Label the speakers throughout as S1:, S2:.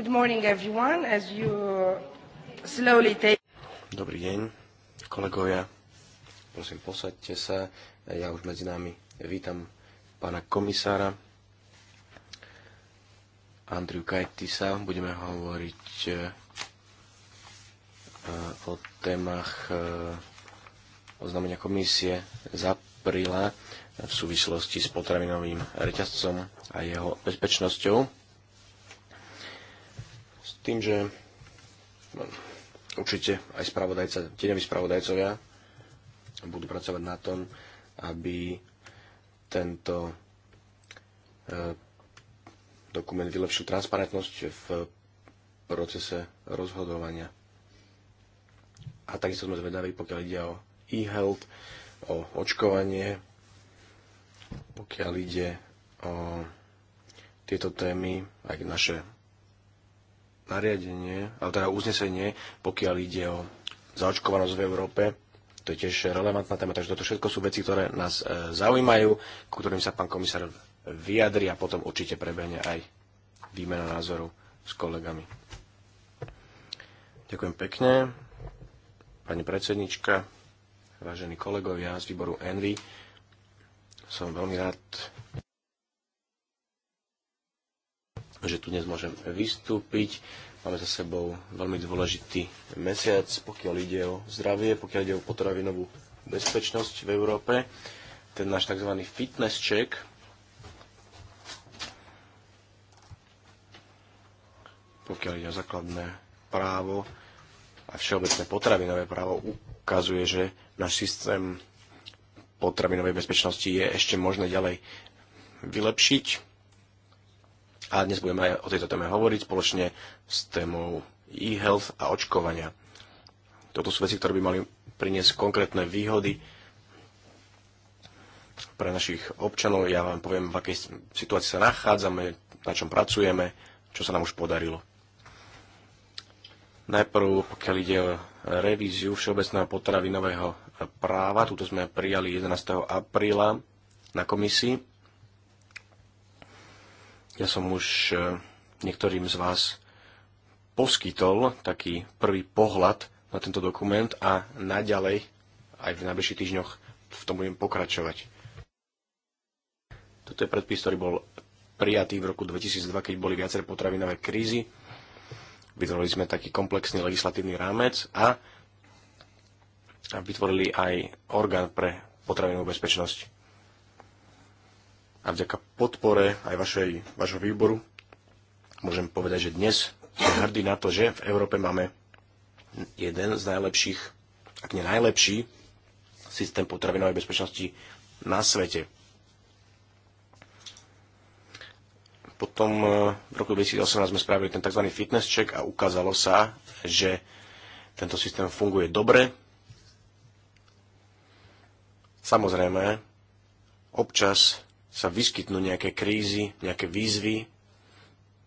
S1: Good morning everyone, as you slowly take...
S2: Dobrý deň, kolegovia. Prosím, posaďte sa. Ja už medzi nami vítam pána komisára Andriu Kajtisa. Budeme hovoriť eh, eh, o témach eh, oznámenia komisie z apríla v súvislosti s potravinovým reťazcom a jeho bezpečnosťou tým, že no, určite aj spravodajca, tieňoví spravodajcovia budú pracovať na tom, aby tento e, dokument vylepšil transparentnosť v procese rozhodovania. A takisto sme zvedaví, pokiaľ ide o e-health, o očkovanie, pokiaľ ide o tieto témy, aj naše nariadenie, ale teda uznesenie, pokiaľ ide o zaočkovanosť v Európe. To je tiež relevantná téma, takže toto všetko sú veci, ktoré nás e, zaujímajú, ku ktorým sa pán komisár vyjadri a potom určite prebehne aj výmena názorov s kolegami. Ďakujem pekne. Pani predsednička, vážení kolegovia z výboru Envy, som veľmi rád, že tu dnes môžem vystúpiť. Máme za sebou veľmi dôležitý mesiac, pokiaľ ide o zdravie, pokiaľ ide o potravinovú bezpečnosť v Európe. Ten náš tzv. fitness check, pokiaľ ide o základné právo a všeobecné potravinové právo, ukazuje, že náš systém potravinovej bezpečnosti je ešte možné ďalej vylepšiť a dnes budeme aj o tejto téme hovoriť spoločne s témou e-health a očkovania. Toto sú veci, ktoré by mali priniesť konkrétne výhody pre našich občanov. Ja vám poviem, v akej situácii sa nachádzame, na čom pracujeme, čo sa nám už podarilo. Najprv, pokiaľ ide o revíziu Všeobecného potravinového práva, túto sme prijali 11. apríla na komisii ja som už e, niektorým z vás poskytol taký prvý pohľad na tento dokument a naďalej aj v najbližších týždňoch v tom budem pokračovať. Toto je predpis, ktorý bol prijatý v roku 2002, keď boli viaceré potravinové krízy. Vytvorili sme taký komplexný legislatívny rámec a vytvorili aj orgán pre potravinovú bezpečnosť a vďaka podpore aj vašej, vašho výboru môžem povedať, že dnes sme hrdí na to, že v Európe máme jeden z najlepších, ak nie najlepší, systém potravinovej bezpečnosti na svete. Potom eh, v roku 2018 sme spravili ten tzv. fitness check a ukázalo sa, že tento systém funguje dobre. Samozrejme, občas sa vyskytnú nejaké krízy, nejaké výzvy.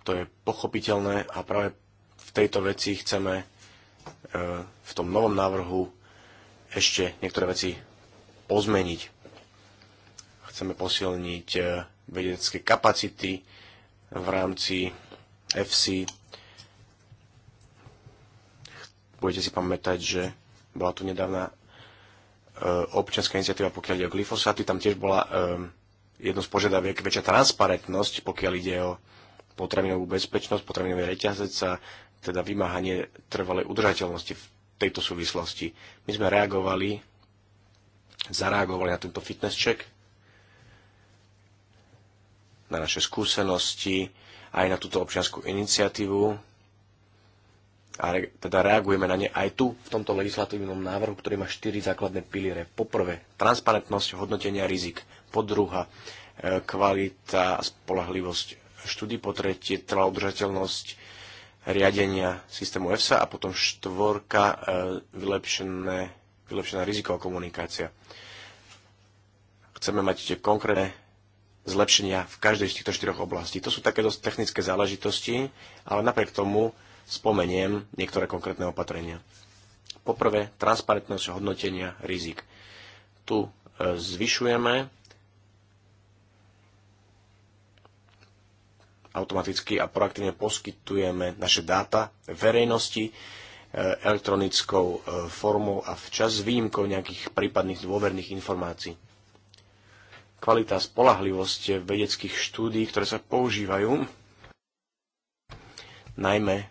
S2: To je pochopiteľné a práve v tejto veci chceme e, v tom novom návrhu ešte niektoré veci pozmeniť. Chceme posilniť e, vedecké kapacity v rámci FC. Budete si pamätať, že bola tu nedávna e, občianská iniciatíva, pokiaľ ide o glyfosáty, tam tiež bola Jedno z požiadaviek väčšia transparentnosť, pokiaľ ide o potravinovú bezpečnosť, potravinový reťazec a teda vymáhanie trvalej udržateľnosti v tejto súvislosti. My sme reagovali, zareagovali na tento fitness check, na naše skúsenosti, aj na túto občianskú iniciatívu, a re, teda reagujeme na ne aj tu v tomto legislatívnom návrhu, ktorý má štyri základné piliere. Poprvé, transparentnosť hodnotenia rizik. Po druhá, e, kvalita a spolahlivosť štúdy, Po tretie, trvalá udržateľnosť riadenia systému EFSA a potom štvorka, e, vylepšené, vylepšená riziková komunikácia. Chceme mať tie konkrétne zlepšenia v každej z týchto štyroch oblastí. To sú také dosť technické záležitosti, ale napriek tomu spomeniem niektoré konkrétne opatrenia. Poprvé, transparentnosť hodnotenia rizik. Tu e, zvyšujeme automaticky a proaktívne poskytujeme naše dáta verejnosti e, elektronickou e, formou a včas s výjimkou nejakých prípadných dôverných informácií. Kvalita a spolahlivosť vedeckých štúdí, ktoré sa používajú, najmä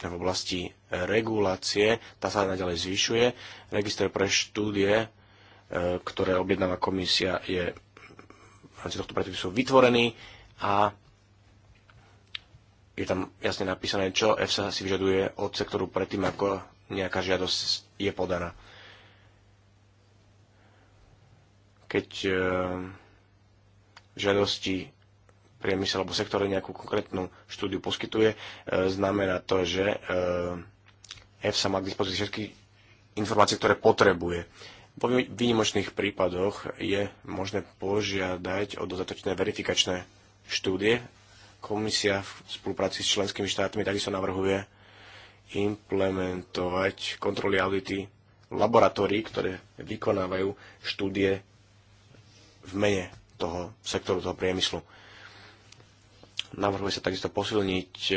S2: teda v oblasti regulácie, tá sa naďalej zvyšuje. Register pre štúdie, e, ktoré objednáva komisia, je v rámci tohto predpisu vytvorený a je tam jasne napísané, čo EFSA si vyžaduje od sektoru predtým, ako nejaká žiadosť je podaná. Keď e, žiadosti priemysel alebo sektor nejakú konkrétnu štúdiu poskytuje, e, znamená to, že EFSA má k dispozícii všetky informácie, ktoré potrebuje. Po výnimočných prípadoch je možné požiadať o dodatočné verifikačné štúdie. Komisia v spolupráci s členskými štátmi takisto navrhuje implementovať kontroly audity laboratórií, ktoré vykonávajú štúdie v mene toho sektoru, toho priemyslu. Navrhuje sa takisto posilniť e,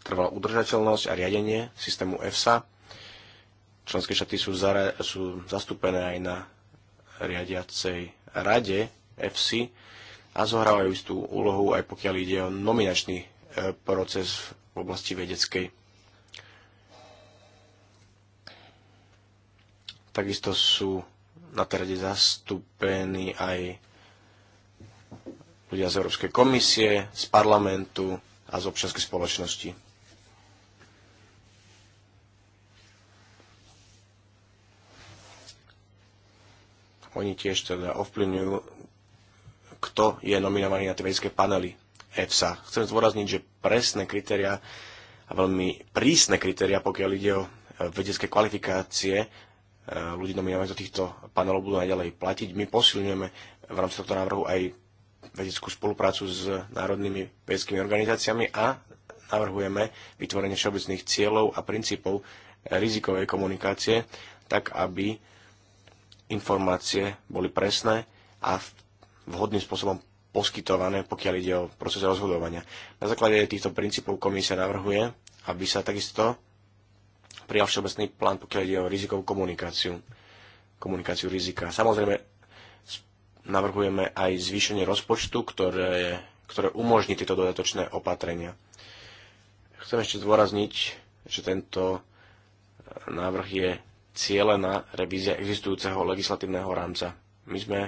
S2: trvalú udržateľnosť a riadenie systému EFSA. Členské štáty sú, zara- sú zastúpené aj na riadiacej rade EFSI a zohrávajú istú úlohu aj pokiaľ ide o nominačný e, proces v oblasti vedeckej. Takisto sú na terade zastúpení aj ľudia z Európskej komisie, z parlamentu a z občianskej spoločnosti. Oni tiež teda ovplyvňujú, kto je nominovaný na tie vedecké panely EFSA. Chcem zdôrazniť, že presné kritéria a veľmi prísne kritéria, pokiaľ ide o e, vedecké kvalifikácie e, ľudí nominovaných do týchto panelov budú naďalej platiť. My posilňujeme v rámci tohto návrhu aj vedeckú spoluprácu s národnými vedeckými organizáciami a navrhujeme vytvorenie všeobecných cieľov a princípov rizikovej komunikácie, tak aby informácie boli presné a vhodným spôsobom poskytované, pokiaľ ide o proces rozhodovania. Na základe týchto princípov komisia navrhuje, aby sa takisto prijal všeobecný plán, pokiaľ ide o rizikovú komunikáciu, komunikáciu rizika. Samozrejme, navrhujeme aj zvýšenie rozpočtu, ktoré, ktoré umožní tieto dodatočné opatrenia. Chcem ešte zdôrazniť, že tento návrh je cieľená revízia existujúceho legislatívneho rámca. My sme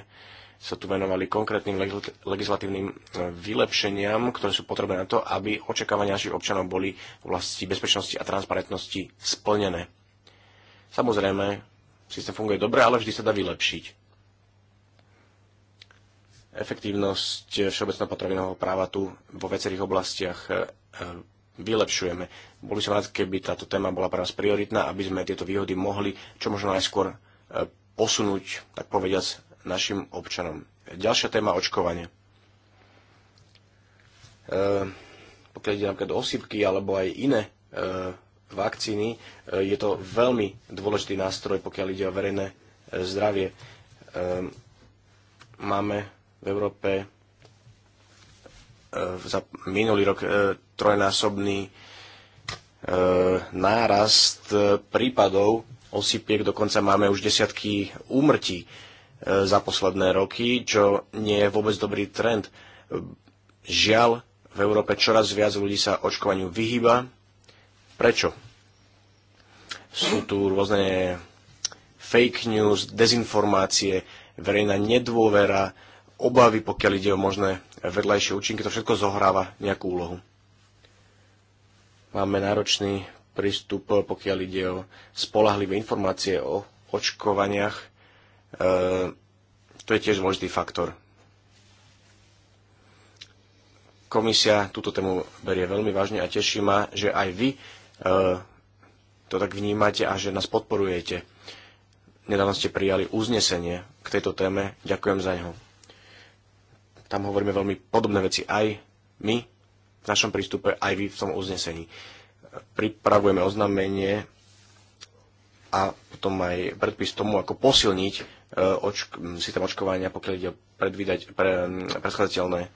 S2: sa tu venovali konkrétnym legislatívnym e, vylepšeniam, ktoré sú potrebné na to, aby očakávania našich občanov boli v oblasti bezpečnosti a transparentnosti splnené. Samozrejme, systém funguje dobre, ale vždy sa dá vylepšiť efektívnosť všeobecného potravinového práva tu vo viacerých oblastiach e, vylepšujeme. Boli som rád, keby táto téma bola pre vás prioritná, aby sme tieto výhody mohli čo možno najskôr e, posunúť, tak povediac, našim občanom. Ďalšia téma očkovanie. E, pokiaľ ide napríklad osýpky alebo aj iné vakcíny, je to veľmi dôležitý nástroj, pokiaľ ide o verejné zdravie. Máme v Európe e, za minulý rok e, trojnásobný e, nárast prípadov osypiek, dokonca máme už desiatky úmrtí za posledné roky, čo nie je vôbec dobrý trend. Žiaľ, v Európe čoraz viac ľudí sa očkovaniu vyhýba. Prečo? Sú tu rôzne fake news, dezinformácie, verejná nedôvera, obavy, pokiaľ ide o možné vedľajšie účinky, to všetko zohráva nejakú úlohu. Máme náročný prístup, pokiaľ ide o spolahlivé informácie o očkovaniach. E, to je tiež dôležitý faktor. Komisia túto tému berie veľmi vážne a teší ma, že aj vy e, to tak vnímate a že nás podporujete. Nedávno ste prijali uznesenie k tejto téme. Ďakujem za neho. Tam hovoríme veľmi podobné veci aj my v našom prístupe, aj vy v tom uznesení. Pripravujeme oznámenie a potom aj predpis tomu, ako posilniť e, očk- systém očkovania, pokiaľ ide predvídať pre, preschádzateľné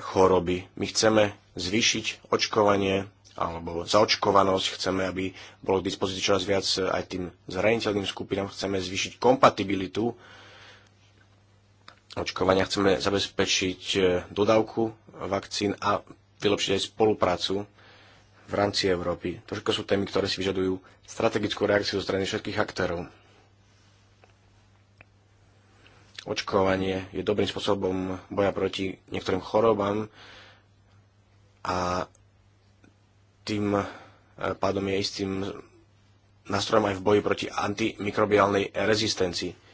S2: choroby. My chceme zvýšiť očkovanie alebo zaočkovanosť, chceme, aby bolo k dispozícii čoraz viac aj tým zraniteľným skupinám, chceme zvýšiť kompatibilitu očkovania. Chceme zabezpečiť e, dodávku vakcín a vylepšiť aj spoluprácu v rámci Európy. To všetko sú témy, ktoré si vyžadujú strategickú reakciu zo strany všetkých aktérov. Očkovanie je dobrým spôsobom boja proti niektorým chorobám a tým e, pádom je istým nástrojom aj v boji proti antimikrobiálnej rezistencii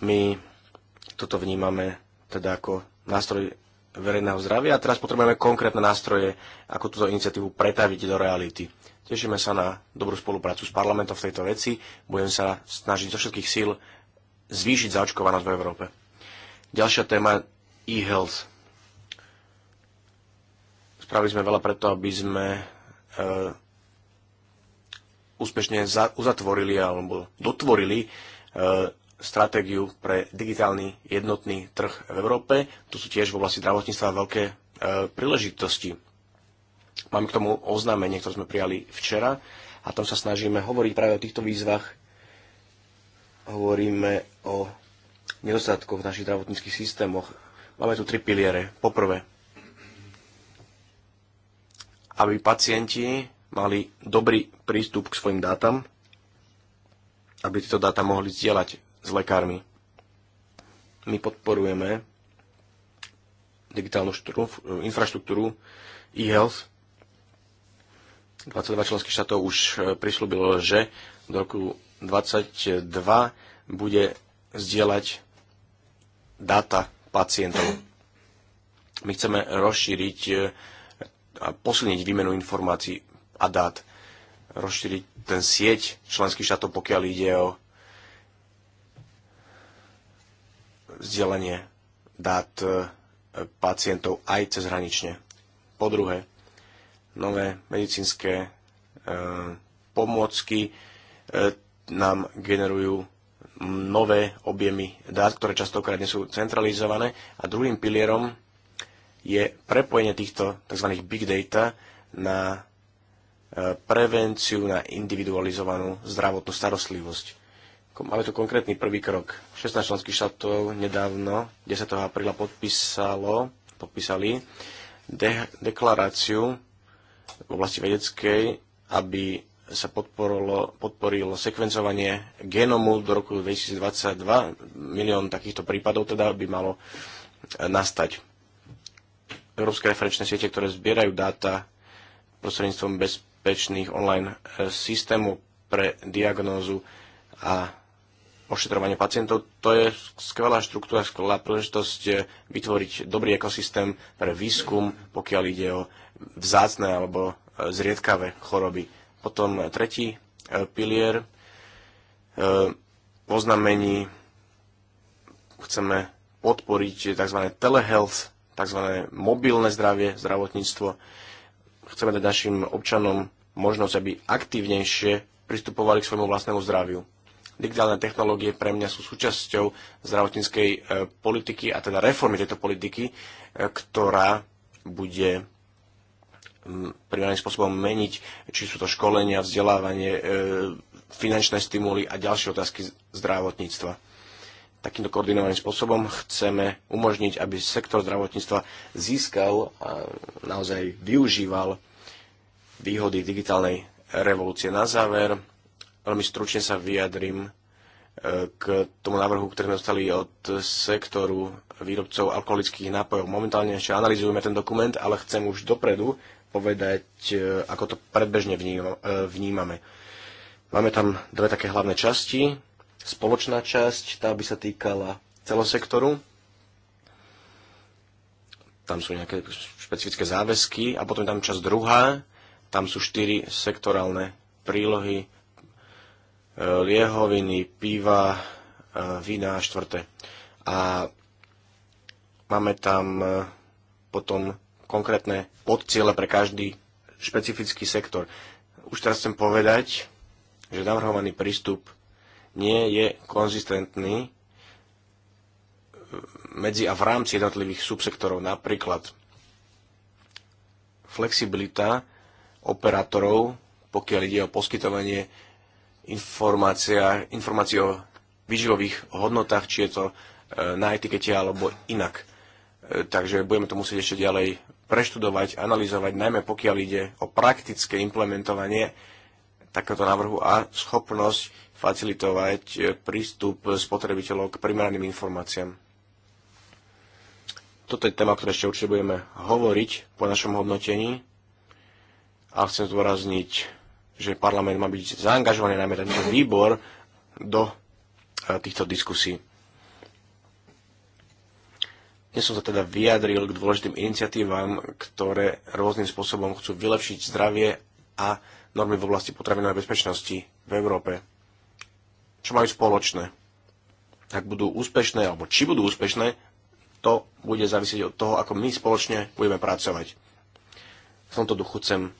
S2: my toto vnímame teda ako nástroj verejného zdravia a teraz potrebujeme konkrétne nástroje, ako túto iniciatívu pretaviť do reality. Tešíme sa na dobrú spoluprácu s parlamentom v tejto veci. Budem sa snažiť zo všetkých síl zvýšiť zaočkovanosť v Európe. Ďalšia téma e-health. Spravili sme veľa preto, aby sme e, úspešne za, uzatvorili alebo dotvorili e, stratégiu pre digitálny jednotný trh v Európe. Tu sú tiež v oblasti zdravotníctva veľké e, príležitosti. Mám k tomu oznámenie, ktoré sme prijali včera a tam sa snažíme hovoriť práve o týchto výzvach. Hovoríme o nedostatkoch v našich zdravotníckých systémoch. Máme tu tri piliere. Poprvé, aby pacienti mali dobrý prístup k svojim dátam, aby tieto dáta mohli zdieľať s lekármi. My podporujeme digitálnu štru, infraštruktúru e-health. 22 členských štátov už e, prislúbilo, že do roku 22 bude zdieľať dáta pacientov. My chceme rozšíriť e, a posilniť výmenu informácií a dát, rozšíriť ten sieť členských štátov, pokiaľ ide o vzdelanie dát e, pacientov aj cezhranične. Po druhé, nové medicínske e, pomôcky e, nám generujú nové objemy dát, ktoré častokrát nie sú centralizované. A druhým pilierom je prepojenie týchto tzv. big data na prevenciu, na individualizovanú zdravotnú starostlivosť. Máme tu konkrétny prvý krok. 16 členských štátov nedávno, 10. apríla, podpísalo, podpísali de- deklaráciu v oblasti vedeckej, aby sa podporilo, podporilo sekvencovanie genomu do roku 2022. Milión takýchto prípadov teda by malo e, nastať. Európske referenčné siete, ktoré zbierajú dáta prostredníctvom bezpečných online e, systémov pre diagnózu a ošetrovanie pacientov. To je skvelá štruktúra, skvelá príležitosť vytvoriť dobrý ekosystém pre výskum, pokiaľ ide o vzácne alebo e, zriedkavé choroby. Potom e, tretí e, pilier. V oznamení chceme podporiť tzv. telehealth, tzv. mobilné zdravie, zdravotníctvo. Chceme dať našim občanom možnosť, aby aktívnejšie pristupovali k svojmu vlastnému zdraviu. Digitálne technológie pre mňa sú súčasťou zdravotníckej e, politiky a teda reformy tejto politiky, e, ktorá bude primárnym spôsobom meniť, či sú to školenia, vzdelávanie, e, finančné stimuly a ďalšie otázky zdravotníctva. Takýmto koordinovaným spôsobom chceme umožniť, aby sektor zdravotníctva získal a naozaj využíval výhody digitálnej revolúcie. Na záver Veľmi stručne sa vyjadrím e, k tomu návrhu, ktorý sme dostali od sektoru výrobcov alkoholických nápojov. Momentálne ešte analizujeme ten dokument, ale chcem už dopredu povedať, e, ako to predbežne e, vnímame. Máme tam dve také hlavné časti. Spoločná časť, tá by sa týkala celosektoru. Tam sú nejaké špecifické záväzky. A potom tam časť druhá, tam sú štyri sektorálne prílohy, liehoviny, piva, e, vína a štvrté. A máme tam e, potom konkrétne podciele pre každý špecifický sektor. Už teraz chcem povedať, že navrhovaný prístup nie je konzistentný e, medzi a v rámci jednotlivých subsektorov. Napríklad flexibilita operátorov, pokiaľ ide o poskytovanie informácie informácií o výživových hodnotách, či je to e, na etikete alebo inak. E, takže budeme to musieť ešte ďalej preštudovať, analyzovať, najmä pokiaľ ide o praktické implementovanie takéhoto návrhu a schopnosť facilitovať e, prístup spotrebiteľov k primeraným informáciám. Toto je téma, ktoré ešte určite budeme hovoriť po našom hodnotení a chcem zdôrazniť že parlament má byť zaangažovaný, najmä tento výbor, do e, týchto diskusí. Dnes som sa teda vyjadril k dôležitým iniciatívam, ktoré rôznym spôsobom chcú vylepšiť zdravie a normy v oblasti potravinovej bezpečnosti v Európe. Čo majú spoločné? Ak budú úspešné, alebo či budú úspešné, to bude závisieť od toho, ako my spoločne budeme pracovať. V tomto duchu chcem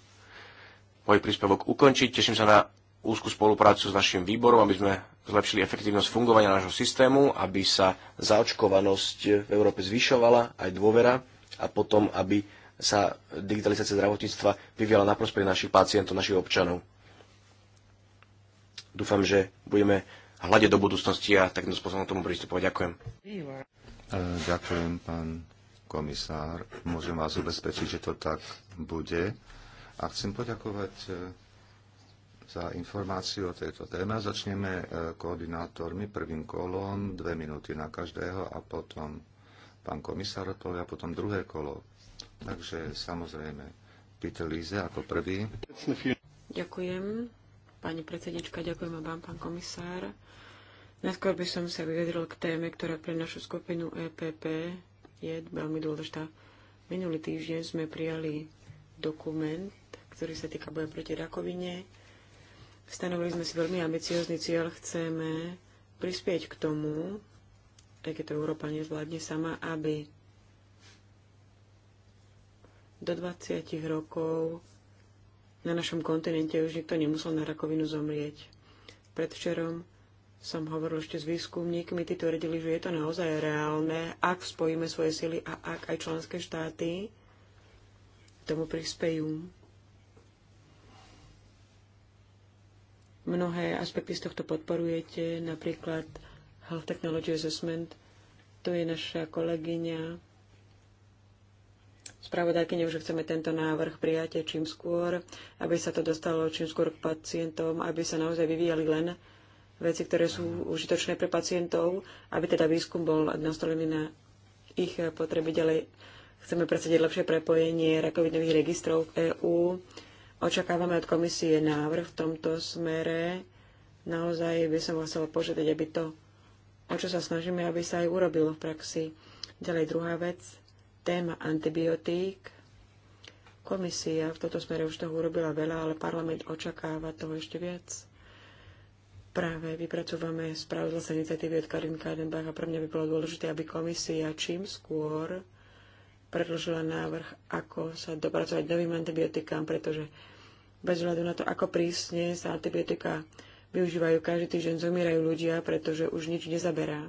S2: môj príspevok ukončiť. Teším sa na úzkú spoluprácu s našim výborom, aby sme zlepšili efektívnosť fungovania nášho systému, aby sa zaočkovanosť v Európe zvyšovala, aj dôvera a potom, aby sa digitalizácia zdravotníctva vyviala na prospech našich pacientov, našich občanov. Dúfam, že budeme hľadiť do budúcnosti a takýmto spôsobom k tomu pristupovať. Ďakujem.
S1: E,
S2: ďakujem,
S3: pán komisár. Môžem vás ubezpečiť, že to tak bude. A chcem poďakovať e, za informáciu o tejto téme. Začneme e, koordinátormi prvým kolom, dve minúty na každého a potom pán komisár odpovie a potom druhé kolo. Takže samozrejme Peter Líze
S1: ako prvý. Ďakujem. Pani predsednička, ďakujem a vám, pán komisár. Najskôr by som sa vyjadril k téme, ktorá pre našu skupinu EPP je veľmi dôležitá. Minulý týždeň sme prijali dokument ktorý sa týka boja proti rakovine. Stanovili sme si veľmi ambiciózny cieľ, chceme prispieť k tomu, aj keď to Európa nezvládne sama, aby do 20 rokov na našom kontinente už nikto nemusel na rakovinu zomrieť. Predvčerom som hovoril ešte s výskumníkmi, tí tvrdili, že je to naozaj reálne, ak spojíme svoje sily a ak aj členské štáty tomu prispejú. Mnohé aspekty z tohto podporujete, napríklad Health Technology Assessment, to je naša kolegyňa, spravodajkyňou, že chceme tento návrh prijať čím skôr, aby sa to dostalo čím skôr k pacientom, aby sa naozaj vyvíjali len veci, ktoré sú užitočné pre pacientov, aby teda výskum bol nastolený na ich potreby ďalej. Chceme presadiť lepšie prepojenie rakovinových registrov v EÚ. Očakávame od komisie návrh v tomto smere. Naozaj by som chcela požiadať, aby to, o čo sa snažíme, aby sa aj urobilo v praxi. Ďalej druhá vec, téma antibiotík. Komisia v tomto smere už toho urobila veľa, ale parlament očakáva toho ešte viac. Práve vypracovame správu z iniciatívy od Karin Kadenbach a pre mňa by bolo dôležité, aby komisia čím skôr predložila návrh, ako sa dopracovať novým antibiotikám, pretože bez hľadu na to, ako prísne sa antibiotika využívajú, každý týždeň zomierajú ľudia, pretože už nič nezaberá.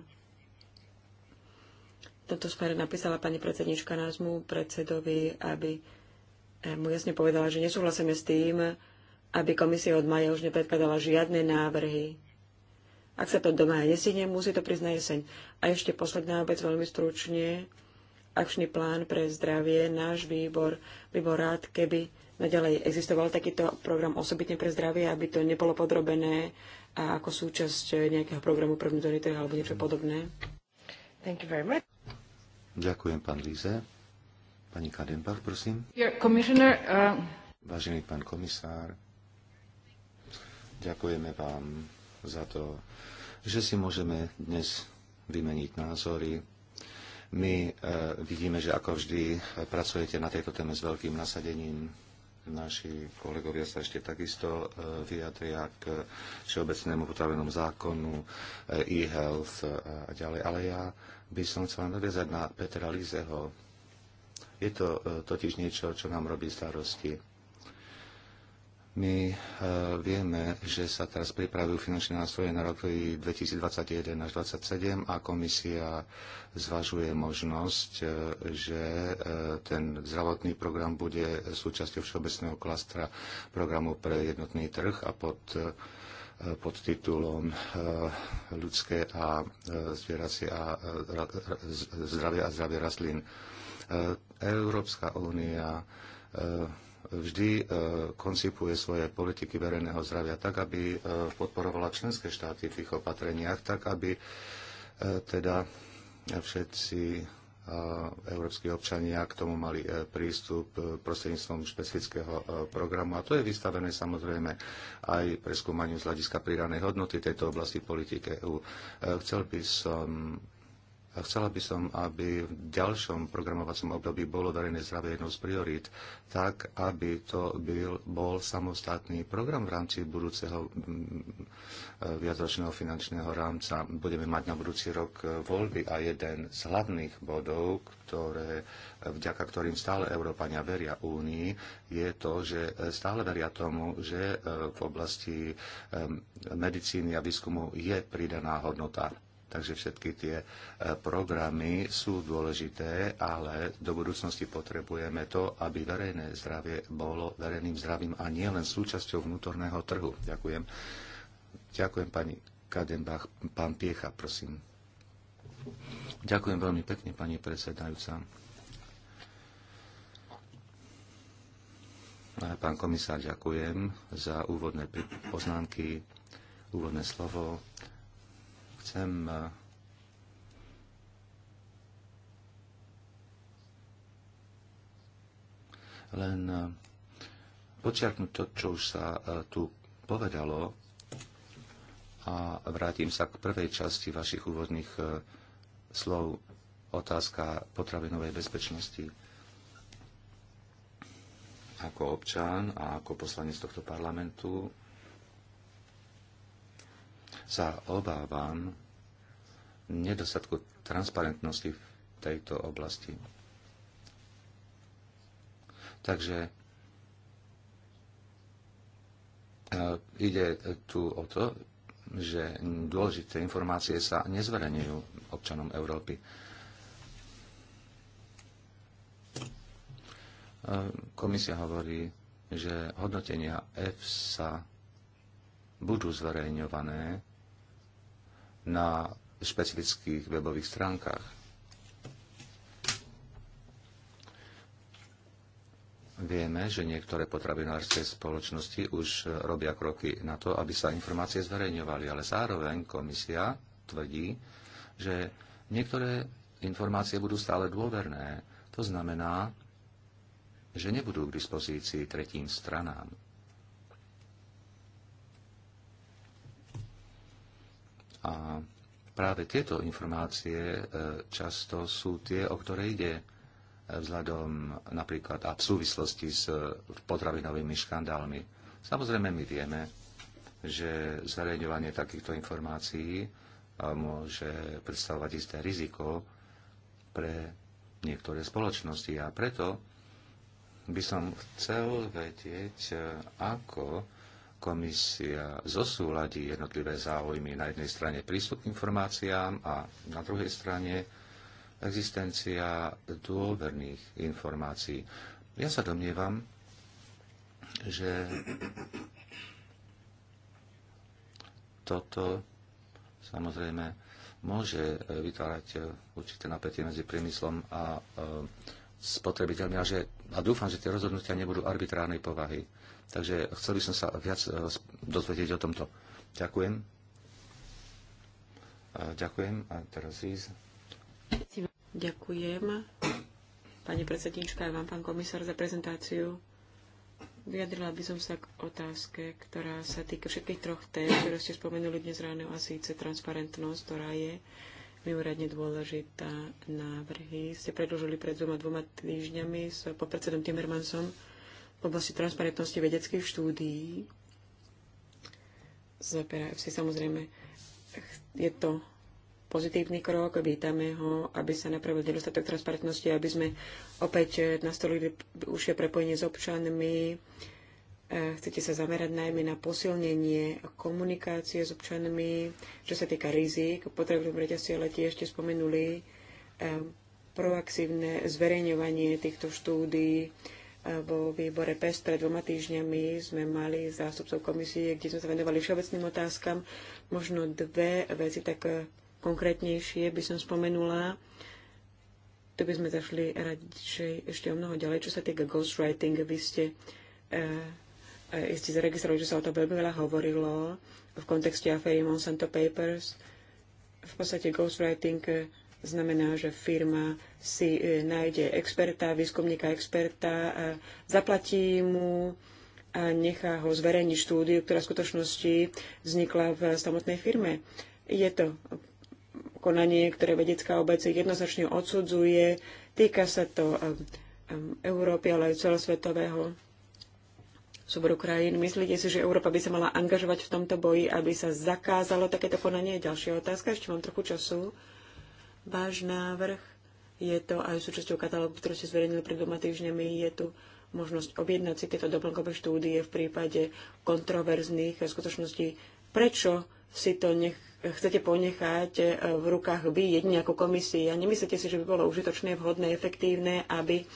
S1: Toto smere napísala pani predsednička názmu predsedovi, aby eh, mu jasne povedala, že nesúhlasíme s tým, aby komisia od maja už nepredkladala žiadne návrhy. Ak sa to do maja musí to priznať jeseň. A ešte posledná vec veľmi stručne akčný plán pre zdravie. Náš výbor by bol rád, keby naďalej existoval takýto program osobitne pre zdravie, aby to nebolo podrobené a ako súčasť nejakého programu pre vnútorný alebo niečo podobné. Thank you very much.
S3: Ďakujem, pán Líze. Pani Kadenbach, prosím.
S1: commissioner, uh...
S3: Vážený pán komisár, ďakujeme vám za to, že si môžeme dnes vymeniť názory my e, vidíme, že ako vždy e, pracujete na tejto téme s veľkým nasadením. Naši kolegovia sa ešte takisto e, vyjadria k všeobecnému potravenom zákonu, e-health a ďalej. Ale ja by som chcel naviazať na Petra Lízeho. Je to totiž niečo, čo nám robí starosti my e, vieme, že sa teraz pripravujú finančné nástroje na roky 2021 až 2027 a komisia zvažuje možnosť, e, že e, ten zdravotný program bude súčasťou všeobecného klastra programu pre jednotný trh a pod pod titulom ľudské a zvieracie a zdravie a zdravie rastlín. Európska únia vždy e, koncipuje svoje politiky verejného zdravia tak, aby e, podporovala členské štáty v tých opatreniach, tak, aby e, teda všetci európsky občania k tomu mali prístup prostredníctvom špecifického programu. A to je vystavené samozrejme aj preskúmaniu z hľadiska pridanej hodnoty tejto oblasti politike EU. Chcel by som a chcela by som, aby v ďalšom programovacom období bolo verejné zdravie jednou z priorít, tak aby to byl, bol samostatný program v rámci budúceho mm, mm, viacročného finančného rámca. Budeme mať na budúci rok e, voľby a jeden z hlavných bodov, ktoré, e, vďaka ktorým stále Európania veria Únii, je to, že e, stále veria tomu, že v oblasti medicíny a výskumu je pridaná hodnota Takže všetky tie e, programy sú dôležité, ale do budúcnosti potrebujeme to, aby verejné zdravie bolo verejným zdravím a nie len súčasťou vnútorného trhu. Ďakujem. Ďakujem pani Kadenbach. Pán Piecha, prosím. Ďakujem veľmi pekne, pani predsedajúca. E, pán komisár, ďakujem za úvodné poznámky, úvodné slovo chcem eh, len eh, počiarknúť to, čo už sa eh, tu povedalo a vrátim sa k prvej časti vašich úvodných slov otázka potravinovej bezpečnosti. Ako občan a ako poslanec tohto parlamentu sa obávam nedostatku transparentnosti v tejto oblasti. Takže e, ide tu o to, že dôležité informácie sa nezverejňujú občanom Európy. E, komisia hovorí, že hodnotenia EFSA budú zverejňované na špecifických webových stránkach. Vieme, že niektoré potravinárske spoločnosti už robia kroky na to, aby sa informácie zverejňovali, ale zároveň komisia tvrdí, že niektoré informácie budú stále dôverné. To znamená, že nebudú k dispozícii tretím stranám. A práve tieto informácie e, často sú tie, o ktoré ide e, vzhľadom napríklad a v súvislosti s e, potravinovými škandálmi. Samozrejme, my vieme, že zverejňovanie takýchto informácií môže predstavovať isté riziko pre niektoré spoločnosti. A preto by som chcel vedieť, ako komisia zosúladí jednotlivé záujmy na jednej strane prístup k informáciám a na druhej strane existencia dôverných informácií. Ja sa domnievam, že toto samozrejme môže eh, vytvárať eh, určité napätie medzi priemyslom a eh, spotrebiteľmi a, že, a dúfam, že tie rozhodnutia nebudú arbitrárnej povahy. Takže chcel by som sa viac e, dozvedieť o tomto. Ďakujem. Ďakujem. A teraz Riz.
S1: Ďakujem. Pani predsednička, vám pán komisár za prezentáciu. Vyjadrila by som sa k otázke, ktorá sa týka všetkých troch tém, ktoré ste spomenuli dnes ráno, a síce transparentnosť, ktorá je mimoriadne dôležitá. Návrhy ste predložili pred dvoma, dvoma týždňami s podpredsedom Timmermansom v oblasti transparentnosti vedeckých štúdií z PRFC. Samozrejme, je to pozitívny krok, vítame ho, aby sa napravil nedostatok transparentnosti, aby sme opäť nastolili užšie prepojenie s občanmi. E, chcete sa zamerať najmä na posilnenie komunikácie s občanmi, čo sa týka rizik. Potrebnú reťazci, ale tie ešte spomenuli e, proaktívne zverejňovanie týchto štúdí, vo výbore PES pred dvoma týždňami sme mali zástupcov komisie, kde sme sa venovali všeobecným otázkam. Možno dve veci tak e, konkrétnejšie by som spomenula. To by sme zašli radšej ešte o mnoho ďalej. Čo sa týka ghostwriting, vy ste e, e ste zaregistrovali, že sa o to veľmi veľa hovorilo v kontexte aféry Monsanto Papers. V podstate ghostwriting e, Znamená, že firma si e, nájde experta, výskumníka experta, a zaplatí mu a nechá ho zverejniť štúdiu, ktorá v skutočnosti vznikla v samotnej firme. Je to konanie, ktoré vedecká obec jednoznačne odsudzuje. Týka sa to e, e, Európy, ale aj celosvetového súboru krajín. Myslíte si, že Európa by sa mala angažovať v tomto boji, aby sa zakázalo takéto konanie? Ďalšia otázka, ešte mám trochu času. Váš návrh je to aj súčasťou katalógu, ktorý ste zverejnili pred dvoma týždňami. Je tu možnosť objednať si tieto doplnkové štúdie v prípade kontroverzných skutočností. Prečo si to nech, chcete ponechať e, v rukách vy, jedine ako komisii? A nemyslíte si, že by bolo užitočné, vhodné, efektívne, aby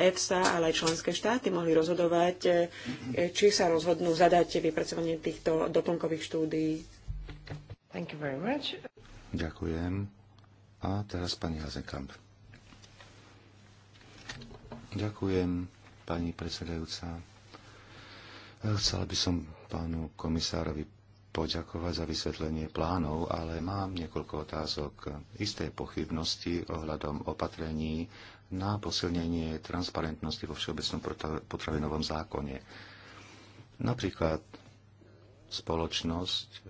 S1: EFSA, ale aj členské štáty mohli rozhodovať, e, e, či sa rozhodnú zadať vypracovanie týchto doplnkových štúdií.
S3: Ďakujem. A teraz pani Hazekamp. Ďakujem, pani predsedajúca. Chcela by som pánu komisárovi poďakovať za vysvetlenie plánov, ale mám niekoľko otázok. Isté pochybnosti ohľadom opatrení na posilnenie transparentnosti vo Všeobecnom potravinovom zákone. Napríklad spoločnosť e, e,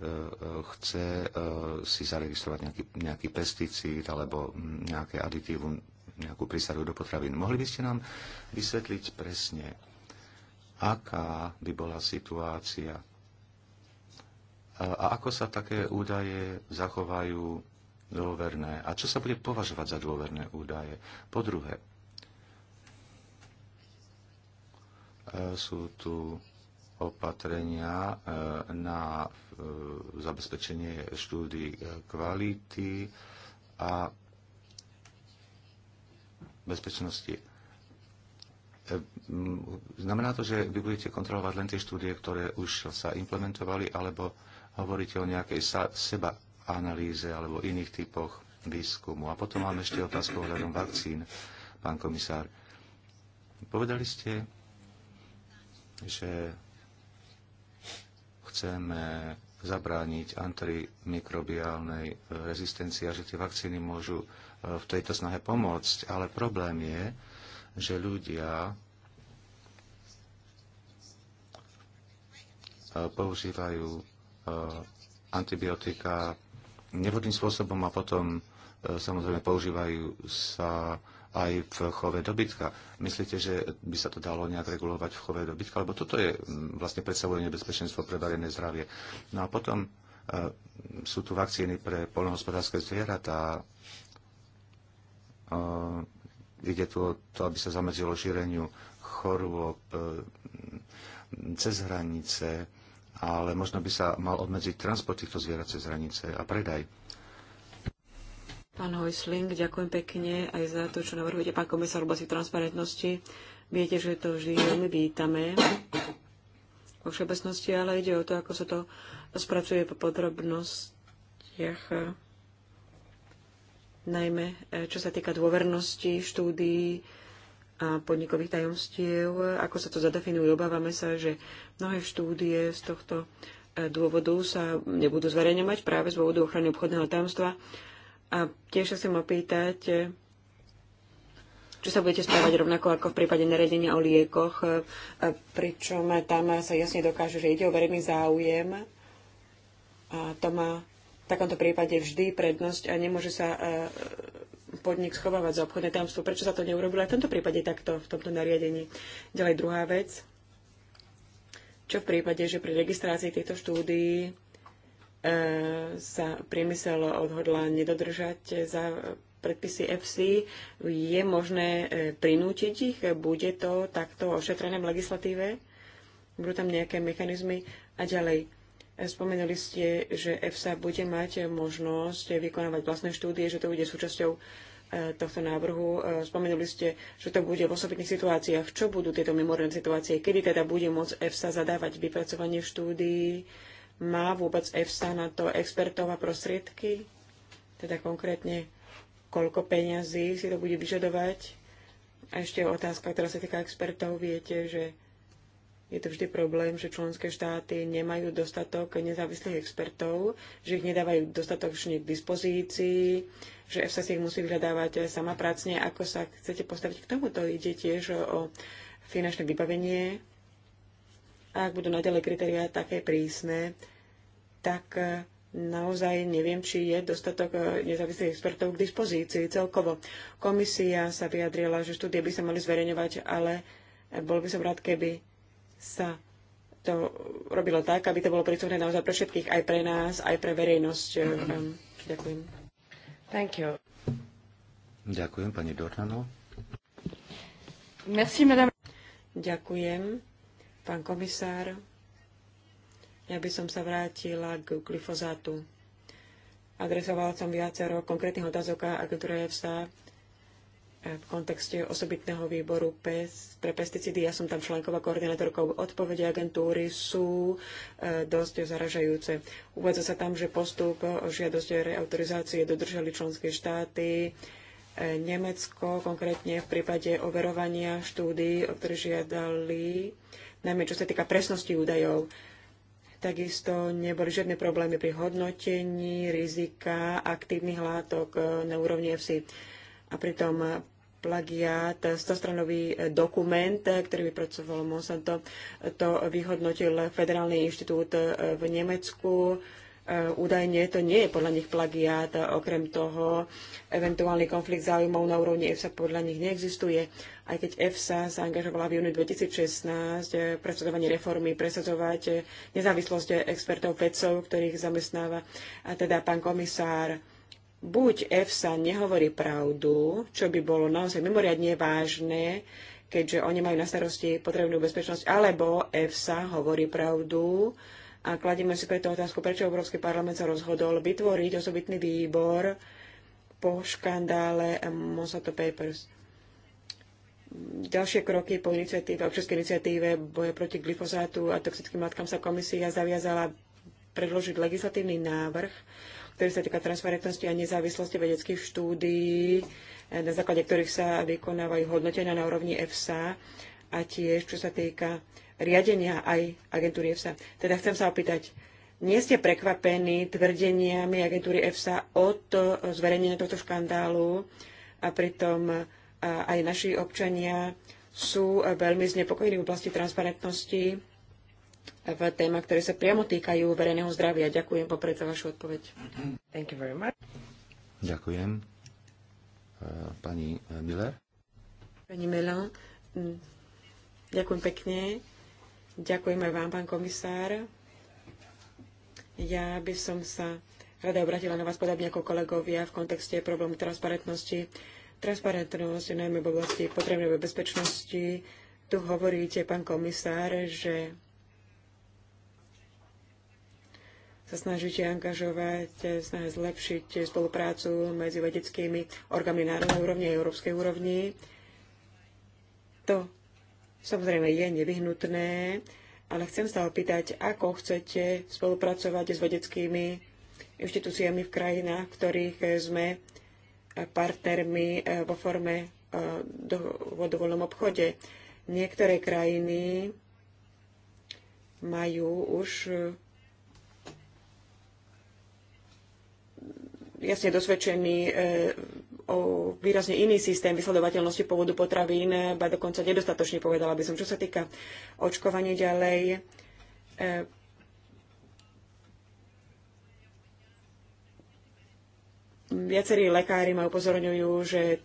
S3: chce e, si zaregistrovať nejaký, nejaký pesticíd alebo nejaké aditívum, nejakú prísadu do potravín. Mohli by ste nám vysvetliť presne, aká by bola situácia a ako sa také údaje zachovajú dôverné a čo sa bude považovať za dôverné údaje. Po druhé, sú tu opatrenia e, na e, zabezpečenie štúdy e, kvality a bezpečnosti. Znamená to, že vy budete kontrolovať len tie štúdie, ktoré už sa implementovali, alebo hovoríte o nejakej seba analýze alebo iných typoch výskumu. A potom mám ešte otázku ohľadom vakcín, pán komisár. Povedali ste, že chceme zabrániť antimikrobiálnej e, rezistencii a že tie vakcíny môžu e, v tejto snahe pomôcť. Ale problém je, že ľudia e, používajú antibiotika nevhodným spôsobom a potom samozrejme používajú sa aj v chove dobytka. Myslíte, že by sa to dalo nejak regulovať v chove dobytka? Lebo toto je mm, vlastne predstavuje nebezpečenstvo pre verejné zdravie. No a potom e, sú tu vakcíny pre polnohospodárske zvieratá. E, ide tu o to, aby sa zamedzilo šíreniu chorôb e, cez hranice, ale možno by sa mal obmedziť transport týchto zvierat cez hranice a predaj.
S1: Pán Hojsling, ďakujem pekne aj za to, čo navrhujete, pán komisár, v oblasti transparentnosti. Viete, že to vždy veľmi vítame vo všeobecnosti, ale ide o to, ako sa to spracuje po podrobnostiach, najmä e, čo sa týka dôvernosti štúdií a podnikových tajomstiev, ako sa to zadefinuje. Obávame sa, že mnohé štúdie z tohto e, dôvodu sa nebudú zverejňovať práve z dôvodu ochrany obchodného tajomstva a tiež sa ma opýtať, či sa budete správať rovnako ako v prípade nariadenia o liekoch, pričom tam sa jasne dokáže, že ide o verejný záujem a to má v takomto prípade vždy prednosť a nemôže sa e, podnik schovávať za obchodné tajomstvo. Prečo sa to neurobilo aj v tomto prípade takto, v tomto nariadení? Ďalej druhá vec. Čo v prípade, že pri registrácii týchto štúdií E, sa priemysel odhodla nedodržať za predpisy FC, je možné e, prinútiť ich? Bude to takto ošetrené v legislatíve? Budú tam nejaké mechanizmy? A ďalej, e, spomenuli ste, že EFSA bude mať možnosť vykonávať vlastné štúdie, že to bude súčasťou tohto návrhu. Spomenuli ste, že to bude v osobitných situáciách. Čo budú tieto mimoriadne situácie? Kedy teda bude môcť EFSA zadávať vypracovanie štúdií? Má vôbec EFSA na to expertov a prostriedky? Teda konkrétne, koľko peňazí si to bude vyžadovať? A ešte otázka, ktorá sa týka expertov. Viete, že je to vždy problém, že členské štáty nemajú dostatok nezávislých expertov, že ich nedávajú dostatočne k dispozícii, že EFSA si ich musí vyhľadávať sama pracne. Ako sa chcete postaviť k tomuto? Ide tiež o finančné vybavenie a ak budú naďalej kritériá také prísne, tak e, naozaj neviem, či je dostatok e, nezávislých expertov k dispozícii celkovo. Komisia sa vyjadrila, že štúdie by sa mali zverejňovať, ale bol by som rád, keby sa to robilo tak, aby to bolo prístupné naozaj pre všetkých, aj pre nás, aj pre verejnosť. E, ďakujem. Thank you.
S3: Ďakujem, pani Dornano.
S1: Merci, madame. Ďakujem. Pán komisár, ja by som sa vrátila k glyfozátu. Adresovala som viacero konkrétnych otázok a agentúra EFSA v kontexte osobitného výboru PES pre pesticídy. Ja som tam členková koordinátorkou. Odpovede agentúry sú e, dosť zaražajúce. Uvádza sa tam, že postup o žiadosť reautorizácie dodržali členské štáty. E, Nemecko konkrétne v prípade overovania štúdy, o ktoré žiadali najmä čo sa týka presnosti údajov. Takisto neboli žiadne problémy pri hodnotení rizika aktívnych látok eh, na úrovni EFSI. A pritom eh, plagiát, 100-stranový eh, dokument, ktorý vypracovalo Monsanto, to vyhodnotil Federálny inštitút v Nemecku E, údajne to nie je podľa nich plagiát. Okrem toho, eventuálny konflikt záujmov na úrovni EFSA podľa nich neexistuje. Aj keď EFSA sa angažovala v júni 2016 e, predsedovanie reformy, presadzovať e, nezávislosť expertov vedcov, ktorých zamestnáva. A teda pán komisár, buď EFSA nehovorí pravdu, čo by bolo naozaj mimoriadne vážne, keďže oni majú na starosti potrebnú bezpečnosť, alebo EFSA hovorí pravdu, a kladieme si preto otázku, prečo Európsky parlament sa rozhodol vytvoriť osobitný výbor po škandále Monsanto Papers. Ďalšie kroky po iniciatíve, občianskej iniciatíve boje proti glyfosátu a toxickým matkám sa komisia zaviazala predložiť legislatívny návrh, ktorý sa týka transparentnosti a nezávislosti vedeckých štúdií, na základe ktorých sa vykonávajú hodnotenia na úrovni EFSA a tiež, čo sa týka riadenia aj agentúry EFSA. Teda chcem sa opýtať, nie ste prekvapení tvrdeniami agentúry EFSA od e, zverejnenia tohto škandálu a pritom e, aj naši občania sú e, veľmi znepokojení v oblasti transparentnosti v témach, ktoré sa priamo týkajú verejného zdravia. Ďakujem popred za vašu odpoveď. Thank you very much.
S3: Ďakujem. Pani Miller.
S1: Pani Miller, ďakujem pekne. Ďakujeme vám, pán komisár. Ja by som sa rada obratila na vás podobne ako kolegovia v kontexte problému transparentnosti. Transparentnosť najmä v oblasti potrebnej bezpečnosti. Tu hovoríte, pán komisár, že sa snažíte angažovať, snažíte zlepšiť spoluprácu medzi vedeckými orgánmi národnej úrovni a európskej úrovni. To Samozrejme je nevyhnutné, ale chcem sa opýtať, ako chcete spolupracovať s vedeckými inštitúciami v krajinách, v ktorých sme partnermi eh, vo forme eh, vo dovolnom obchode. Niektoré krajiny majú už eh, jasne dosvedčený o výrazne iný systém vysledovateľnosti pôvodu potravín, ba dokonca nedostatočne povedala by som. Čo sa týka očkovania ďalej, e, viacerí lekári ma upozorňujú, že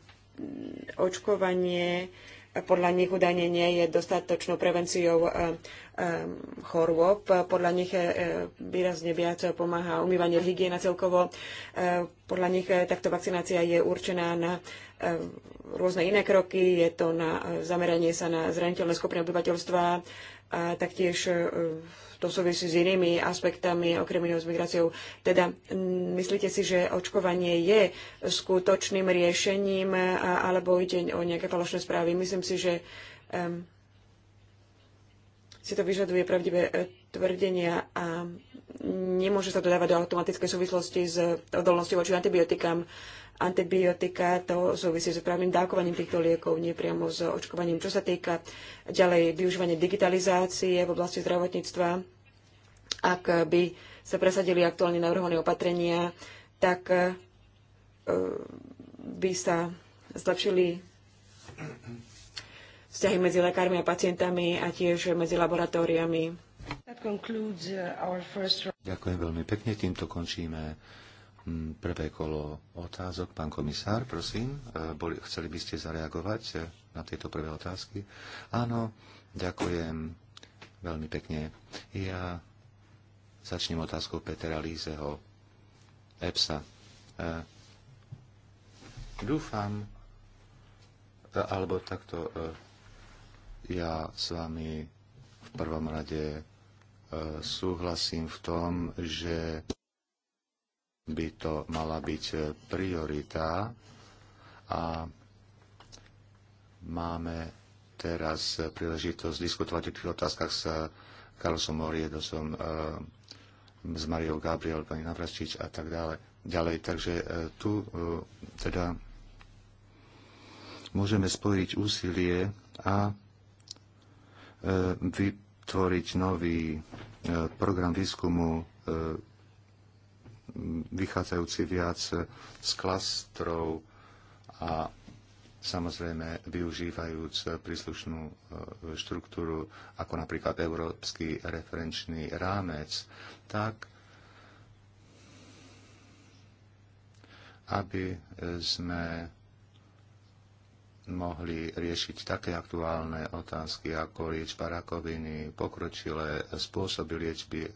S1: očkovanie podľa nich údajne nie je dostatočnou prevenciou e, e, chorôb. Podľa nich e, výrazne viac pomáha umývanie hygiena celkovo. Podľa nich takto vakcinácia je určená na rôzne iné kroky. Je to na zameranie sa na zraniteľné skupiny obyvateľstva, a taktiež to súvisí s inými aspektami, okrem iného s migráciou. Teda myslíte si, že očkovanie je skutočným riešením alebo ide o nejaké falošné správy? Myslím si, že um, si to vyžaduje pravdivé e, tvrdenia a nemôže sa to dávať do automatickej súvislosti s odolnosťou voči antibiotikám. Uh, antibiotika, to súvisí s právnym dávkovaním týchto liekov, nie priamo s očkovaním. Čo sa týka ďalej využívania digitalizácie v oblasti zdravotníctva, ak by sa presadili aktuálne navrhované opatrenia, tak e, by sa zlepšili vzťahy medzi lekármi a pacientami a tiež medzi laboratóriami. Uh,
S3: Ďakujem veľmi pekne, týmto končíme Mm, prvé kolo otázok. Pán komisár, prosím, e, boli, chceli by ste zareagovať e, na tieto prvé otázky? Áno, ďakujem veľmi pekne. Ja začnem otázkou Petra Lízeho, EPSA. E, dúfam, alebo takto, ja s vami v prvom rade súhlasím v tom, že by to mala byť e, priorita a máme teraz e, príležitosť diskutovať o tých otázkach s Karlosom e, Moriedosom, s Mariou Gabriel, pani Navračič a tak ďalej. ďalej. Takže tu teda môžeme spojiť úsilie a vytvoriť nový program výskumu vychádzajúci viac z klastrov a samozrejme využívajúc príslušnú e, štruktúru, ako napríklad Európsky referenčný rámec, tak aby sme mohli riešiť také aktuálne otázky ako liečba rakoviny, pokročilé spôsoby liečby e,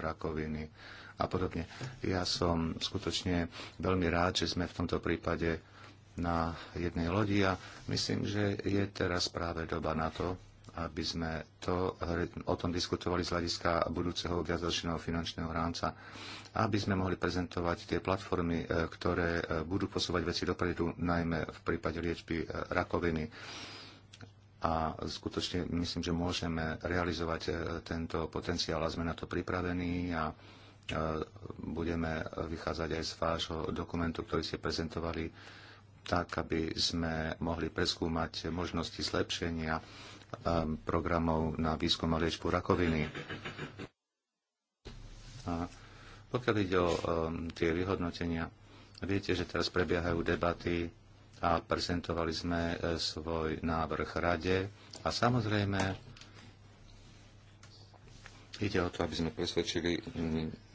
S3: rakoviny, a podobne. Ja som skutočne veľmi rád, že sme v tomto prípade na jednej lodi a myslím, že je teraz práve doba na to, aby sme to, eh, o tom diskutovali z hľadiska budúceho viacročného finančného rámca, aby sme mohli prezentovať tie platformy, eh, ktoré eh, budú posúvať veci dopredu, najmä v prípade liečby rakoviny. A skutočne myslím, že môžeme realizovať tento potenciál a sme na to pripravení a budeme vychádzať aj z vášho dokumentu, ktorý ste prezentovali, tak, aby sme mohli preskúmať možnosti zlepšenia um, programov na výskum a liečbu rakoviny. A pokiaľ ide o um, tie vyhodnotenia, viete, že teraz prebiehajú debaty a prezentovali sme e, svoj návrh rade a samozrejme Ide o to, aby sme presvedčili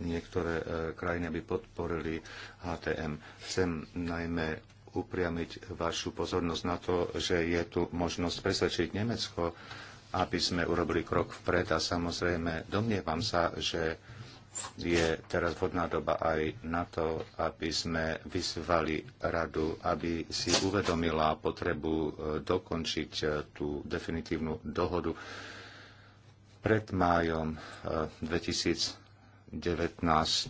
S3: niektoré e, krajiny, aby podporili HTM. Chcem najmä upriamiť vašu pozornosť na to, že je tu možnosť presvedčiť Nemecko, aby sme urobili krok vpred a samozrejme domnievam sa, že je teraz vhodná doba aj na to, aby sme vyzvali radu, aby si uvedomila potrebu e, dokončiť e, tú definitívnu dohodu pred májom 2019,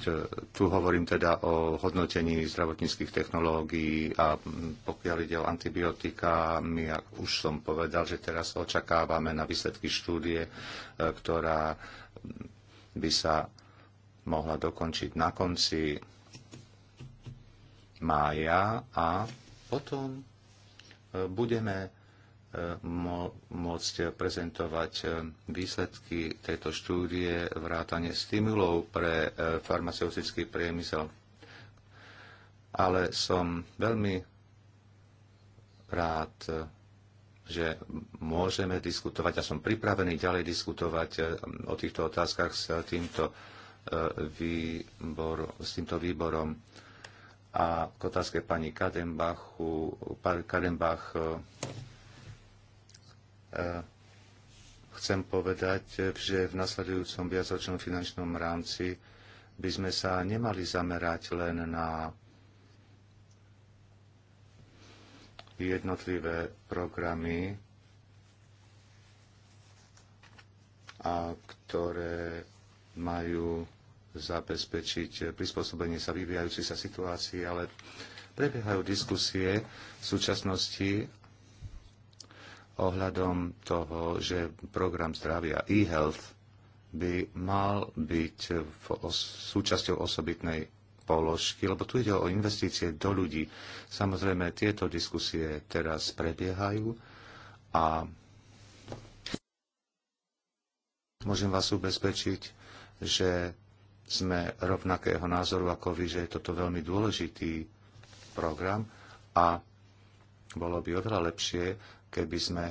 S3: eh, tu hovorím teda o hodnotení zdravotníckých technológií a pokiaľ ide o antibiotika, my, ja už som povedal, že teraz očakávame na výsledky štúdie, eh, ktorá by sa mohla dokončiť na konci mája a potom eh, budeme môcť prezentovať e, výsledky tejto štúdie, vrátane stimulov pre e, farmaceutický priemysel. Ale som veľmi rád, e, že môžeme diskutovať a som pripravený ďalej diskutovať o týchto otázkach s týmto, výbor, s týmto výborom. A k otázke pani Kadenbachu, Kadenbach chcem povedať, že v nasledujúcom viacročnom finančnom rámci by sme sa nemali zamerať len na jednotlivé programy, a ktoré majú zabezpečiť prispôsobenie sa vyvíjajúcej sa situácii, ale prebiehajú diskusie v súčasnosti ohľadom toho, že program zdravia e-health by mal byť v os- súčasťou osobitnej položky, lebo tu ide o investície do ľudí. Samozrejme, tieto diskusie teraz prebiehajú a môžem vás ubezpečiť, že sme rovnakého názoru ako vy, že je toto veľmi dôležitý program a bolo by oveľa lepšie, keby sme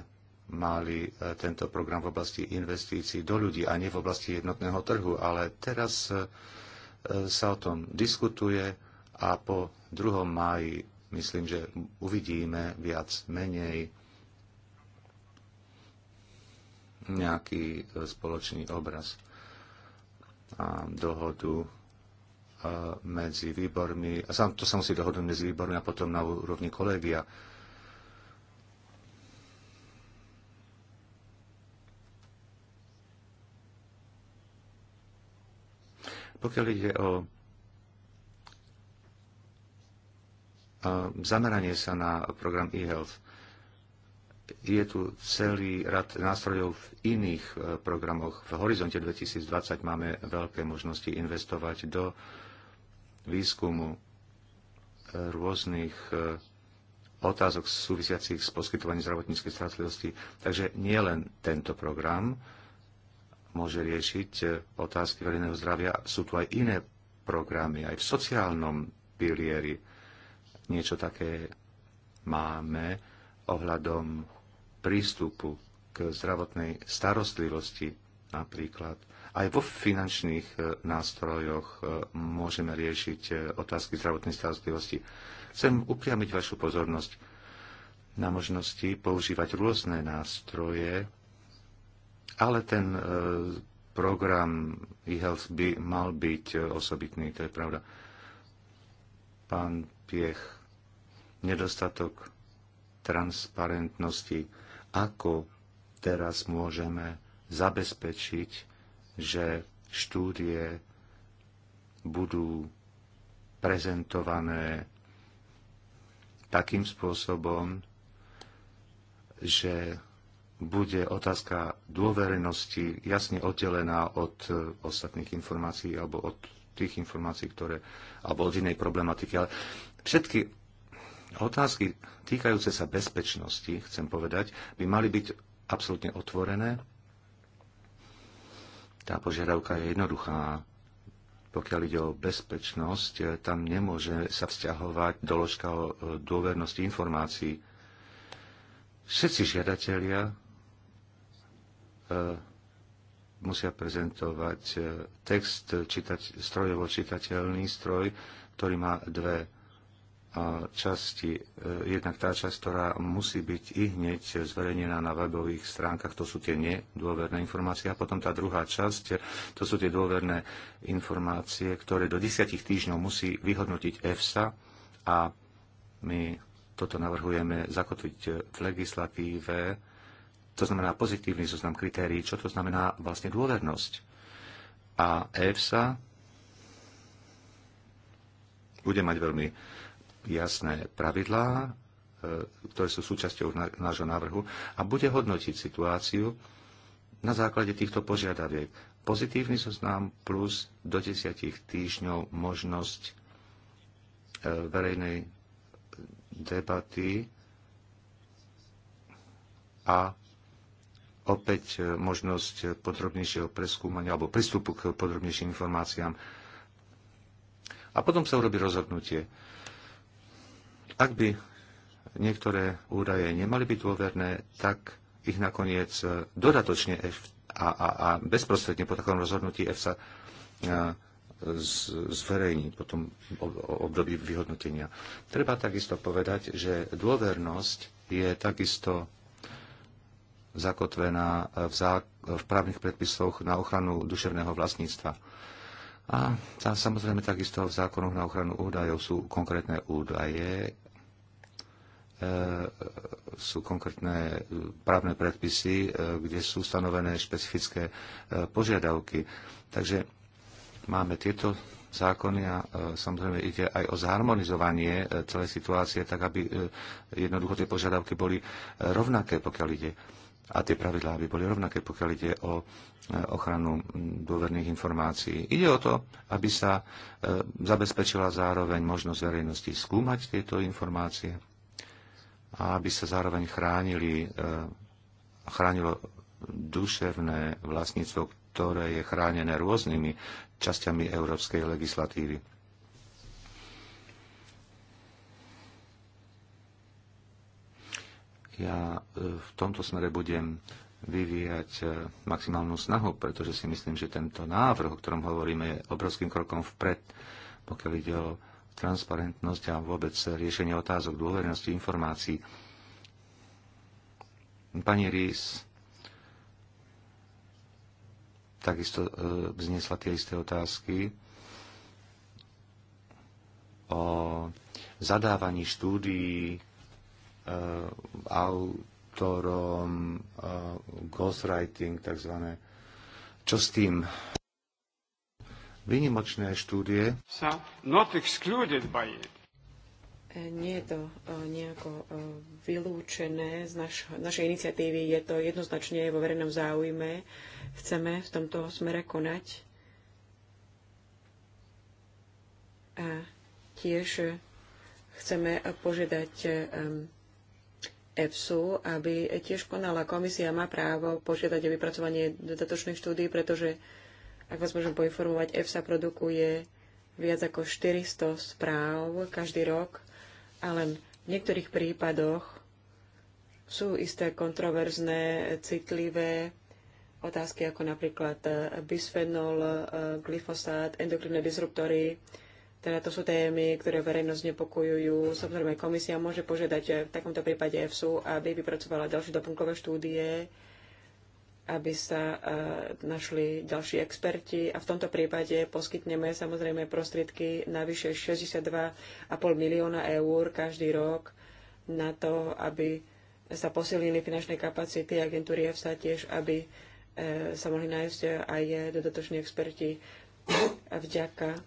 S3: mali e, tento program v oblasti investícií do ľudí a nie v oblasti jednotného trhu. Ale teraz e, e, sa o tom diskutuje a po 2. máji myslím, že uvidíme viac menej nejaký spoločný obraz a dohodu medzi výbormi. A to sa musí dohodnúť medzi výbormi a potom na úrovni kolegia Pokiaľ ide o zameranie sa na program e-health, je tu celý rad nástrojov v iných e, programoch. V horizonte 2020 máme veľké možnosti investovať do výskumu e, rôznych e, otázok súvisiacich s poskytovaním zdravotníckej starostlivosti. Takže nie len tento program, môže riešiť e, otázky verejného zdravia. Sú tu aj iné programy, aj v sociálnom pilieri. Niečo také máme ohľadom prístupu k zdravotnej starostlivosti napríklad. Aj vo finančných e, nástrojoch e, môžeme riešiť otázky zdravotnej starostlivosti. Chcem upriamiť vašu pozornosť na možnosti používať rôzne nástroje ale ten e, program e-health by mal byť e, osobitný, to je pravda. Pán Piech, nedostatok transparentnosti, ako teraz môžeme zabezpečiť, že štúdie budú prezentované takým spôsobom, že bude otázka dôverenosti jasne oddelená od e, ostatných informácií alebo od tých informácií, ktoré, alebo od inej problematiky. Ale všetky otázky týkajúce sa bezpečnosti, chcem povedať, by mali byť absolútne otvorené. Tá požiadavka je jednoduchá. Pokiaľ ide o bezpečnosť, e, tam nemôže sa vzťahovať doložka o e, dôvernosti informácií. Všetci žiadatelia E, musia prezentovať e, text, e, čítať, strojovo čitateľný stroj, ktorý má dve časti. Jednak tá časť, ktorá musí byť i hneď zverejnená na webových stránkach, to sú tie nedôverné informácie. A potom tá druhá časť, to sú tie dôverné informácie, ktoré do desiatich týždňov musí vyhodnotiť EFSA a my toto navrhujeme zakotviť v legislatíve to znamená pozitívny zoznam kritérií, čo to znamená vlastne dôvernosť. A EFSA bude mať veľmi jasné pravidlá, e, ktoré sú súčasťou nášho návrhu a bude hodnotiť situáciu na základe týchto požiadaviek. Pozitívny zoznam plus do desiatich týždňov možnosť e, verejnej debaty a opäť e, možnosť e, podrobnejšieho preskúmania alebo prístupu k podrobnejším informáciám. A potom sa urobí rozhodnutie. Ak by niektoré údaje nemali byť dôverné, tak ich nakoniec e, dodatočne a, a, a bezprostredne po takom rozhodnutí EFSA zverejní potom období vyhodnotenia. Treba takisto povedať, že dôvernosť je takisto zakotvená v, zá, v právnych predpisoch na ochranu duševného vlastníctva. A tá, samozrejme takisto v zákonoch na ochranu údajov sú konkrétne údaje, e, sú konkrétne e, právne predpisy, e, kde sú stanovené špecifické požiadavky. Takže máme tieto zákony a samozrejme ide aj o zharmonizovanie celej situácie, tak aby jednoducho tie požiadavky boli rovnaké, pokiaľ ide a tie pravidlá by boli rovnaké, pokiaľ ide o e, ochranu dôverných informácií. Ide o to, aby sa e, zabezpečila zároveň možnosť verejnosti skúmať tieto informácie a aby sa zároveň chránili, e, chránilo duševné vlastníctvo, ktoré je chránené rôznymi časťami európskej legislatívy. Ja e, v tomto smere budem vyvíjať e, maximálnu snahu, pretože si myslím, že tento návrh, o ktorom hovoríme, je obrovským krokom vpred, pokiaľ ide o transparentnosť a vôbec riešenie otázok dôvernosti informácií. Pani Rís takisto e, vznesla tie isté otázky o zadávaní štúdií Eh, autorom, eh, ghostwriting tzv. Čo s tým? Vynimočné štúdie e,
S1: nie je to e, nejako e, vylúčené z naš, našej iniciatívy, je to jednoznačne vo verejnom záujme. Chceme v tomto smere konať. A tiež chceme požiadať EFSU, aby tiež konala komisia má právo požiadať o vypracovanie dodatočných štúdí, pretože, ak vás môžem poinformovať, EFSA produkuje viac ako 400 správ každý rok a len v niektorých prípadoch sú isté kontroverzné, citlivé otázky, ako napríklad bisfenol, glyfosát, endokrinné disruptory, teda to sú témy, ktoré verejnosť znepokojujú. Samozrejme, komisia môže požiadať eh, v takomto prípade EFSU, aby vypracovala ďalšie doplnkové štúdie, aby sa eh, našli ďalší experti a v tomto prípade poskytneme samozrejme prostriedky na vyše 62,5 milióna eur každý rok na to, aby sa posilnili finančné kapacity agentúry EFSA tiež, aby eh, sa mohli nájsť aj dodatoční experti vďaka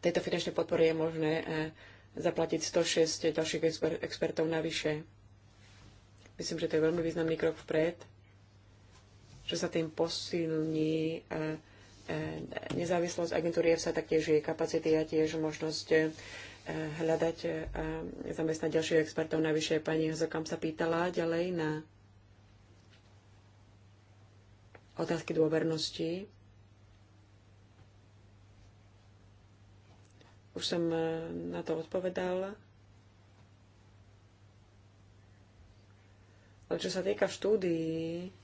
S1: tejto finančnej podpory je možné e, zaplatiť 106 ďalších exper- expertov navyše. Myslím, že to je veľmi významný krok vpred, že sa tým posilní e, e, nezávislosť agentúry EFSA, taktiež jej kapacity a tiež možnosť hľadať a zamestnať ďalších expertov. Najvyššie pani Hozokam sa pýtala ďalej na otázky dôvernosti Už som e, na to odpovedal. Ale čo sa týka štúdií,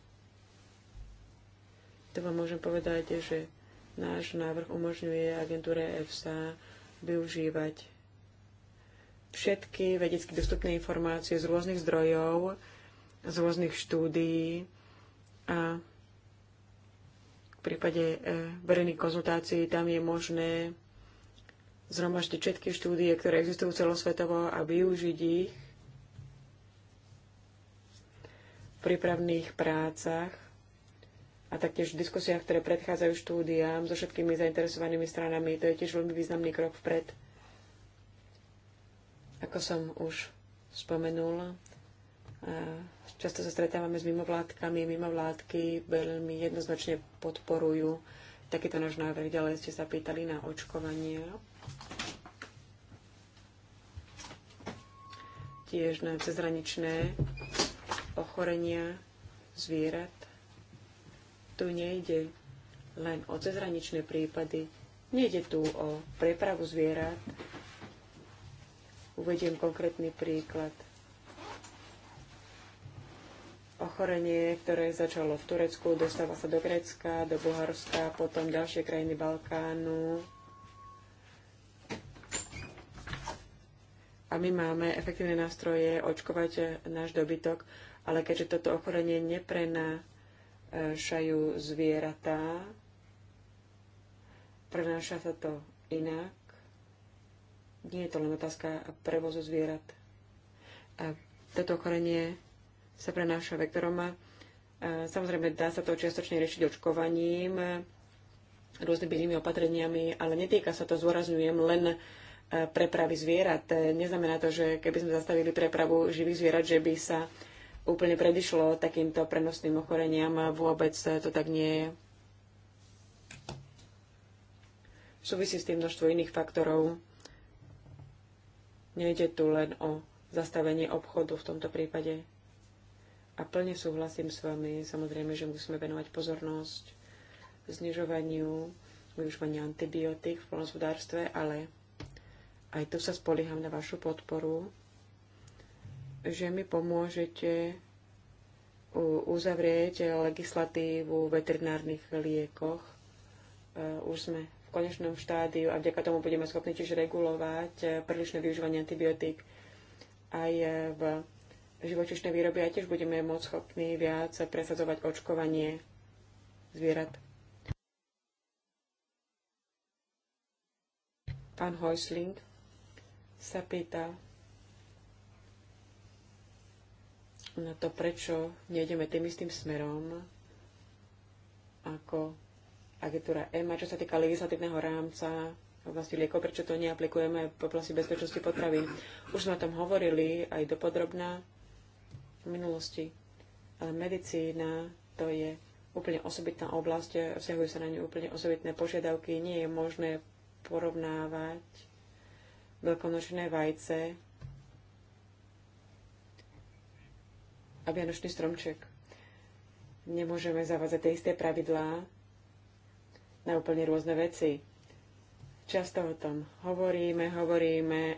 S1: to vám môžem povedať, že náš návrh umožňuje agentúre EFSA využívať všetky vedecky dostupné informácie z rôznych zdrojov, z rôznych štúdií a v prípade e, verejných konzultácií tam je možné zhromažte všetky štúdie, ktoré existujú celosvetovo a využiť ich v prípravných prácach a taktiež v diskusiách, ktoré predchádzajú štúdiám so všetkými zainteresovanými stranami. To je tiež veľmi významný krok vpred. Ako som už spomenul, často sa stretávame s mimovládkami. Mimovládky veľmi jednoznačne podporujú takýto náš návrh. Ďalej ste sa pýtali na očkovanie. Tiež na cezhraničné ochorenia zvierat. Tu nejde len o cezhraničné prípady, nejde tu o prepravu zvierat. Uvediem konkrétny príklad ochorenie, ktoré začalo v Turecku, dostáva sa do Grécka, do Bulharska, potom ďalšie krajiny Balkánu, a my máme efektívne nástroje očkovať náš dobytok, ale keďže toto ochorenie neprenášajú zvieratá, prenáša sa to inak. Nie je to len otázka prevozu zvierat. A toto ochorenie sa prenáša vektorom a samozrejme dá sa to čiastočne riešiť očkovaním, rôznymi inými opatreniami, ale netýka sa to, zúrazňujem, len E, prepravy zvierat. E, neznamená to, že keby sme zastavili prepravu živých zvierat, že by sa úplne predišlo takýmto prenosným ochoreniam. Vôbec e, to tak nie je. Súvisí s tým množstvo iných faktorov. Nejde tu len o zastavenie obchodu v tomto prípade. A plne súhlasím s vami, samozrejme, že musíme venovať pozornosť znižovaniu využívania antibiotík v polnospodárstve, ale aj tu sa spolieham na vašu podporu, že mi pomôžete uzavrieť legislatívu v veterinárnych liekoch. E, už sme v konečnom štádiu a vďaka tomu budeme schopní tiež regulovať e, prílišné využívanie antibiotík aj v živočišnej výrobe a tiež budeme môcť schopní viac presadzovať očkovanie zvierat. Pán Hojsling sa pýta na to, prečo nejdeme tým istým smerom ako agentúra EMA, čo sa týka legislatívneho rámca v oblasti liekov, prečo to neaplikujeme v oblasti bezpečnosti potravy. Už sme o tom hovorili aj dopodrobná v minulosti, ale medicína to je úplne osobitná oblasť, vzťahujú sa na ňu úplne osobitné požiadavky, nie je možné porovnávať veľkonočné vajce a vianočný stromček. Nemôžeme zavádzať tie isté pravidlá na úplne rôzne veci. Často o tom hovoríme, hovoríme e,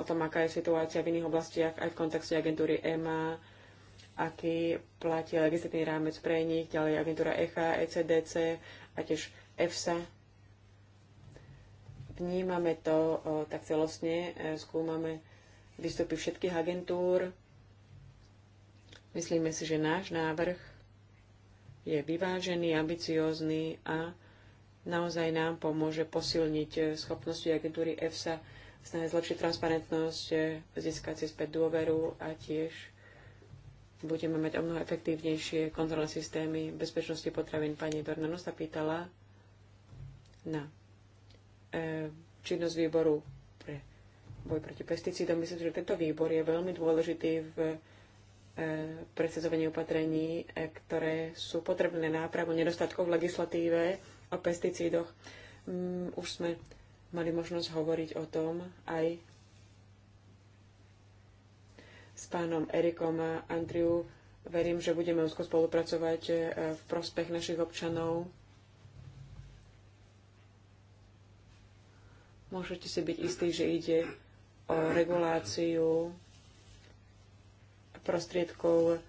S1: o tom, aká je situácia v iných oblastiach, aj v kontexte agentúry EMA, aký platí legislatívny rámec pre nich, ďalej agentúra ECHA, ECDC a tiež EFSA Vnímame to tak celostne, e, skúmame výstupy všetkých agentúr. Myslíme si, že náš návrh je vyvážený, ambiciózny a naozaj nám pomôže posilniť e, schopnosti agentúry EFSA snahe zlepšiť transparentnosť, e, získať si späť dôveru a tiež budeme mať o mnoho efektívnejšie kontrolné systémy bezpečnosti potravín. Pani Dornano sa pýtala na E, činnosť výboru pre boj proti pesticídom. Myslím, že tento výbor je veľmi dôležitý v e, presadzovaní opatrení, e, ktoré sú potrebné na nápravu nedostatkov v legislatíve o pesticídoch. Mm, už sme mali možnosť hovoriť o tom aj s pánom Erikom a Andriu. Verím, že budeme úzko spolupracovať v prospech našich občanov Môžete si byť istí, že ide o reguláciu prostriedkov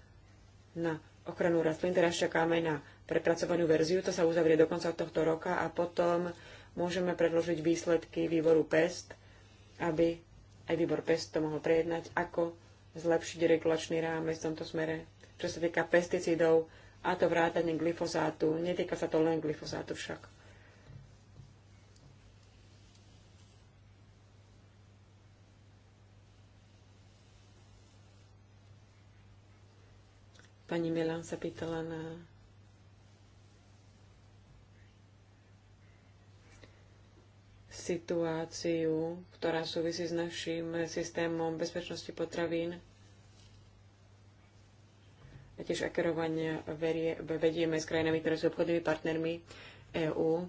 S1: na ochranu rastlín. Teraz čakáme na prepracovanú verziu, to sa uzavrie do konca tohto roka a potom môžeme predložiť výsledky výboru PEST, aby aj výbor PEST to mohol prejednať, ako zlepšiť regulačný rámec v tomto smere, čo sa týka pesticídov a to vrátanie glyfosátu. Netýka sa to len glyfosátu však. Pani Milan sa pýtala na situáciu, ktorá súvisí s našim systémom bezpečnosti potravín a tiež aké rovania vedieme s krajinami, ktoré sú obchodnými partnermi EÚ.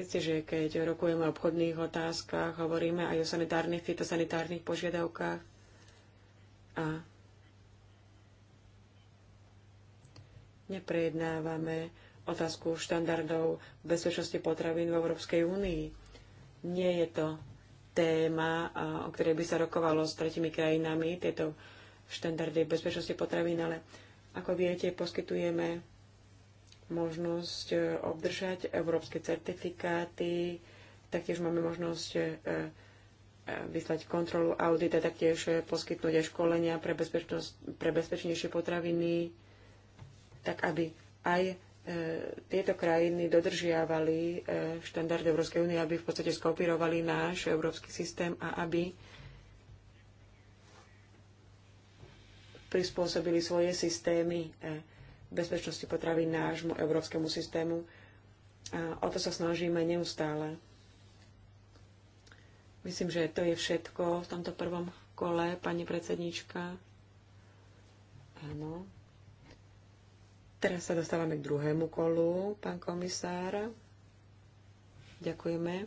S1: Viete, že keď rokujeme o obchodných otázkach, hovoríme aj o sanitárnych, fitosanitárnych požiadavkách, a neprejednávame otázku štandardov bezpečnosti potravín v Európskej únii. Nie je to téma, o ktorej by sa rokovalo s tretimi krajinami, tieto štandardy bezpečnosti potravín, ale ako viete, poskytujeme možnosť e, obdržať európske certifikáty, taktiež máme možnosť e, vyslať kontrolu audita, taktiež poskytnúť aj školenia pre, bezpečnosť, pre bezpečnejšie potraviny, tak aby aj e, tieto krajiny dodržiavali e, štandardy Európskej únie, aby v podstate skopírovali náš európsky systém a aby prispôsobili svoje systémy e, bezpečnosti potravín nášmu európskemu systému. A o to sa snažíme neustále. Myslím, že to je všetko v tomto prvom kole, pani predsednička. Áno. Teraz sa dostávame k druhému kolu, pán komisár. Ďakujeme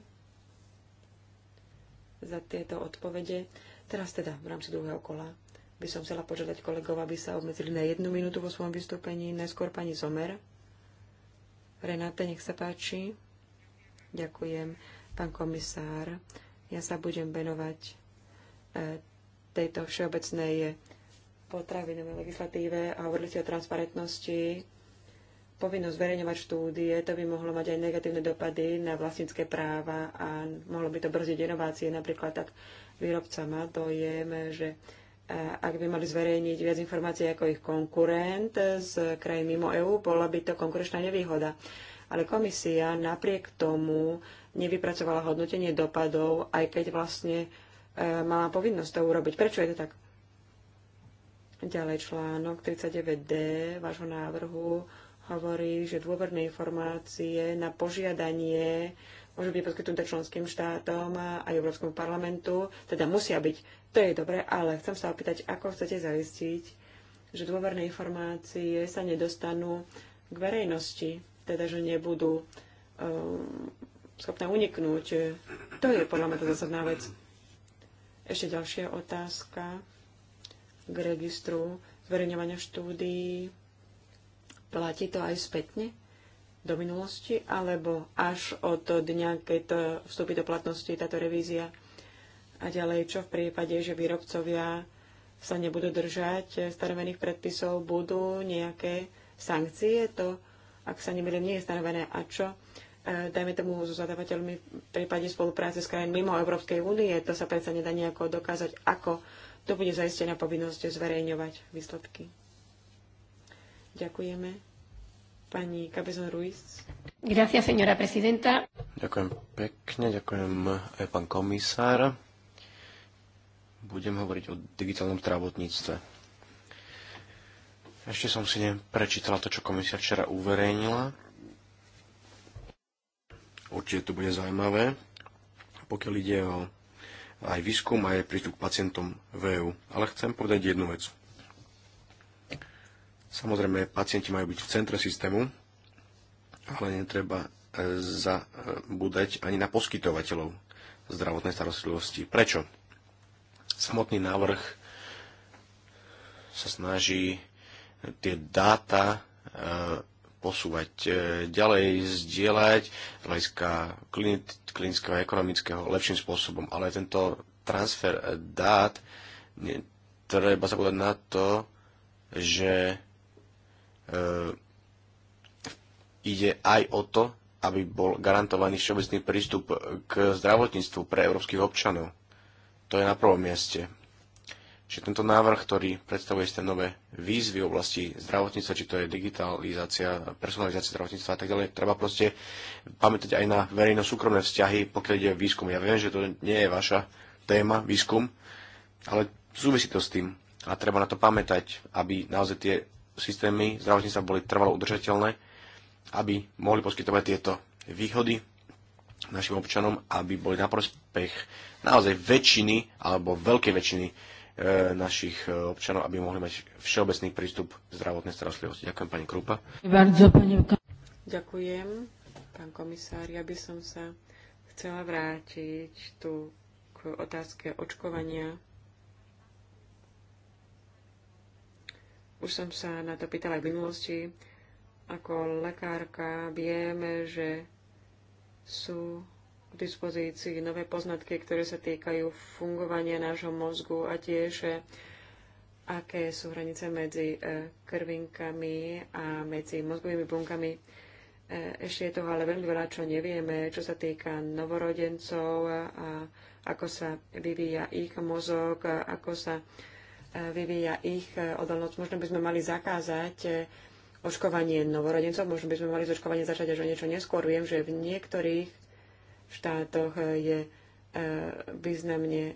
S1: za tieto odpovede. Teraz teda v rámci druhého kola by som chcela požiadať kolegov, aby sa obmedzili na jednu minútu vo svojom vystúpení. Najskôr pani Zomer. Renáte, nech sa páči. Ďakujem, pán komisár. Ja sa budem venovať e, tejto všeobecnej potravinovej legislatíve a hovorili ste o transparentnosti. Povinnosť zverejňovať štúdie, to by mohlo mať aj negatívne dopady na vlastnícke práva a mohlo by to brziť inovácie. Napríklad tak výrobca má dojem, že e, ak by mali zverejniť viac informácií ako ich konkurent z krajín mimo EÚ, bola by to konkurenčná nevýhoda. Ale komisia napriek tomu nevypracovala hodnotenie dopadov, aj keď vlastne e, mala povinnosť to urobiť. Prečo je to tak? Ďalej článok 39d vášho návrhu hovorí, že dôverné informácie na požiadanie môžu byť poskytnuté členským štátom a Európskom parlamentu, teda musia byť. To je dobre, ale chcem sa opýtať, ako chcete zaistiť, že dôverné informácie sa nedostanú k verejnosti, teda že nebudú um, schopné uniknúť. To je podľa mňa tá zásadná vec. Ešte ďalšia otázka k registru zverejňovania štúdií. Platí to aj spätne do minulosti, alebo až od dňa, keď to vstúpi do platnosti táto revízia? A ďalej, čo v prípade, že výrobcovia sa nebudú držať stanovených predpisov, budú nejaké sankcie? To, ak sa nemýlim, nie je stanovené. A čo E, dajme tomu so zadavateľmi v prípade spolupráce s krajín mimo Európskej únie, to sa predsa nedá nejako dokázať, ako to bude zaistená povinnosť zverejňovať výsledky. Ďakujeme. Pani Cabezon Ruiz. Gracias, señora presidenta.
S2: Ďakujem pekne, ďakujem aj pán komisár. Budem hovoriť o digitálnom zdravotníctve. Ešte som si neprečítala to, čo komisia včera uverejnila Určite to bude zaujímavé, pokiaľ ide o aj výskum, aj prístup k pacientom v EU. Ale chcem povedať jednu vec. Samozrejme, pacienti majú byť v centre systému, ale netreba e, zabúdať ani na poskytovateľov zdravotnej starostlivosti. Prečo? Samotný návrh sa snaží tie dáta e, posúvať e, ďalej, zdieľať z hľadiska klinického a ekonomického lepším spôsobom. Ale tento transfer dát treba sa povedať na to, že e, ide aj o to, aby bol garantovaný všeobecný prístup k zdravotníctvu pre európskych občanov. To je na prvom mieste že tento návrh, ktorý predstavuje ste nové výzvy v oblasti zdravotníctva, či to je digitalizácia, personalizácia zdravotníctva a tak ďalej, treba proste pamätať aj na verejno-súkromné vzťahy, pokiaľ ide o výskum. Ja viem, že to nie je vaša téma, výskum, ale súvisí to s tým a treba na to pamätať, aby naozaj tie systémy zdravotníctva boli trvalo udržateľné, aby mohli poskytovať tieto výhody našim občanom, aby boli na prospech naozaj väčšiny alebo veľkej väčšiny E, našich e, občanov, aby mohli mať všeobecný prístup k zdravotnej starostlivosti. Ďakujem, pani Krupa.
S1: Ďakujem, pán komisár. Ja by som sa chcela vrátiť tu k otázke očkovania. Už som sa na to pýtala v minulosti. Ako lekárka vieme, že sú dispozícii nové poznatky, ktoré sa týkajú fungovania nášho mozgu a tiež eh, aké sú hranice medzi eh, krvinkami a medzi mozgovými bunkami. Eh, ešte je toho ale veľmi veľa, čo nevieme, čo sa týka novorodencov, a ako sa vyvíja ich mozog, a ako sa vyvíja ich odolnosť. Možno by sme mali zakázať očkovanie novorodencov, možno by sme mali očkovanie začať až o niečo neskôr. Viem, že v niektorých štátoch eh, je eh, významne eh,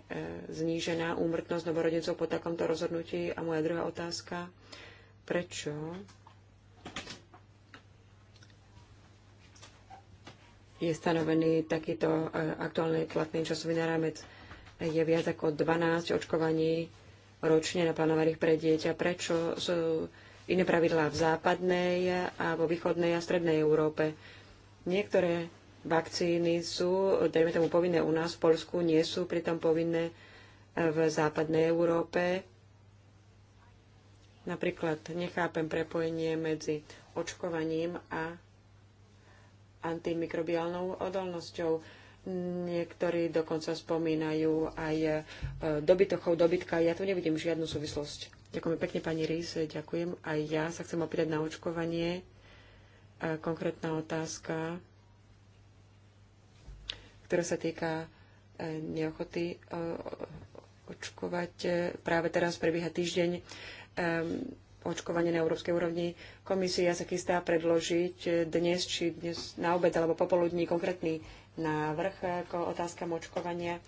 S1: znížená úmrtnosť novorodencov po takomto rozhodnutí. A moja druhá otázka, prečo je stanovený takýto aktuálny platný časový náramec? Je viac ako 12 očkovaní ročne naplánovaných pre dieťa. Prečo sú iné pravidlá v západnej a vo východnej a strednej Európe? Niektoré vakcíny sú, dajme tomu, povinné u nás v Polsku, nie sú pritom povinné e, v západnej Európe. Napríklad nechápem prepojenie medzi očkovaním a antimikrobiálnou odolnosťou. Niektorí dokonca spomínajú aj e, dobytochov, dobytka. Ja tu nevidím žiadnu súvislosť. Ďakujem pekne, pani Rís. Ďakujem. Aj ja sa chcem opýtať na očkovanie. E, konkrétna otázka ktorá sa týka e, neochoty e, očkovať. E, práve teraz prebieha týždeň očkovanie na európskej úrovni. Komisia sa chystá predložiť dnes, či dnes na obed alebo popoludní konkrétny návrh k otázkam očkovania.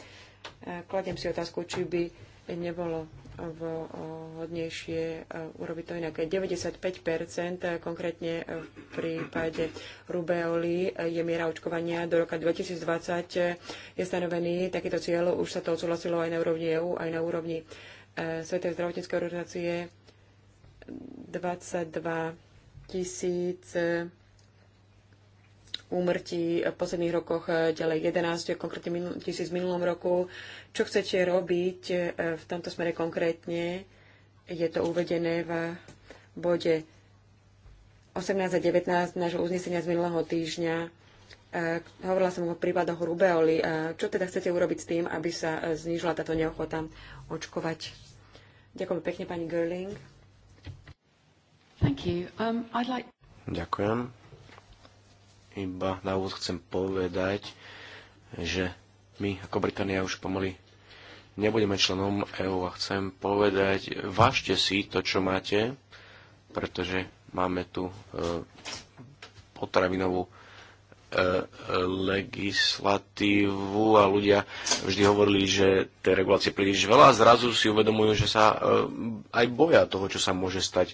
S1: Kladiem si otázku, či by nebolo vhodnejšie e, urobiť to inak. 95 e, konkrétne e, v prípade rubeoli je miera očkovania do roka 2020 je stanovený takýto cieľ. Už sa to odsúhlasilo aj na úrovni EU, aj na úrovni Svetej zdravotníckej organizácie. 22 tisíc úmrtí v posledných rokoch, e, ďalej 11, e, konkrétne tisíc v minulom roku. Čo chcete robiť e, v tomto smere konkrétne? Je to uvedené v bode 18 a 19 nášho uznesenia z minulého týždňa. Hovorila som o prípadoch rubeoli. Čo teda chcete urobiť s tým, aby sa znížila táto neochota očkovať? Ďakujem pekne, pani Görling. Thank you. Um, I'd like...
S2: Ďakujem iba na úvod chcem povedať, že my ako Británia už pomaly nebudeme členom EÚ a chcem povedať, vážte si to, čo máte, pretože máme tu e, potravinovú e, e, legislatívu a ľudia vždy hovorili, že tie regulácie príliš veľa a zrazu si uvedomujú, že sa e, aj boja toho, čo sa môže stať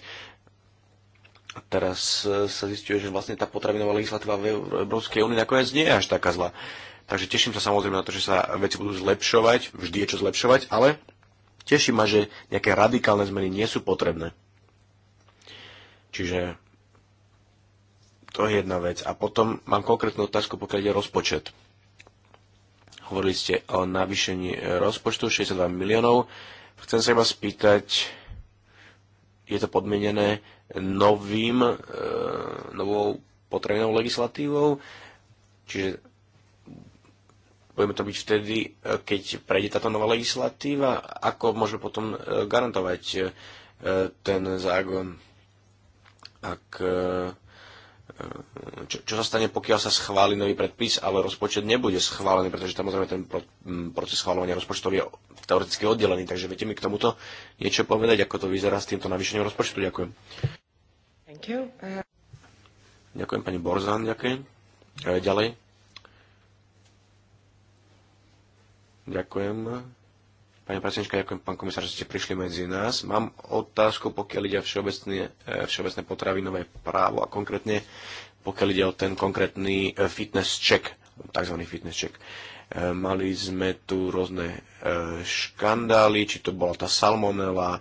S2: teraz e, sa zistuje, že vlastne tá potravinová legislatíva v Európskej únii nakoniec nie je až taká zlá. Takže teším sa samozrejme na to, že sa veci budú zlepšovať, vždy je čo zlepšovať, ale teším ma, že nejaké radikálne zmeny nie sú potrebné. Čiže to je jedna vec. A potom mám konkrétnu otázku, pokiaľ ide rozpočet. Hovorili ste o navýšení rozpočtu 62 miliónov. Chcem sa iba spýtať, je to podmienené novým, e, novou potrebnou legislatívou, čiže budeme to byť vtedy, e, keď prejde táto nová legislatíva, ako môžeme potom e, garantovať ten zákon, ak, čo, čo sa stane, pokiaľ sa schváli nový predpis, ale rozpočet nebude schválený, pretože samozrejme ten pro, proces schválovania rozpočtov je teoreticky oddelený, takže viete mi k tomuto niečo povedať, ako to vyzerá s týmto navýšením rozpočtu. Ďakujem.
S1: Thank you. Uh,
S2: ďakujem pani Borzan, ďakujem. ďalej. Ďakujem. Pani Pracenčka, ďakujem, pán komisár, že ste prišli medzi nás. Mám otázku, pokiaľ ide o všeobecné, e, všeobecné potravinové právo a konkrétne pokiaľ ide o ten konkrétny e, fitness check, tzv. fitness check. E, mali sme tu rôzne škandály, či to bola tá salmonela,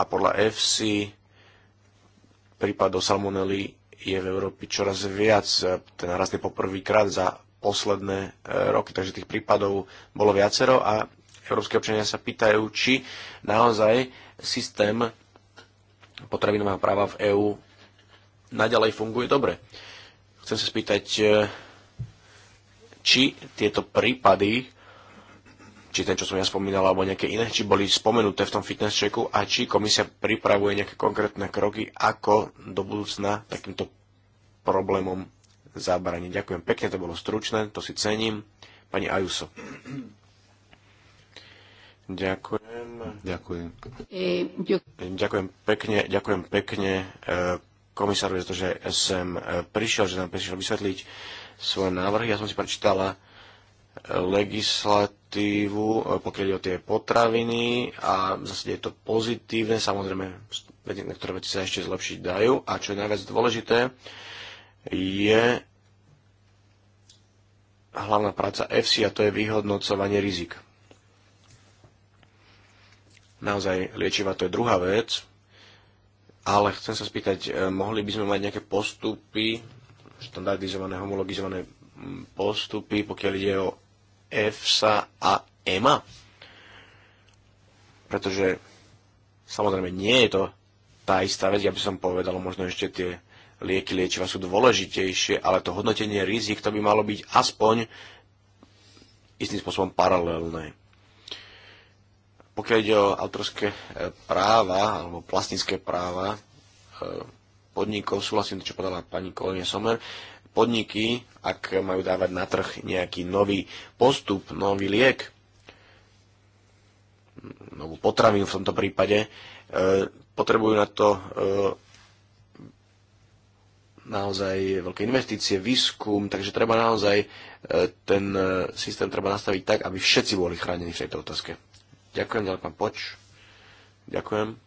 S2: a podľa EFSI prípadov salmonely je v Európe čoraz viac, ten rast poprvýkrát za posledné e, roky, takže tých prípadov bolo viacero a európske občania sa pýtajú, či naozaj systém potravinového práva v EÚ naďalej funguje dobre. Chcem sa spýtať, e, či tieto prípady či ten, čo som ja spomínal, alebo nejaké iné, či boli spomenuté v tom fitness checku a či komisia pripravuje nejaké konkrétne kroky, ako do budúcna takýmto problémom zabraniť. Ďakujem pekne, to bolo stručné, to si cením. Pani Ajuso. Ďakujem.
S1: E, ďakujem.
S2: Ďakujem pekne, ďakujem pekne e, komisárovi za to, že sem e, prišiel, že nám prišiel vysvetliť svoje návrhy. Ja som si prečítala legislat perspektívu, e, pokiaľ ide o tie potraviny a zase je to pozitívne, samozrejme niektoré veci sa ešte zlepšiť dajú a čo je najviac dôležité je hlavná práca FC a to je vyhodnocovanie rizik. Naozaj liečiva to je druhá vec, ale chcem sa spýtať, e, mohli by sme mať nejaké postupy, štandardizované, homologizované postupy, pokiaľ ide o EFSA a EMA? Pretože samozrejme nie je to tá istá vec, ja by som povedal, možno ešte tie lieky liečiva sú dôležitejšie, ale to hodnotenie rizik to by malo byť aspoň istým spôsobom paralelné. Pokiaľ ide o autorské e, práva alebo vlastnícke práva e, podnikov, súhlasím to, čo podala pani kolegyňa Somer, podniky, ak majú dávať na trh nejaký nový postup, nový liek, novú potravinu v tomto prípade, e, potrebujú na to e, naozaj veľké investície, výskum, takže treba naozaj e, ten systém treba nastaviť tak, aby všetci boli chránení v tejto otázke. Ďakujem, ďalej pán Poč. Ďakujem.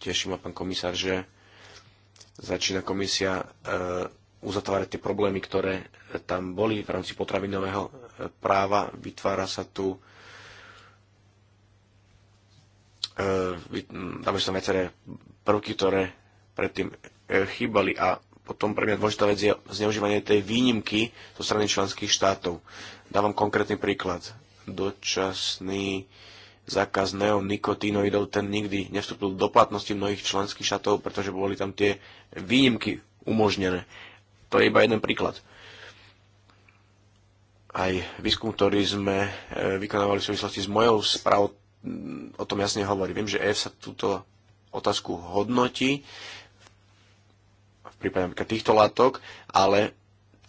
S2: Teší ma pán komisár, že začína komisia e, uzatvárať tie problémy, ktoré tam boli v rámci potravinového e, práva. Vytvára sa tu e, dáme sa viaceré prvky, ktoré predtým chýbali a potom pre mňa dôležitá vec je zneužívanie tej výnimky zo strany členských štátov. Dávam konkrétny príklad. Dočasný zákaz neonikotinoidov, ten nikdy nevstúpil do platnosti mnohých členských štátov, pretože boli tam tie výnimky umožnené. To je iba jeden príklad. Aj výskum, ktorý sme e, vykonávali v súvislosti s mojou správou, mm, o tom jasne hovorí. Viem, že EF sa túto otázku hodnotí v prípade napríklad týchto látok, ale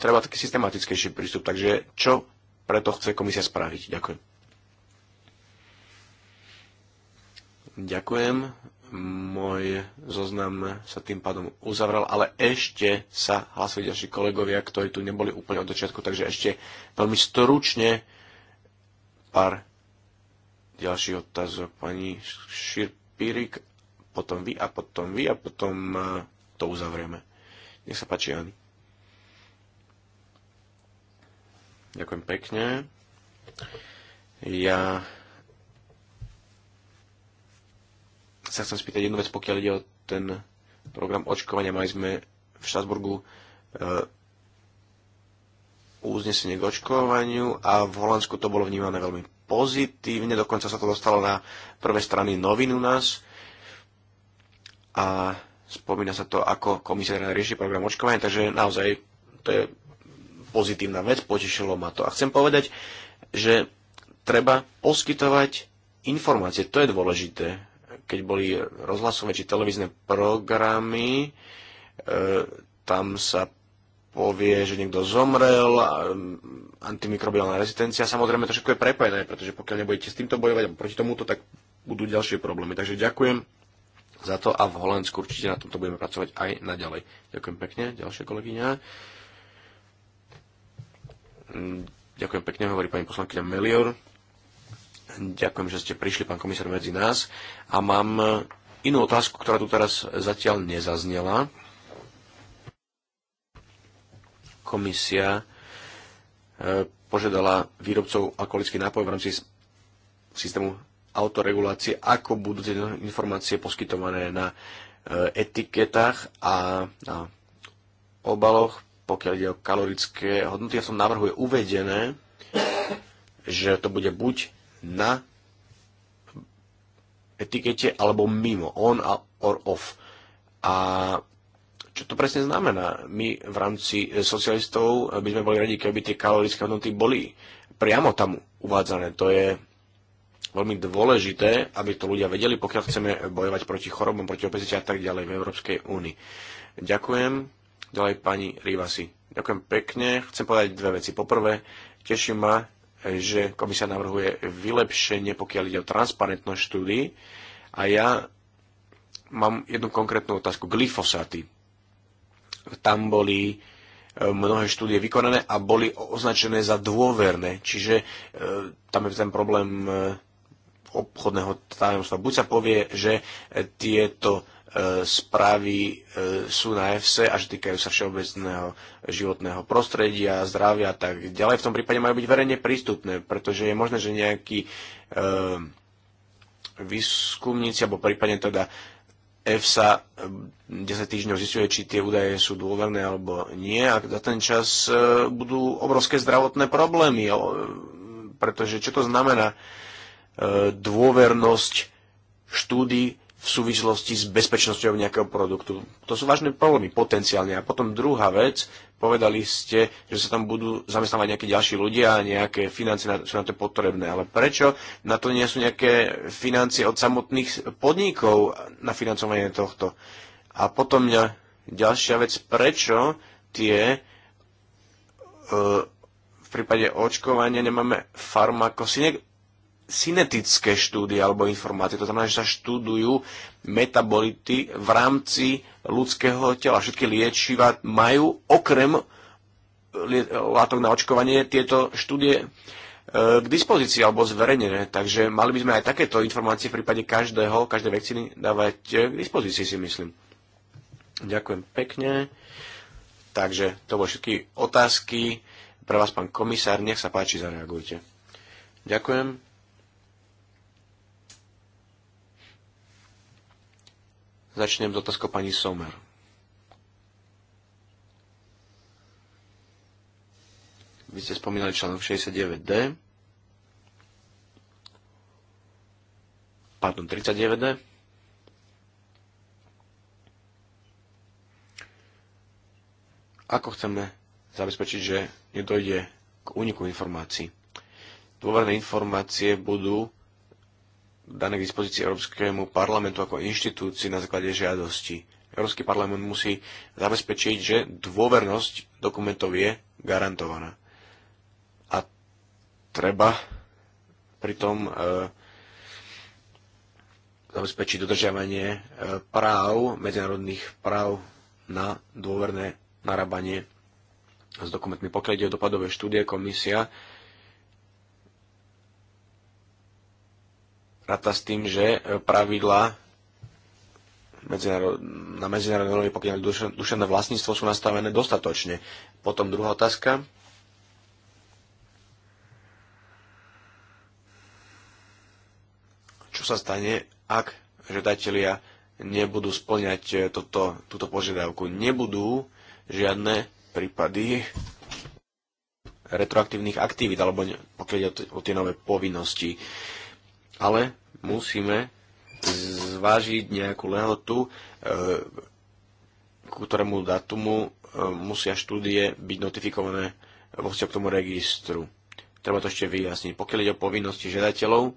S2: treba taký systematickejší prístup. Takže čo preto chce komisia spraviť? Ďakujem. Ďakujem. Môj zoznam sa tým pádom uzavrel, ale ešte sa hlasili ďalší kolegovia, ktorí tu neboli úplne od začiatku, takže ešte veľmi stručne pár ďalších otázok. Pani Širpírik, potom vy a potom vy a potom e, to uzavrieme. Nech sa páči, Ani. Ďakujem pekne. Ja sa chcem spýtať jednu vec, pokiaľ ide o ten program očkovania. Mali sme v Štrasburgu uh, uznesenie k očkovaniu a v Holandsku to bolo vnímané veľmi pozitívne, dokonca sa to dostalo na prvé strany novín u nás a spomína sa to, ako komisia teda rieši program očkovania, takže naozaj to je pozitívna vec, potešilo ma to. A chcem povedať, že treba poskytovať informácie, to je dôležité keď boli rozhlasové či televízne programy, e, tam sa povie, že niekto zomrel, antimikrobiálna rezistencia. Samozrejme, to všetko je prepojené, pretože pokiaľ nebudete s týmto bojovať a proti tomuto, tak budú ďalšie problémy. Takže ďakujem za to a v Holandsku určite na tomto budeme pracovať aj naďalej. Ďakujem pekne, ďalšia kolegyňa. Hm, ďakujem pekne, hovorí pani poslankyňa Melior. Ďakujem, že ste prišli, pán komisár, medzi nás. A mám e, inú otázku, ktorá tu teraz zatiaľ nezaznela. Komisia e, požiadala výrobcov alkoholických nápojov v rámci systému autoregulácie, ako budú tie informácie poskytované na e, etiketách a na obaloch, pokiaľ ide o kalorické hodnoty. Ja som návrhu je uvedené, že to bude buď na etikete alebo mimo, on a or off. A čo to presne znamená? My v rámci e, socialistov e, by sme boli radi, keby tie kalorické hodnoty boli priamo tam uvádzané. To je veľmi dôležité, aby to ľudia vedeli, pokiaľ chceme bojovať proti chorobom, proti obezite a tak ďalej v Európskej únii. Ďakujem. Ďalej pani Rivasi. Ďakujem pekne. Chcem povedať dve veci. Poprvé, teším ma, že komisia navrhuje vylepšenie, pokiaľ ide o transparentnosť štúdií. A ja mám jednu konkrétnu otázku. glyfosáty. Tam boli e, mnohé štúdie vykonané a boli označené za dôverné. Čiže e, tam je ten problém e, obchodného tajomstva. Buď sa povie, že tieto E, správy e, sú na EFSE a že týkajú sa všeobecného životného prostredia, zdravia a tak ďalej. V tom prípade majú byť verejne prístupné, pretože je možné, že nejaký e, výskumníci, alebo prípadne teda EFSA 10 týždňov zistuje, či tie údaje sú dôverné alebo nie a za ten čas budú obrovské zdravotné problémy, pretože čo to znamená dôvernosť štúdy v súvislosti s bezpečnosťou nejakého produktu. To sú vážne problémy potenciálne. A potom druhá vec, povedali ste, že sa tam budú zamestnávať nejakí ďalší ľudia a nejaké financie sú na to potrebné. Ale prečo na to nie sú nejaké financie od samotných podnikov na financovanie tohto? A potom mňa ďalšia vec, prečo tie e, v prípade očkovania nemáme farmakosinek, synetické štúdie alebo informácie. To znamená, že sa študujú metabolity v rámci ľudského tela. Všetky liečiva majú okrem látok na očkovanie tieto štúdie e, k dispozícii alebo zverejnené. Takže mali by sme aj takéto informácie v prípade každého, každej vakcíny dávať e, k dispozícii, si myslím. Ďakujem pekne. Takže to boli všetky otázky. Pre vás, pán komisár, nech sa páči, zareagujte. Ďakujem. Začnem s otázkou pani Somer. Vy ste spomínali článok 69D. Pardon, 39D. Ako chceme zabezpečiť, že nedojde k úniku informácií? Dôverné informácie budú dané k dispozícii Európskemu parlamentu ako inštitúcii na základe žiadosti. Európsky parlament musí zabezpečiť, že dôvernosť dokumentov je garantovaná. A treba pritom e, zabezpečiť dodržiavanie e, práv, medzinárodných práv na dôverné narábanie s dokumentmi. Pokiaľ ide o dopadové štúdie, komisia ráta s tým, že e, pravidla medzinárod, na medzinárodnej úrovni, pokiaľ duševné vlastníctvo sú nastavené dostatočne. Potom druhá otázka. Čo sa stane, ak žiadatelia nebudú splňať e, toto, túto požiadavku? Nebudú žiadne prípady retroaktívnych aktivít, alebo pokiaľ ide o tie nové povinnosti ale musíme zvážiť nejakú lehotu, e, ku ktorému datumu e, musia štúdie byť notifikované vo vzťahu k tomu registru. Treba to ešte vyjasniť. Pokiaľ ide o povinnosti žiadateľov,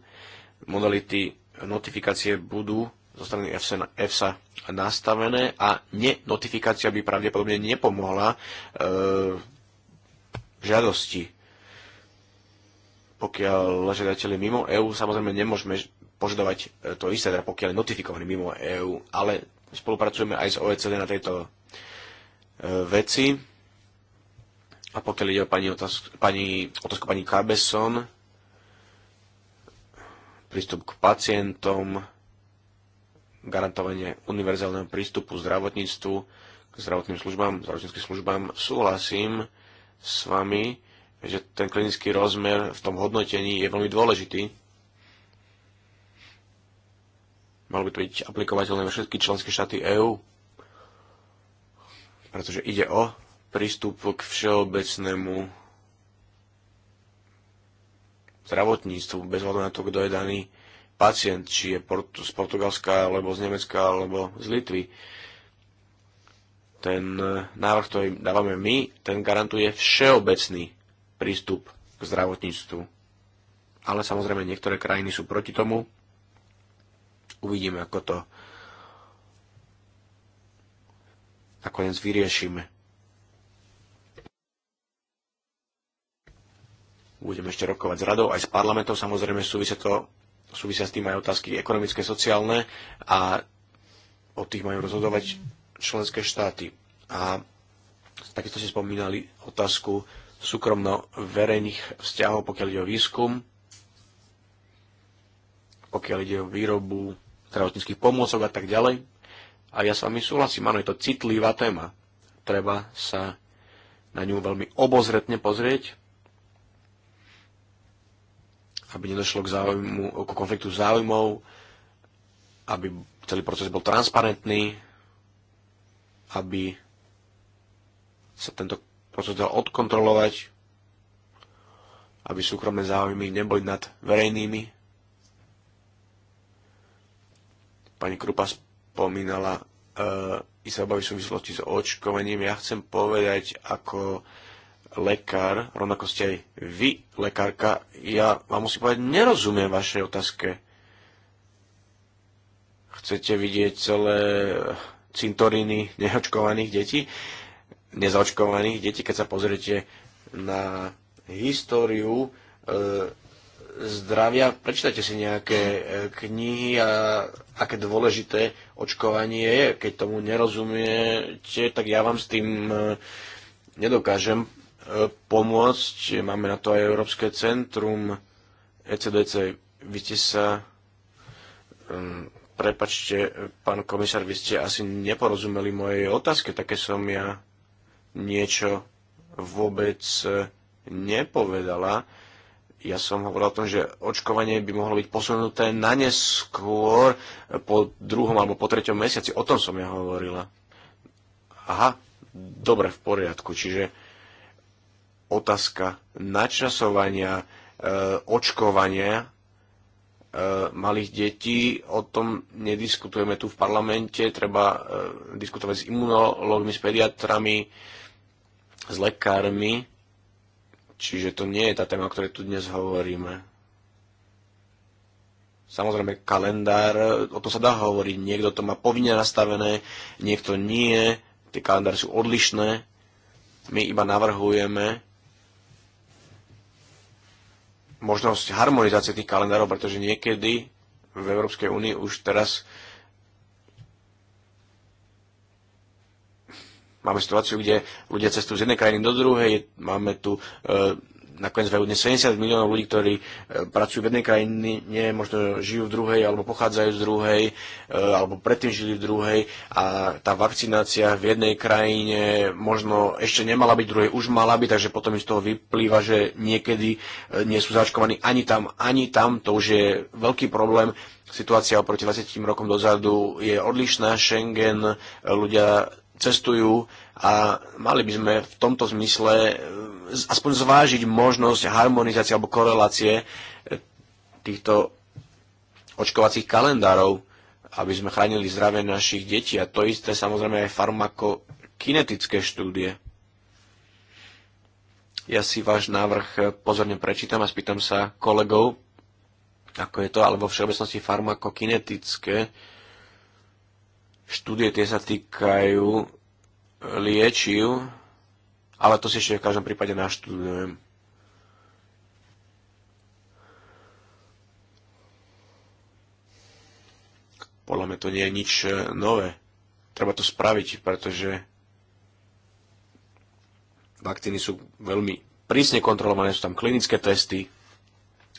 S2: modality notifikácie budú zo strany EFSA, EFSA nastavené a nenotifikácia by pravdepodobne nepomohla e, žiadosti pokiaľ žiadateľ je mimo EÚ, samozrejme nemôžeme požadovať e, to isté, teda pokiaľ je notifikovaný mimo EÚ, ale spolupracujeme aj s OECD na tejto e, veci. A pokiaľ ide o pani otázku pani, otázku pani Carbeson, prístup k pacientom, garantovanie univerzálneho prístupu zdravotníctvu, k zdravotným službám, zdravotníckým službám, súhlasím s vami, že ten klinický rozmer v tom hodnotení je veľmi dôležitý. Malo by to byť aplikovateľné vo všetky členské štáty EÚ, pretože ide o prístup k všeobecnému zdravotníctvu, bez hľadu na to, kto je daný pacient, či je port- z Portugalska, alebo z Nemecka, alebo z Litvy. Ten eh, návrh, ktorý dávame my, ten garantuje všeobecný prístup k zdravotníctvu. Ale samozrejme niektoré krajiny sú proti tomu. Uvidíme, ako to nakoniec vyriešime. Budeme ešte rokovať s radou, aj s parlamentom. Samozrejme súvisia, to, súvisia s tým aj otázky ekonomické, sociálne a o tých majú rozhodovať členské štáty. A takisto si spomínali otázku súkromno-verejných vzťahov, pokiaľ ide o výskum, pokiaľ ide o výrobu zdravotníckých pomôcok a tak ďalej. A ja s vami súhlasím, áno, je to citlivá téma. Treba sa na ňu veľmi obozretne pozrieť, aby nedošlo k, záujmu, k konfliktu záujmov, aby celý proces bol transparentný, aby sa tento potom to odkontrolovať, aby súkromné záujmy neboli nad verejnými. Pani Krupa spomínala uh, e, i sa obavy v súvislosti s očkovaním. Ja chcem povedať ako lekár, rovnako ste aj vy, lekárka, ja vám musím povedať, nerozumiem vašej otázke. Chcete vidieť celé cintoriny neočkovaných detí? Uh, nezaočkovaných detí, keď sa pozriete na históriu e, zdravia, prečítajte si nejaké e, knihy a aké dôležité očkovanie je. Keď tomu nerozumiete, tak ja vám s tým e, nedokážem e, pomôcť. Máme na to aj Európske centrum ECDC. Vy ste sa... Prepačte, pán komisár, vy ste asi neporozumeli mojej otázke, také som ja niečo vôbec e, nepovedala. Ja som hovoril o tom, že očkovanie by mohlo byť posunuté na neskôr e, po druhom alebo po treťom mesiaci. O tom som ja hovorila. Aha, dobre, v poriadku. Čiže otázka načasovania e, očkovania e, malých detí, o tom nediskutujeme tu v parlamente, treba e, diskutovať s imunológmi, s pediatrami, e, s lekármi, čiže to nie je tá téma, o ktorej tu dnes hovoríme. Samozrejme, kalendár, o tom sa dá hovoriť. Niekto to má povinne nastavené, niekto nie. Tie kalendáry sú odlišné. My iba navrhujeme možnosť harmonizácie tých kalendárov, pretože niekedy v Európskej únii už teraz uh, máme situáciu, kde ľudia cestujú z jednej krajiny do druhej, máme tu e, nakoniec veľmi 70 miliónov ľudí, ktorí e, pracujú v jednej krajine, nie, možno žijú v druhej, alebo pochádzajú z druhej, e, alebo predtým žili v druhej a tá vakcinácia v jednej krajine možno ešte nemala byť, druhej už mala byť, takže potom z toho vyplýva, že niekedy nie sú zaočkovaní ani tam, ani tam, to už je veľký problém. Situácia oproti 20 rokom dozadu je odlišná. Schengen, ľudia cestujú a mali by sme v tomto zmysle e, aspoň zvážiť možnosť harmonizácie alebo korelácie e, týchto očkovacích kalendárov, aby sme chránili zdravie našich detí a to isté samozrejme aj farmakokinetické štúdie. Ja si váš návrh e, pozorne prečítam a spýtam sa kolegov, ako je to, alebo v všeobecnosti farmakokinetické štúdie, tie sa týkajú liečiv, ale to si ešte v každom prípade naštudujem. Podľa mňa to nie je nič e, nové. Treba to spraviť, pretože vakcíny sú veľmi prísne kontrolované, sú tam klinické testy,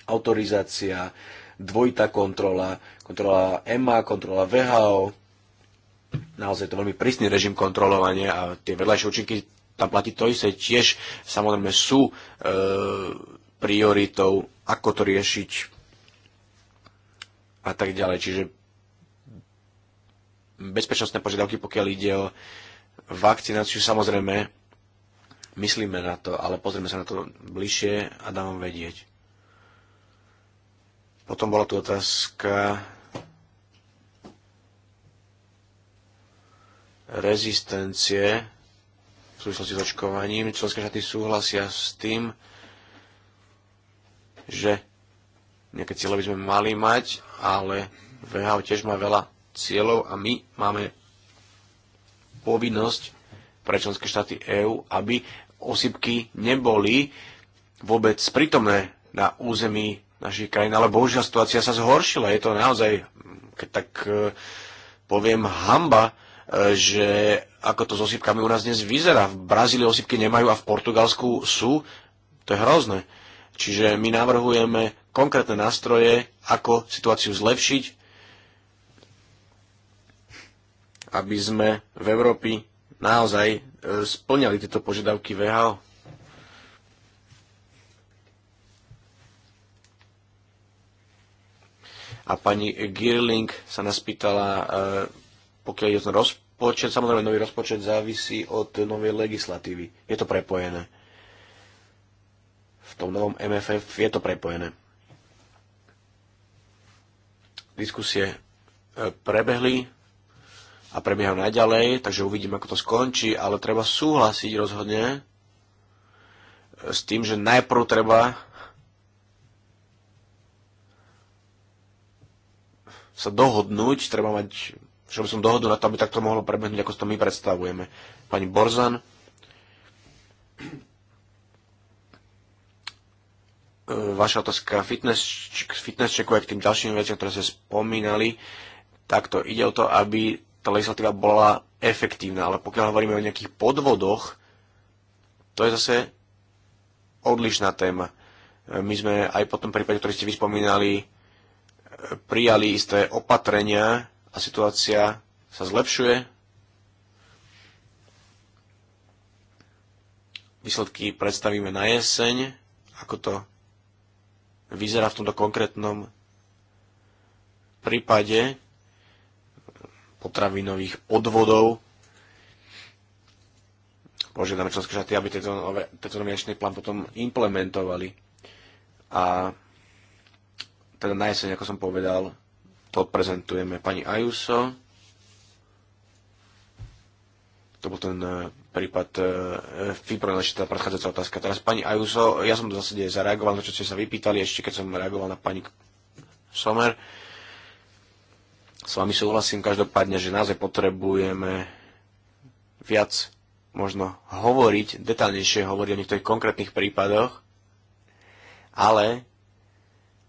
S2: autorizácia, dvojitá kontrola, kontrola EMA, kontrola VHO, naozaj to veľmi prísny režim kontrolovania a tie vedľajšie účinky tam platí to isté. Tiež samozrejme sú e, prioritou, ako to riešiť a tak ďalej. Čiže bezpečnostné požiadavky, pokiaľ ide o vakcináciu, samozrejme myslíme na to, ale pozrieme sa na to bližšie a dám vám vedieť. Potom bola tu otázka rezistencie v súvislosti s očkovaním. Členské štáty súhlasia s tým, že nejaké cieľe by sme mali mať, ale VHO tiež má veľa cieľov a my máme povinnosť pre členské štáty EÚ, aby osýpky neboli vôbec prítomné na území našich krajín, ale bohužiaľ situácia sa zhoršila. Je to naozaj, keď tak eh, poviem, hamba, E, že ako to s osýpkami u nás dnes vyzerá. V Brazílii osýpky nemajú a v Portugalsku sú. To je hrozné. Čiže my navrhujeme konkrétne nástroje, ako situáciu zlepšiť, aby sme v Európi naozaj e, splňali tieto požiadavky VHO. A pani Girling sa nás pýtala, e, pokiaľ je ten rozpočet, samozrejme nový rozpočet závisí od novej legislatívy. Je to prepojené. V tom novom MFF je to prepojené. Diskusie e, prebehli a prebiehajú naďalej, takže uvidím, ako to skončí, ale treba súhlasiť rozhodne e, s tým, že najprv treba sa dohodnúť, treba mať Šiel by som dohodu na to, aby takto mohlo prebehnúť, ako to my predstavujeme. Pani Borzan. E, vaša otázka fitness, fitness checku, k tým ďalším veciam, ktoré ste spomínali, takto ide o to, aby tá legislatíva bola efektívna. Ale pokiaľ hovoríme o nejakých podvodoch, to je zase odlišná téma. E, my sme aj po tom prípade, ktorý ste vyspomínali, e, prijali isté opatrenia, a situácia sa zlepšuje. Výsledky predstavíme na jeseň, ako to vyzerá v tomto konkrétnom prípade potravinových podvodov. Požiadame členské štáty, aby tento, tento nominačný plán potom implementovali. A teda na jeseň, ako som povedal, to prezentujeme pani Ajuso. To bol ten eh, prípad Fipro, eh, naša tá predchádzajúca otázka. Teraz pani Ajuso, ja som v zásade zareagoval na čo ste sa vypýtali, ešte keď som reagoval na pani Somer. S vami súhlasím každopádne, že naozaj potrebujeme viac možno hovoriť, detálnejšie hovoriť o niektorých konkrétnych prípadoch, ale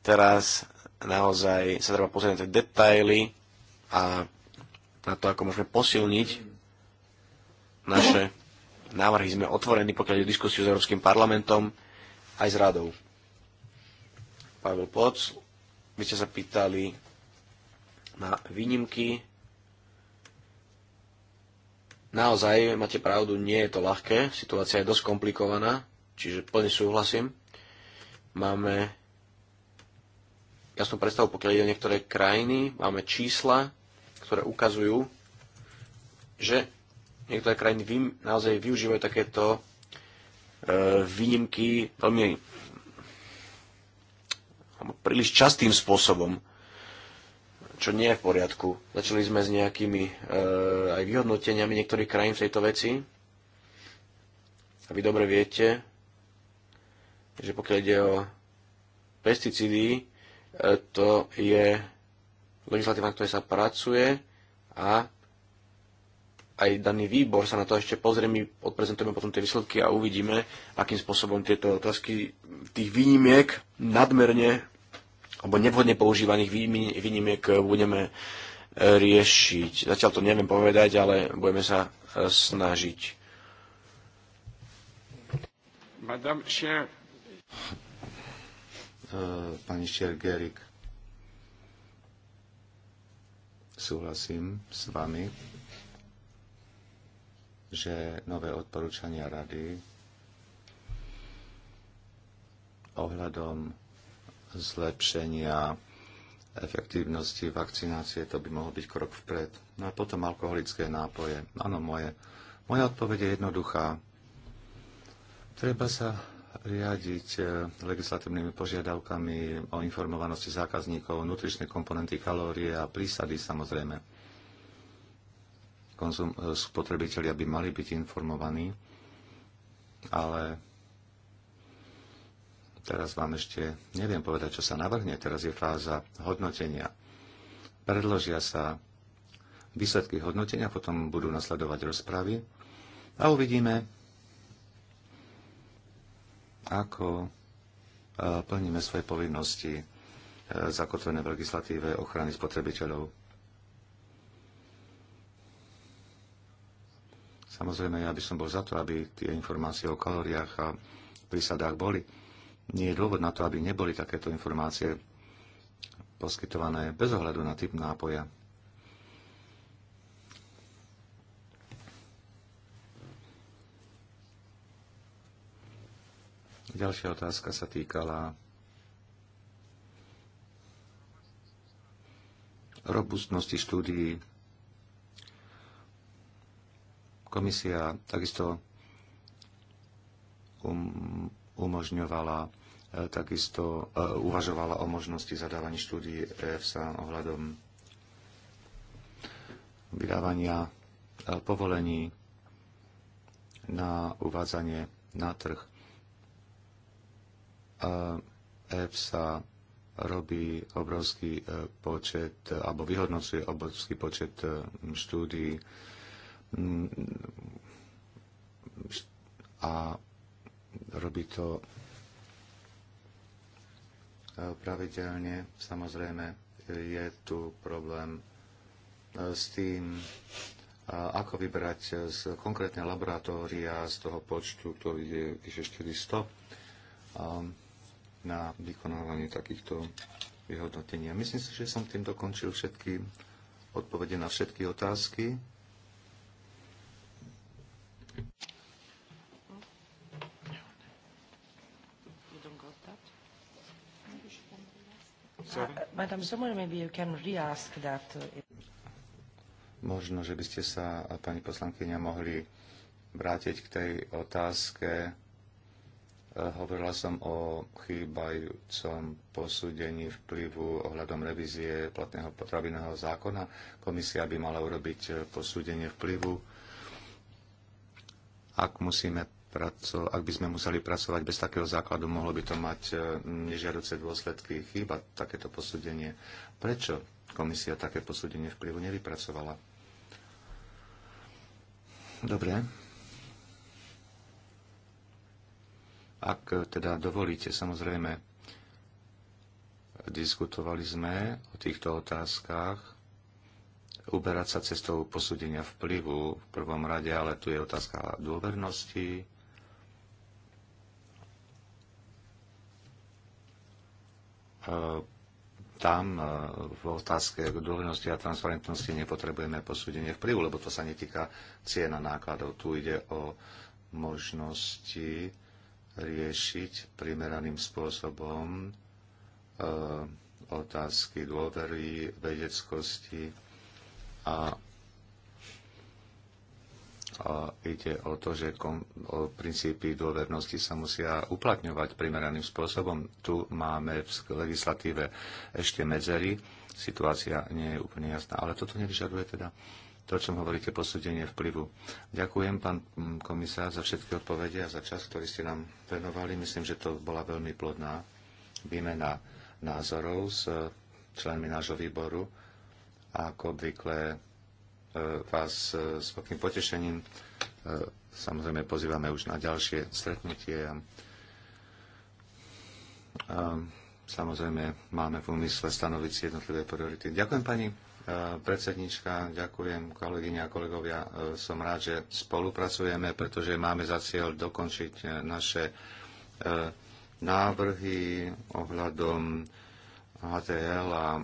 S2: teraz naozaj sa treba pozrieť na tie detaily a na to, ako môžeme posilniť naše návrhy. Sme otvorení, pokiaľ je diskusiu s Európskym parlamentom, aj s radou. Pavel Poc, vy ste sa pýtali na výnimky. Naozaj, máte pravdu, nie je to ľahké, situácia je dosť komplikovaná, čiže plne súhlasím. Máme jasnú predstavu, pokiaľ ide o niektoré krajiny, máme čísla, ktoré ukazujú, že niektoré krajiny vy, naozaj využívajú takéto e, výnimky veľmi príliš častým spôsobom, čo nie je v poriadku. Začali sme s nejakými e, aj vyhodnoteniami niektorých krajín v tejto veci. A vy dobre viete, že pokiaľ ide o pesticídy, to je legislatíva, na ktorej sa pracuje a aj daný výbor sa na to ešte pozrie, my odprezentujeme potom tie výsledky a uvidíme, akým spôsobom tieto otázky tých výnimiek nadmerne alebo nevhodne používaných výnimiek budeme e, riešiť. Zatiaľ to neviem povedať, ale budeme sa e, snažiť. Madame
S3: E, pani Šergerik. Súhlasím s vami, že nové odporúčania rady ohľadom zlepšenia efektívnosti vakcinácie, to by mohol byť krok vpred. No a potom alkoholické nápoje. Áno, moje. Moja odpoveď je jednoduchá. Treba sa riadiť e, legislatívnymi požiadavkami o informovanosti zákazníkov, nutričné komponenty, kalórie a prísady samozrejme. Konzum- e, spotrebitelia by mali byť informovaní, ale teraz vám ešte neviem povedať, čo sa navrhne. Teraz je fáza hodnotenia. Predložia sa výsledky hodnotenia, potom budú nasledovať rozpravy a uvidíme, ako e, plníme svoje povinnosti e, zakotvené v legislatíve ochrany spotrebiteľov. Samozrejme, ja by som bol za to, aby tie informácie o kalóriách a prísadách boli. Nie je dôvod na to, aby neboli takéto informácie poskytované bez ohľadu na typ nápoja. Ďalšia otázka sa týkala robustnosti štúdií. Komisia takisto um, umožňovala, eh, takisto eh, uvažovala o možnosti zadávania štúdií EFSA ohľadom vydávania eh, povolení na uvádzanie na trh EFSA robí obrovský e, počet, alebo vyhodnocuje obrovský počet e, štúdií mm, a robí to e, pravidelne. Samozrejme, je tu problém s tým, ako vybrať z konkrétne laboratória z toho počtu, ktorý je vyše 400 na vykonávanie takýchto vyhodnotení. A myslím si, že som tým dokončil všetky odpovede na všetky otázky. Uh, uh, Možno, že by ste sa, pani poslankyňa, mohli vrátiť k tej otázke Eh, hovorila som o chýbajúcom posúdení vplyvu ohľadom revízie platného potravinového zákona. Komisia by mala urobiť eh, posúdenie vplyvu. Ak, musíme praco- ak by sme museli pracovať bez takého základu, mohlo by to mať eh, nežiaduce dôsledky. Chýba takéto posúdenie. Prečo komisia také posúdenie vplyvu nevypracovala? Dobre, Ak teda dovolíte, samozrejme, diskutovali sme o týchto otázkach, uberať sa cestou posúdenia vplyvu v prvom rade, ale tu je otázka dôvernosti, e, tam e, v otázke dôvernosti a transparentnosti nepotrebujeme posúdenie vplyvu, lebo to sa netýka cien a nákladov. Tu ide o možnosti riešiť primeraným spôsobom e, otázky dôvery, vedeckosti a, a ide o to, že kom, o princípy dôvernosti sa musia uplatňovať primeraným spôsobom. Tu máme v legislatíve ešte medzery, situácia nie je úplne jasná, ale toto nevyžaduje teda to, o čom hovoríte, posúdenie vplyvu. Ďakujem, pán komisár, za všetky odpovede a za čas, ktorý ste nám venovali. Myslím, že to bola veľmi plodná výmena názorov s členmi nášho výboru. A ako obvykle e, vás e, s veľkým potešením e, samozrejme pozývame už na ďalšie stretnutie. A samozrejme máme v úmysle stanoviť si jednotlivé priority. Ďakujem pani E, predsednička, ďakujem kolegyne a kolegovia. E, som rád, že spolupracujeme, pretože máme za cieľ dokončiť e, naše návrhy ohľadom HTL a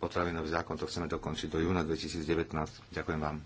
S3: potravinový zákon. To chceme dokončiť do júna 2019. Ďakujem vám.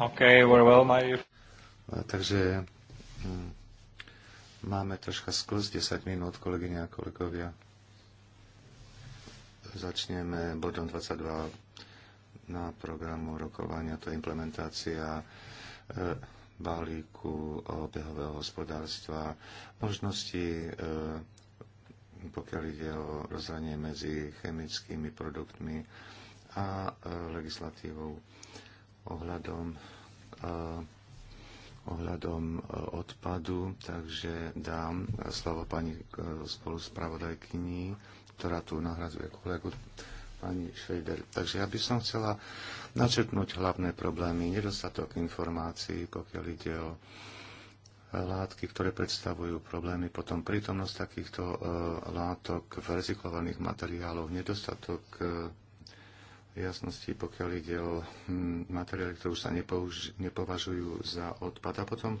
S1: Okay, very well, my...
S3: Takže hm, máme troška skos 10 minút, kolegyne a kolegovia. Začneme bodom 22 na programu rokovania, to je implementácia e, balíku obehového hospodárstva, možnosti e, pokiaľ ide o rozhranie medzi chemickými produktmi a e, legislatívou ohľadom e, ohľadom e, odpadu, takže dám slovo pani e, spoluspravodajkyni, ktorá tu nahrazuje kolegu pani Švejder. Takže ja by som chcela načetnúť hlavné problémy, nedostatok informácií, pokiaľ ide o látky, ktoré predstavujú problémy, potom prítomnosť takýchto látok v recyklovaných materiáloch, nedostatok jasnosti, pokiaľ ide o hm, materiály, ktoré už sa nepouž- nepovažujú za odpad. A potom e,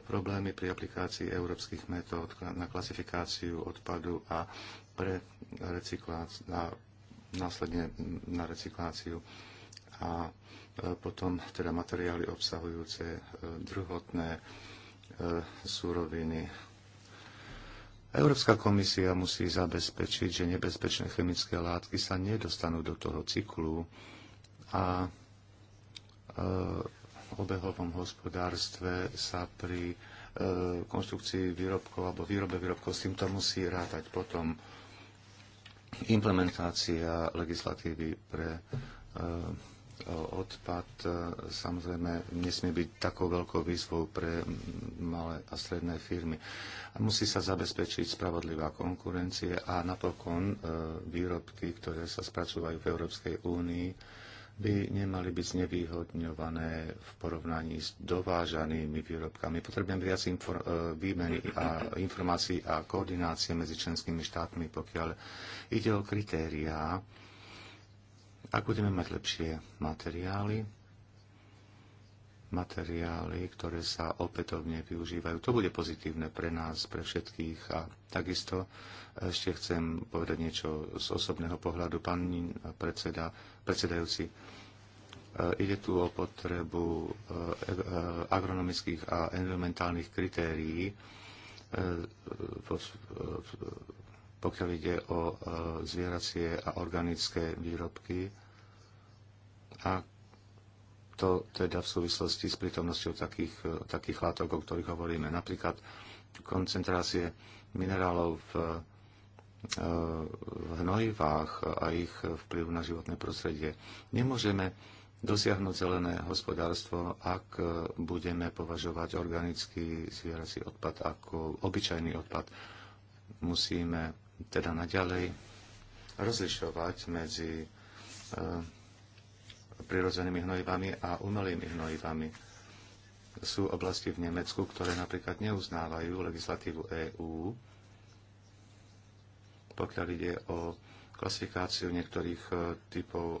S3: problémy pri aplikácii európskych metód na klasifikáciu odpadu a pre recykláciu, a následne na recykláciu a e, potom teda materiály obsahujúce e, druhotné súroviny, Európska komisia musí zabezpečiť, že nebezpečné chemické látky sa nedostanú do toho cyklu a e, obehovom hospodárstve sa pri e, konštrukcii výrobkov alebo výrobe výrobkov s týmto musí rátať potom implementácia legislatívy pre e, odpad e, samozrejme nesmie byť takou veľkou výzvou pre malé a stredné firmy. Musí sa zabezpečiť spravodlivá konkurencie a napokon e, výrobky, ktoré sa spracúvajú v Európskej únii, by nemali byť znevýhodňované v porovnaní s dovážanými výrobkami. Potrebujem viac infor- e, výmeny a informácií a koordinácie medzi členskými štátmi, pokiaľ ide o kritériá, ak budeme mať lepšie materiály, materiály, ktoré sa opätovne využívajú. To bude pozitívne pre nás, pre všetkých. A takisto ešte chcem povedať niečo z osobného pohľadu. Pán predseda, predsedajúci, e, ide tu o potrebu e, e, agronomických a environmentálnych kritérií, pokiaľ ide o zvieracie a organické výrobky a to teda v súvislosti s prítomnosťou takých, takých látok, o ktorých hovoríme. Napríklad koncentrácie minerálov v, v hnojivách a ich vplyv na životné prostredie. Nemôžeme dosiahnuť zelené hospodárstvo, ak budeme považovať organický zvierací odpad ako obyčajný odpad. Musíme teda naďalej rozlišovať medzi eh, prirodzenými hnojivami a umelými hnojivami. Sú oblasti v Nemecku, ktoré napríklad neuznávajú legislatívu EÚ, pokiaľ ide o klasifikáciu niektorých e, typov e,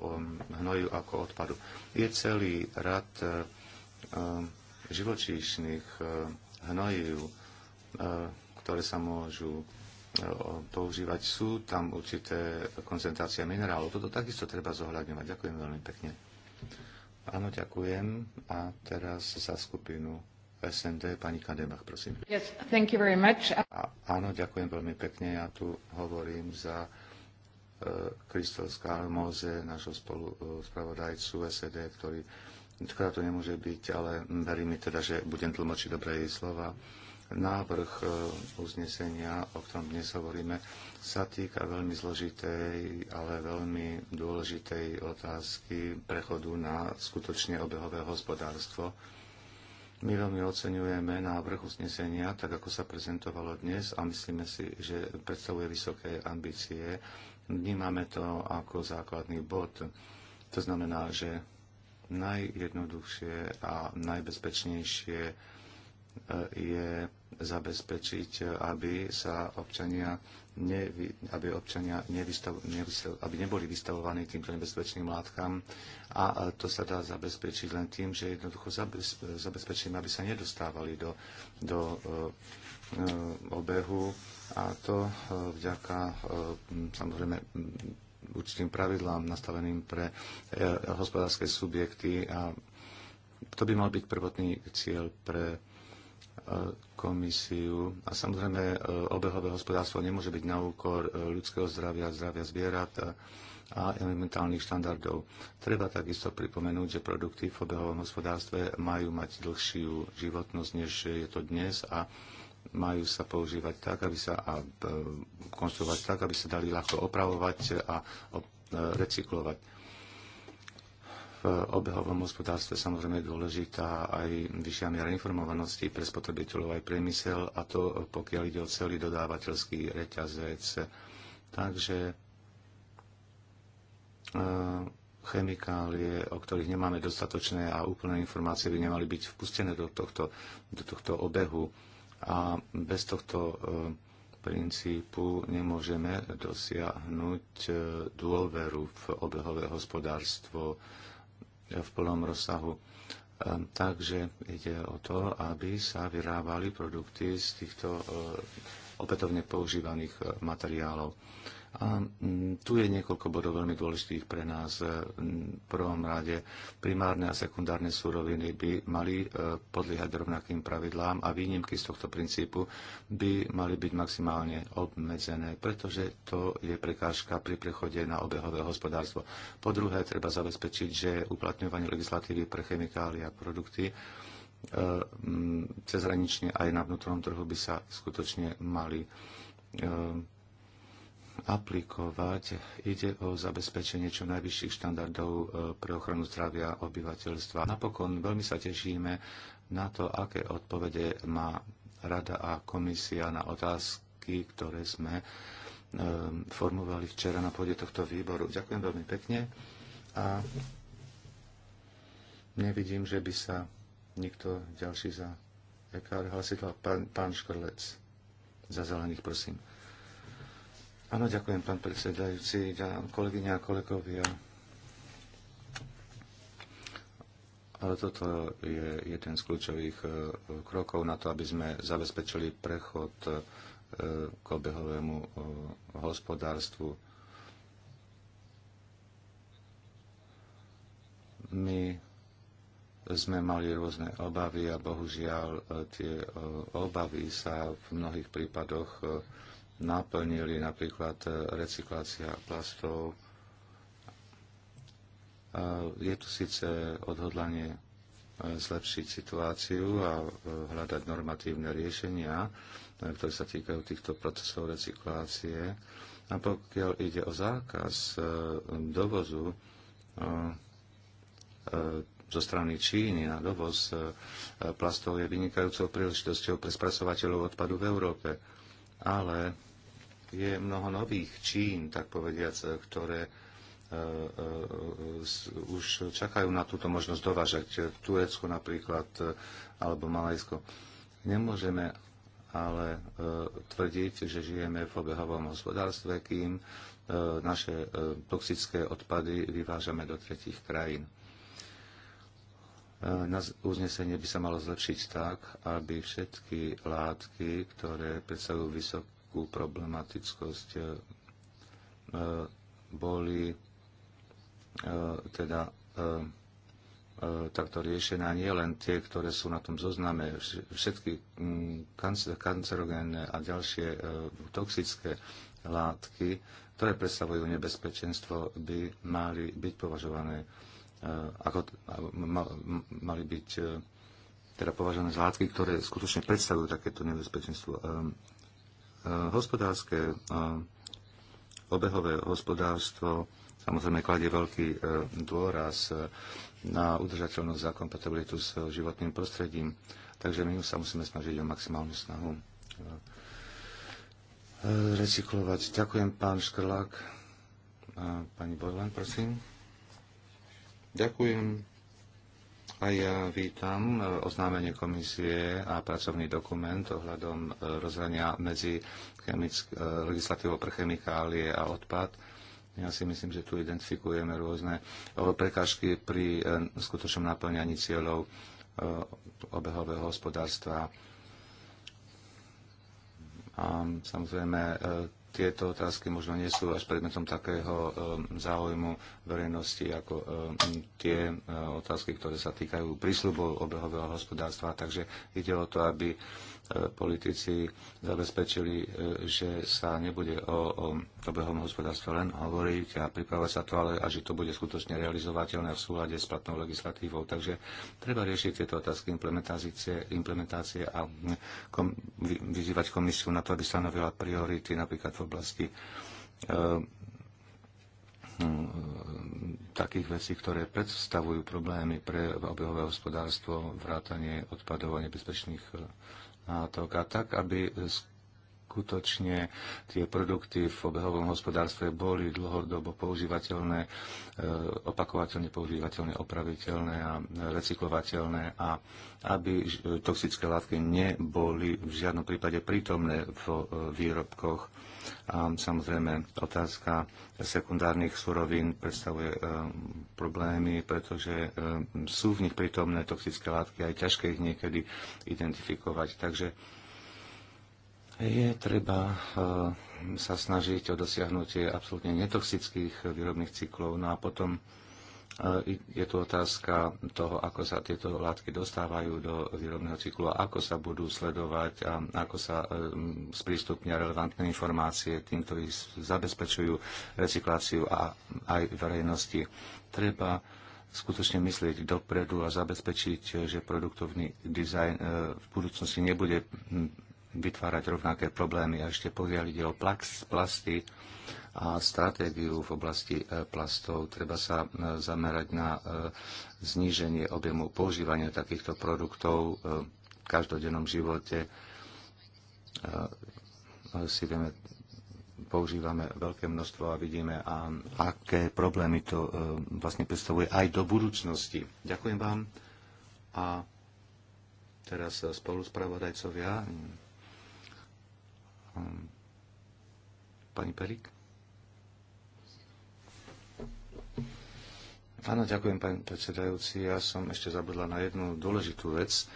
S3: hnojiv ako odpadu. Je celý rad e, živočíšnych hnojiv, ktoré sa môžu používať. Sú tam určité koncentrácie minerálov. Toto takisto treba zohľadňovať. Ďakujem veľmi pekne. Áno, ďakujem. A teraz za skupinu SND, pani Kademach, prosím. Yes, thank you very much. A, áno, ďakujem veľmi pekne. Ja tu hovorím za Kristos e, Moze, našho spolu e, spravodajcu SED, ktorý ktorá to nemôže byť, ale verím mi teda, že budem tlmočiť dobre jej slova návrh e, uznesenia, o ktorom dnes hovoríme, sa týka veľmi zložitej, ale veľmi dôležitej otázky prechodu na skutočne obehové hospodárstvo. My veľmi oceňujeme návrh uznesenia, tak ako sa prezentovalo dnes a myslíme si, že predstavuje vysoké ambície. Vnímame to ako základný bod. To znamená, že najjednoduchšie a najbezpečnejšie e, je zabezpečiť, aby sa občania nevy, aby občania nevystav, nevystav, aby neboli vystavovaní týmto nebezpečným látkam a to sa dá zabezpečiť len tým, že jednoducho zabezpečíme, aby sa nedostávali do, do e, e, obehu a to e, vďaka samozrejme určitým pravidlám nastaveným pre hospodárske subjekty a to by mal byť prvotný cieľ pre komisiu. A samozrejme, e, obehové hospodárstvo nemôže byť na úkor e, ľudského zdravia, zdravia zvierat a elementálnych štandardov. Treba takisto pripomenúť, že produkty v obehovom hospodárstve majú mať dlhšiu životnosť, než je to dnes a majú sa používať tak, aby sa a e, konštruovať tak, aby sa dali ľahko opravovať a recyklovať. V obehovom hospodárstve samozrejme je dôležitá aj vyššia miera informovanosti pre spotrebiteľov aj priemysel, a to pokiaľ ide o celý dodávateľský reťazec. Takže eh, chemikálie, o ktorých nemáme dostatočné a úplné informácie, by nemali byť vpustené do tohto, do tohto obehu. A bez tohto eh, princípu nemôžeme dosiahnuť eh, dôveru v obehové hospodárstvo v plnom rozsahu. Ehm, takže ide o to, aby sa vyrábali produkty z týchto ehm, opätovne používaných ehm, materiálov. A mm, tu je niekoľko bodov veľmi dôležitých pre nás. E, v prvom rade primárne a sekundárne súroviny by mali e, podliehať rovnakým pravidlám a výnimky z tohto princípu by mali byť maximálne obmedzené, pretože to je prekážka pri prechode na obehové hospodárstvo. Po druhé, treba zabezpečiť, že uplatňovanie legislatívy pre chemikálie a produkty e, cezhranične aj na vnútornom trhu by sa skutočne mali aplikovať. Ide o zabezpečenie čo najvyšších štandardov e, pre ochranu zdravia obyvateľstva. Napokon veľmi sa tešíme na to, aké odpovede má Rada a komisia na otázky, ktoré sme e, formovali včera na pôde tohto výboru. Ďakujem veľmi pekne a nevidím, že by sa nikto ďalší za EKR hlasil. Pán, pán Škrlec, za zelených, prosím. Áno, ďakujem, pán predsedajúci, kolegyňa a kolegovia. Ale toto je jeden z kľúčových e, krokov na to, aby sme zabezpečili prechod e, k obehovému e, hospodárstvu. My sme mali rôzne obavy a bohužiaľ tie obavy sa v mnohých prípadoch naplnili napríklad e, recyklácia plastov. E, je tu síce odhodlanie e, zlepšiť situáciu a hľadať normatívne riešenia, ktoré sa týkajú týchto procesov recyklácie. A pokiaľ ide o zákaz dovozu zo strany Číny na dovoz plastov je vynikajúcou príležitosťou pre spracovateľov odpadu v Európe. Ale je mnoho nových čín, tak povediac, ktoré e, e, už čakajú na túto možnosť dovážať v Turecku napríklad e, alebo Malajsko. Nemôžeme ale tvrdiť, že žijeme v obehovom hospodárstve, kým naše toxické odpady vyvážame do tretich krajín. Na uznesenie by sa malo zlepšiť tak, aby všetky látky, ktoré predstavujú vysoké veľkú problematickosť e, boli e, teda e, takto a nie len tie, ktoré sú na tom zozname, všetky kancerogénne a ďalšie toxické látky, ktoré predstavujú nebezpečenstvo, by mali byť považované ako mali byť teda považované z látky, ktoré skutočne predstavujú takéto nebezpečenstvo. Ehm, Hospodárske obehové hospodárstvo samozrejme kladie veľký e, dôraz e, na udržateľnosť a kompatibilitu s životným prostredím. Takže my sa musíme snažiť o maximálnu snahu e, recyklovať. Ďakujem, pán Škrlák. Pani Borlán, prosím. Ďakujem. A ja vítam e, oznámenie komisie a pracovný dokument ohľadom e, rozhrania medzi chemick- e, legislatívou pre chemikálie a odpad. Ja si myslím, že tu identifikujeme rôzne prekážky pri skutočnom naplňaní cieľov obehového hospodárstva. A samozrejme, tieto otázky možno nie sú až predmetom takého um, záujmu verejnosti ako um, tie uh, otázky, ktoré sa týkajú prísľubov obehového hospodárstva. Takže ide o to, aby E, politici zabezpečili, e, že sa nebude o, o obehom hospodárstva len hovoriť a pripravovať sa to, ale a že to bude skutočne realizovateľné v súlade s platnou legislatívou. Takže treba riešiť tieto otázky implementácie, implementácie a kom, vyzývať komisiu na to, aby stanovila priority napríklad v oblasti e, hm, takých vecí, ktoré predstavujú problémy pre obehové hospodárstvo, vrátanie odpadov a nebezpečných e, tok a tak, aby skutočne tie produkty v obehovom hospodárstve boli dlhodobo používateľné, e, opakovateľne používateľné, opraviteľné a recyklovateľné a aby e, toxické látky neboli v žiadnom prípade prítomné v e, výrobkoch a samozrejme otázka sekundárnych surovín predstavuje e, problémy, pretože e, sú v nich prítomné toxické látky a je ťažké ich niekedy identifikovať. Takže je treba e, sa snažiť o dosiahnutie absolútne netoxických výrobných cyklov. No a potom je to otázka toho, ako sa tieto látky dostávajú do výrobného cyklu a ako sa budú sledovať a ako sa e, sprístupnia relevantné informácie tým, ktorí zabezpečujú recykláciu a aj verejnosti. Treba skutočne myslieť dopredu a zabezpečiť, že produktovný dizajn e, v budúcnosti nebude vytvárať rovnaké problémy. A ešte pokiaľ ide o plax, plasty, a stratégiu v oblasti e, plastov. Treba sa e, zamerať na e, zníženie objemu používania takýchto produktov v každodennom živote. Si vieme, používame veľké množstvo a vidíme, a aké problémy to vlastne predstavuje aj do budúcnosti. Ďakujem vám a teraz spravodajcovia. Pani Perik? Áno, ďakujem, pani predsedajúci. Ja som ešte zabudla na jednu dôležitú vec.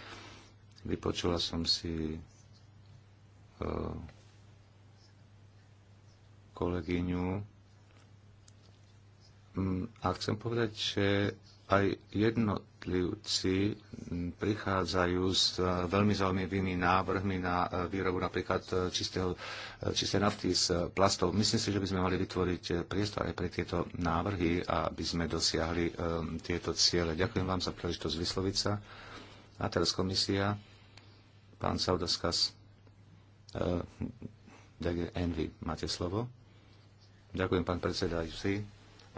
S3: Vypočula som si e, kolegyňu mm, a chcem povedať, že aj jednotlivci prichádzajú s e, veľmi zaujímavými návrhmi na e, výrobu napríklad e, čistého, čisté nafty z plastov. Myslím si, že by sme mali vytvoriť priestor aj pre tieto návrhy, aby sme dosiahli um, tieto ciele. Ďakujem vám za príležitosť vysloviť sa. A teraz komisia. Pán Saudaskas, uh, Envy, máte slovo. Ďakujem, pán predsedajúci.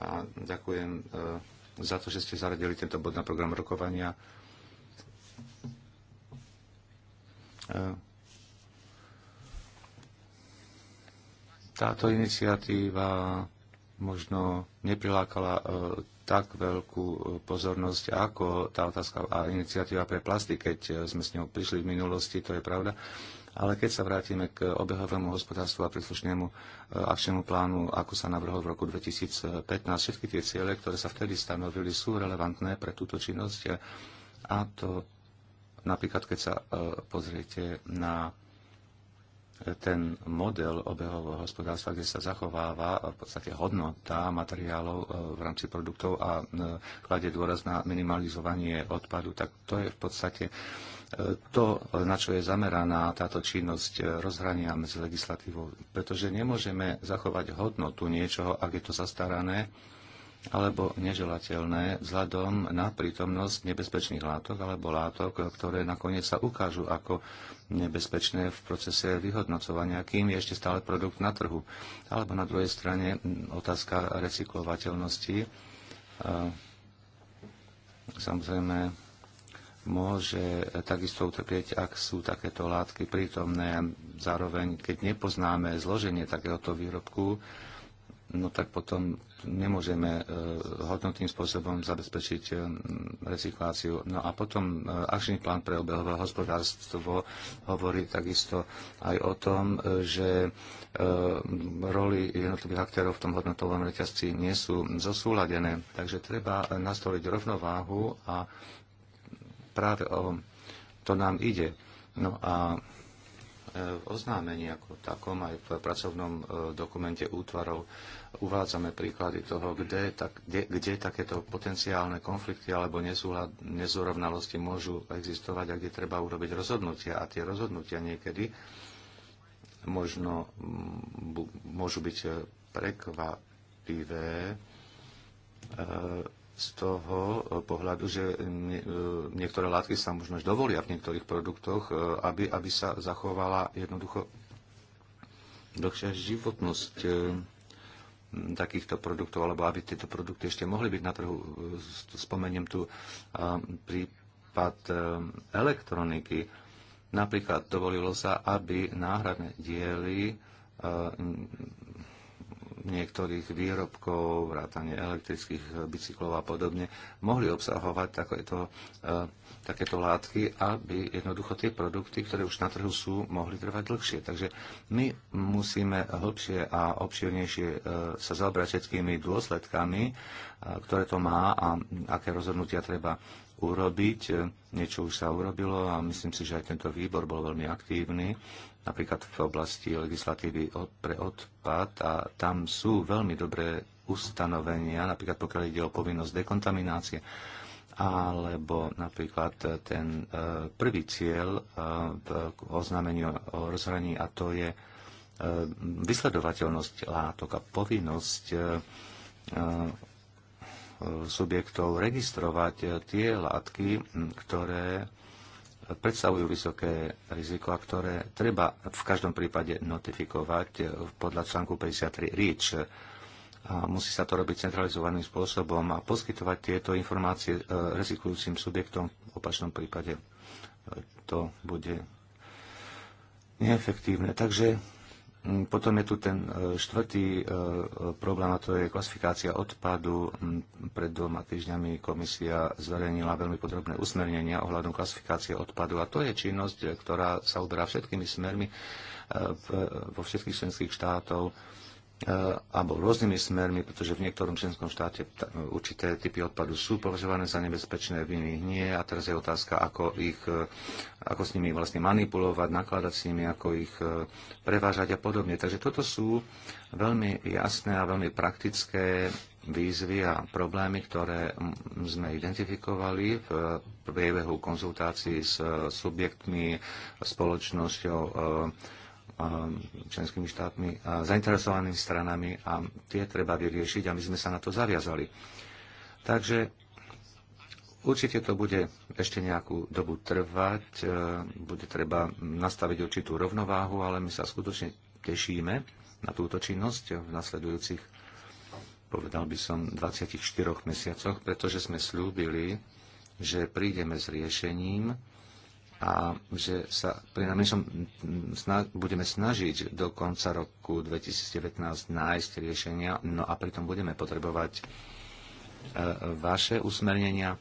S3: A ďakujem uh, za to, že ste zaradili tento bod na program rokovania. E, táto iniciatíva možno neprilákala e, tak veľkú e, pozornosť ako tá otázka a iniciatíva pre plasty, keď sme s ňou prišli v minulosti, to je pravda. Ale keď sa vrátime k obehovému hospodárstvu a príslušnému e, akčnému plánu, ako sa navrhol v roku 2015, všetky tie ciele, ktoré sa vtedy stanovili, sú relevantné pre túto činnosť. A to napríklad, keď sa e, pozriete na ten model obehového hospodárstva, kde sa zachováva v podstate hodnota materiálov e, v rámci produktov a kladie dôraz na minimalizovanie odpadu, tak to je v podstate to, na čo je zameraná táto činnosť, rozhrania medzi legislatívou, pretože nemôžeme zachovať hodnotu niečoho, ak je to zastarané alebo neželateľné vzhľadom na prítomnosť nebezpečných látok alebo látok, ktoré nakoniec sa ukážu ako nebezpečné v procese vyhodnocovania, kým je ešte stále produkt na trhu. Alebo na druhej strane otázka recyklovateľnosti. Samozrejme, môže takisto utrpieť, ak sú takéto látky prítomné. Zároveň, keď nepoznáme zloženie takéhoto výrobku, no tak potom nemôžeme e, hodnotným spôsobom zabezpečiť e, recykláciu. No a potom e, akčný plán pre obehové hospodárstvo hovorí takisto aj o tom, že roli jednotlivých aktérov v tom hodnotovom reťazci nie sú zosúladené. Takže treba nastoliť rovnováhu a práve o to nám ide. No a v e, oznámení ako takom aj v pracovnom e, dokumente útvarov uvádzame príklady toho, kde, tak, kde, kde takéto potenciálne konflikty alebo nezúrovnalosti môžu existovať a kde treba urobiť rozhodnutia. A tie rozhodnutia niekedy možno môžu byť prekvapivé e, z toho eh, pohľadu, že eh, niektoré látky sa možno dovolia v niektorých produktoch, eh, aby, aby sa zachovala jednoducho dlhšia životnosť takýchto produktov, alebo aby tieto produkty ešte mohli byť na trhu. Spomeniem tu prípad elektroniky. Napríklad dovolilo sa, aby náhradné diely niektorých výrobkov, vrátane elektrických bicyklov a podobne, mohli obsahovať takéto, e, takéto látky, aby jednoducho tie produkty, ktoré už na trhu sú, mohli trvať dlhšie. Takže my musíme hlbšie a obširnejšie e, sa zaobrať všetkými dôsledkami, e, ktoré to má a aké rozhodnutia treba urobiť. Niečo už sa urobilo a myslím si, že aj tento výbor bol veľmi aktívny napríklad v oblasti legislatívy pre odpad a tam sú veľmi dobré ustanovenia, napríklad pokiaľ ide o povinnosť dekontaminácie, alebo napríklad ten e, prvý cieľ e, v oznámení o rozhraní a to je e, vysledovateľnosť látok a povinnosť subjektov registrovať tie látky, ktoré predstavujú vysoké riziko a ktoré treba v každom prípade notifikovať e, podľa článku 53 REACH. A musí sa to robiť centralizovaným spôsobom a poskytovať tieto informácie e, rizikujúcim subjektom. V opačnom prípade e, to bude neefektívne. Takže Mm, potom je tu ten e, štvrtý e, e, problém, a to je klasifikácia odpadu. Mm, pred dvoma týždňami komisia zverejnila veľmi podrobné usmernenia ohľadom klasifikácie odpadu a to je činnosť, ktorá sa uberá všetkými smermi vo všetkých členských štátov Eh, alebo rôznymi smermi, pretože v niektorom členskom štáte určité typy odpadu sú považované za nebezpečné, v iných nie. A teraz je otázka, ako, ich, eh, ako s nimi vlastne manipulovať, nakladať s nimi, ako ich eh, prevážať a podobne. Takže toto sú veľmi jasné a veľmi praktické výzvy a problémy, ktoré sme identifikovali v priebehu konzultácií s subjektmi, spoločnosťou, Um, členskými štátmi, a zainteresovanými stranami a tie treba vyriešiť a my sme sa na to zaviazali. Takže určite to bude ešte nejakú dobu trvať, e, bude treba nastaviť určitú rovnováhu, ale my sa skutočne tešíme na túto činnosť v nasledujúcich, povedal by som, 24 mesiacoch, pretože sme slúbili, že prídeme s riešením, a že sa pri najmenšom sna- budeme snažiť do konca roku 2019 nájsť riešenia, no a pritom budeme potrebovať e, vaše usmernenia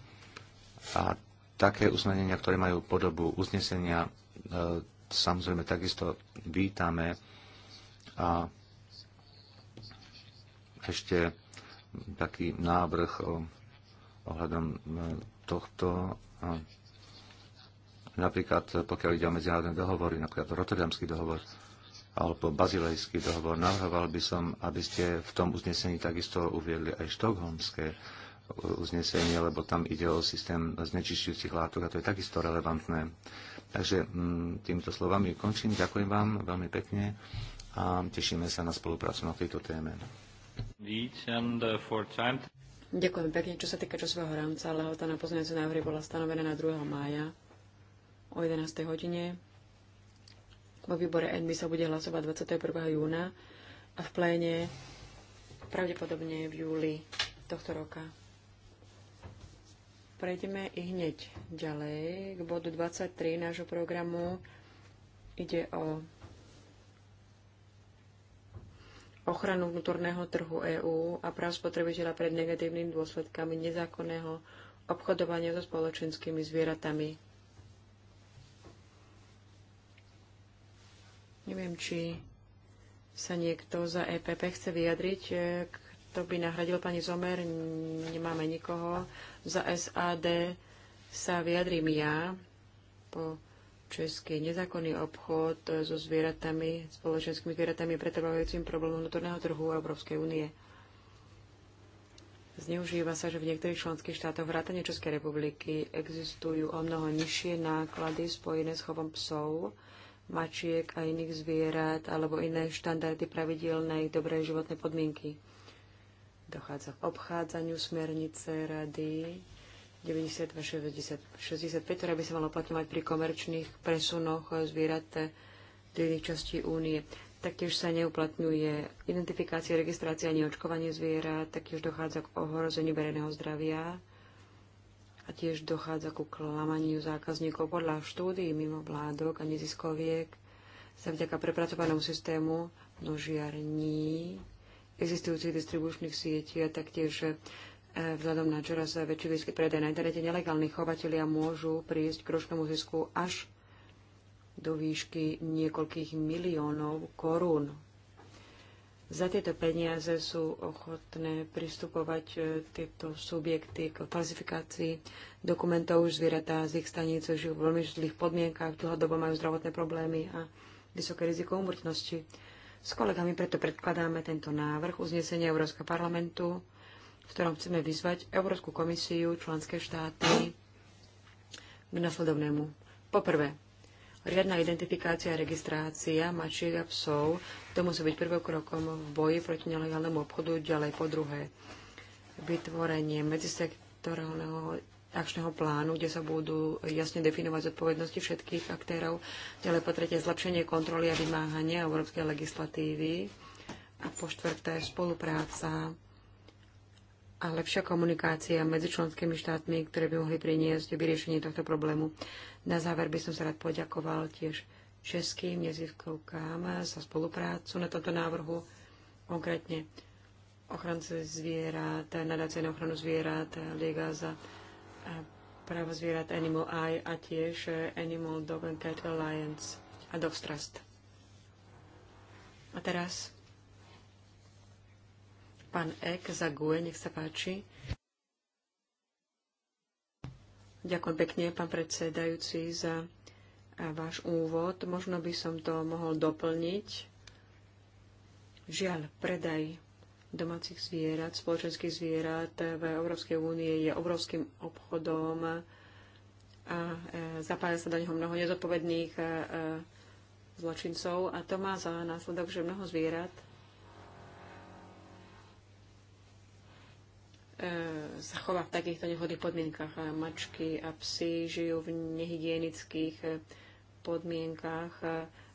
S3: a také usmernenia, ktoré majú podobu uznesenia, e, samozrejme takisto vítame a ešte taký návrh o, ohľadom e, tohto. E, Napríklad, pokiaľ ide o medzinárodné dohovory, napríklad Rotterdamský dohovor alebo Bazilejský dohovor, navrhoval by som, aby ste v tom uznesení takisto uviedli aj štokholmské uznesenie, lebo tam ide o systém znečišťujúcich látok a to je takisto relevantné. Takže mm, týmito slovami končím. Ďakujem vám veľmi pekne a tešíme sa na spoluprácu na tejto téme.
S1: Ďakujem pekne. Čo sa týka časového rámca, lehota na pozmeňujúce návrhy bola stanovená na 2. mája o 11. hodine. Vo výbore ENMY sa bude hlasovať 21. júna a v pléne pravdepodobne v júli tohto roka. Prejdeme i hneď ďalej k bodu 23 nášho programu. Ide o ochranu vnútorného trhu EÚ a práv spotrebiteľa pred negatívnymi dôsledkami nezákonného obchodovania so spoločenskými zvieratami. Neviem, či sa niekto za EPP chce vyjadriť, e, kto by nahradil pani Zomer. Nemáme nikoho. Za SAD sa vyjadrím ja po český Nezákonný obchod so zvieratami, spoločenskými zvieratami a pretrvávajúcim problémom vnútorného trhu Európskej únie. Zneužíva sa, že v niektorých členských štátoch vrátane Českej republiky existujú o mnoho nižšie náklady spojené s chovom psov, mačiek a iných zvierat alebo iné štandardy pravidelnej dobrej životné podmienky. Dochádza k obchádzaniu smernice rady 92-65, ktorá by sa mala uplatňovať pri komerčných presunoch zvierat do iných častí únie. Taktiež sa neuplatňuje identifikácia, registrácia ani očkovanie zvierat, taktiež dochádza k ohrozeniu verejného zdravia a tiež dochádza ku klamaniu zákazníkov. Podľa štúdií mimo vládok a neziskoviek sa vďaka prepracovanému systému množiarní existujúcich distribučných sietí a taktiež e, vzhľadom na čoraz väčší výskyt predaj na internete nelegálnych chovateľia môžu prísť k ročnému zisku až do výšky niekoľkých miliónov korún za tieto peniaze sú ochotné pristupovať e, tieto subjekty k falsifikácii dokumentov zvieratá z ich stanice, žijú v veľmi zlých podmienkách, dlhodobo majú zdravotné problémy a vysoké riziko úmrtnosti. S kolegami preto predkladáme tento návrh uznesenia Európskeho parlamentu, v ktorom chceme vyzvať Európsku komisiu, členské štáty k nasledovnému. Poprvé, Riadna identifikácia a registrácia mačiek a psov, to musí byť prvým krokom v boji proti nelegálnemu obchodu, ďalej po druhé. Vytvorenie medzisektorálneho akčného plánu, kde sa budú jasne definovať zodpovednosti všetkých aktérov, ďalej po tretie zlepšenie kontroly a vymáhania európskej legislatívy a po štvrté spolupráca a lepšia komunikácia medzi členskými štátmi, ktoré by mohli priniesť vyriešenie tohto problému. Na záver by som sa rád poďakoval tiež českým neziskovkám za spoluprácu na tomto návrhu, konkrétne ochrance zvierat, nadácie na ochranu zvierat, Liga za eh, právo zvierat Animal Eye a tiež Animal Dog and Cat Alliance a Dog Trust. A teraz Pán Ek za GUE, nech sa páči. Ďakujem pekne, pán predsedajúci, za váš úvod. Možno by som to mohol doplniť. Žiaľ, predaj domácich zvierat, spoločenských zvierat v Európskej únie je obrovským obchodom a zapája sa do neho mnoho nezodpovedných zločincov a to má za následok, že mnoho zvierat E, sa chová v takýchto nehodných podmienkach. Mačky a psy žijú v nehygienických e, podmienkach.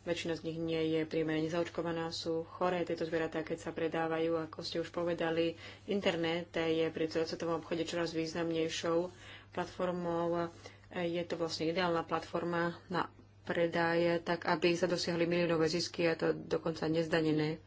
S1: Väčšina z nich nie je primerane zaočkovaná, sú choré tieto zvieratá, keď sa predávajú. Ako ste už povedali, internet je pri celosvetovom obchode čoraz významnejšou platformou. Je to vlastne ideálna platforma na predaje, tak aby sa dosiahli miliónové zisky a to dokonca nezdanené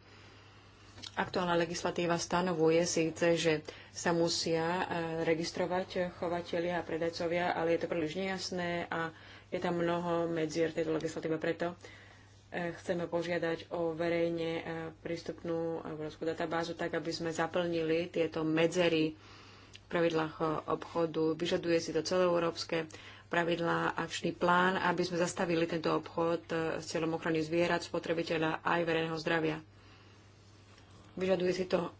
S1: Aktuálna legislatíva stanovuje síce, že sa musia e, registrovať chovatelia a predajcovia, ale je to príliš nejasné a je tam mnoho medzier tejto legislatíve. Preto e, chceme požiadať o verejne e, prístupnú európsku databázu, tak aby sme zaplnili tieto medzery v pravidlách obchodu. Vyžaduje si to celoeurópske pravidlá, akčný plán, aby sme zastavili tento obchod s cieľom ochrany zvierat, spotrebiteľa aj verejného zdravia. Vyžaduje si to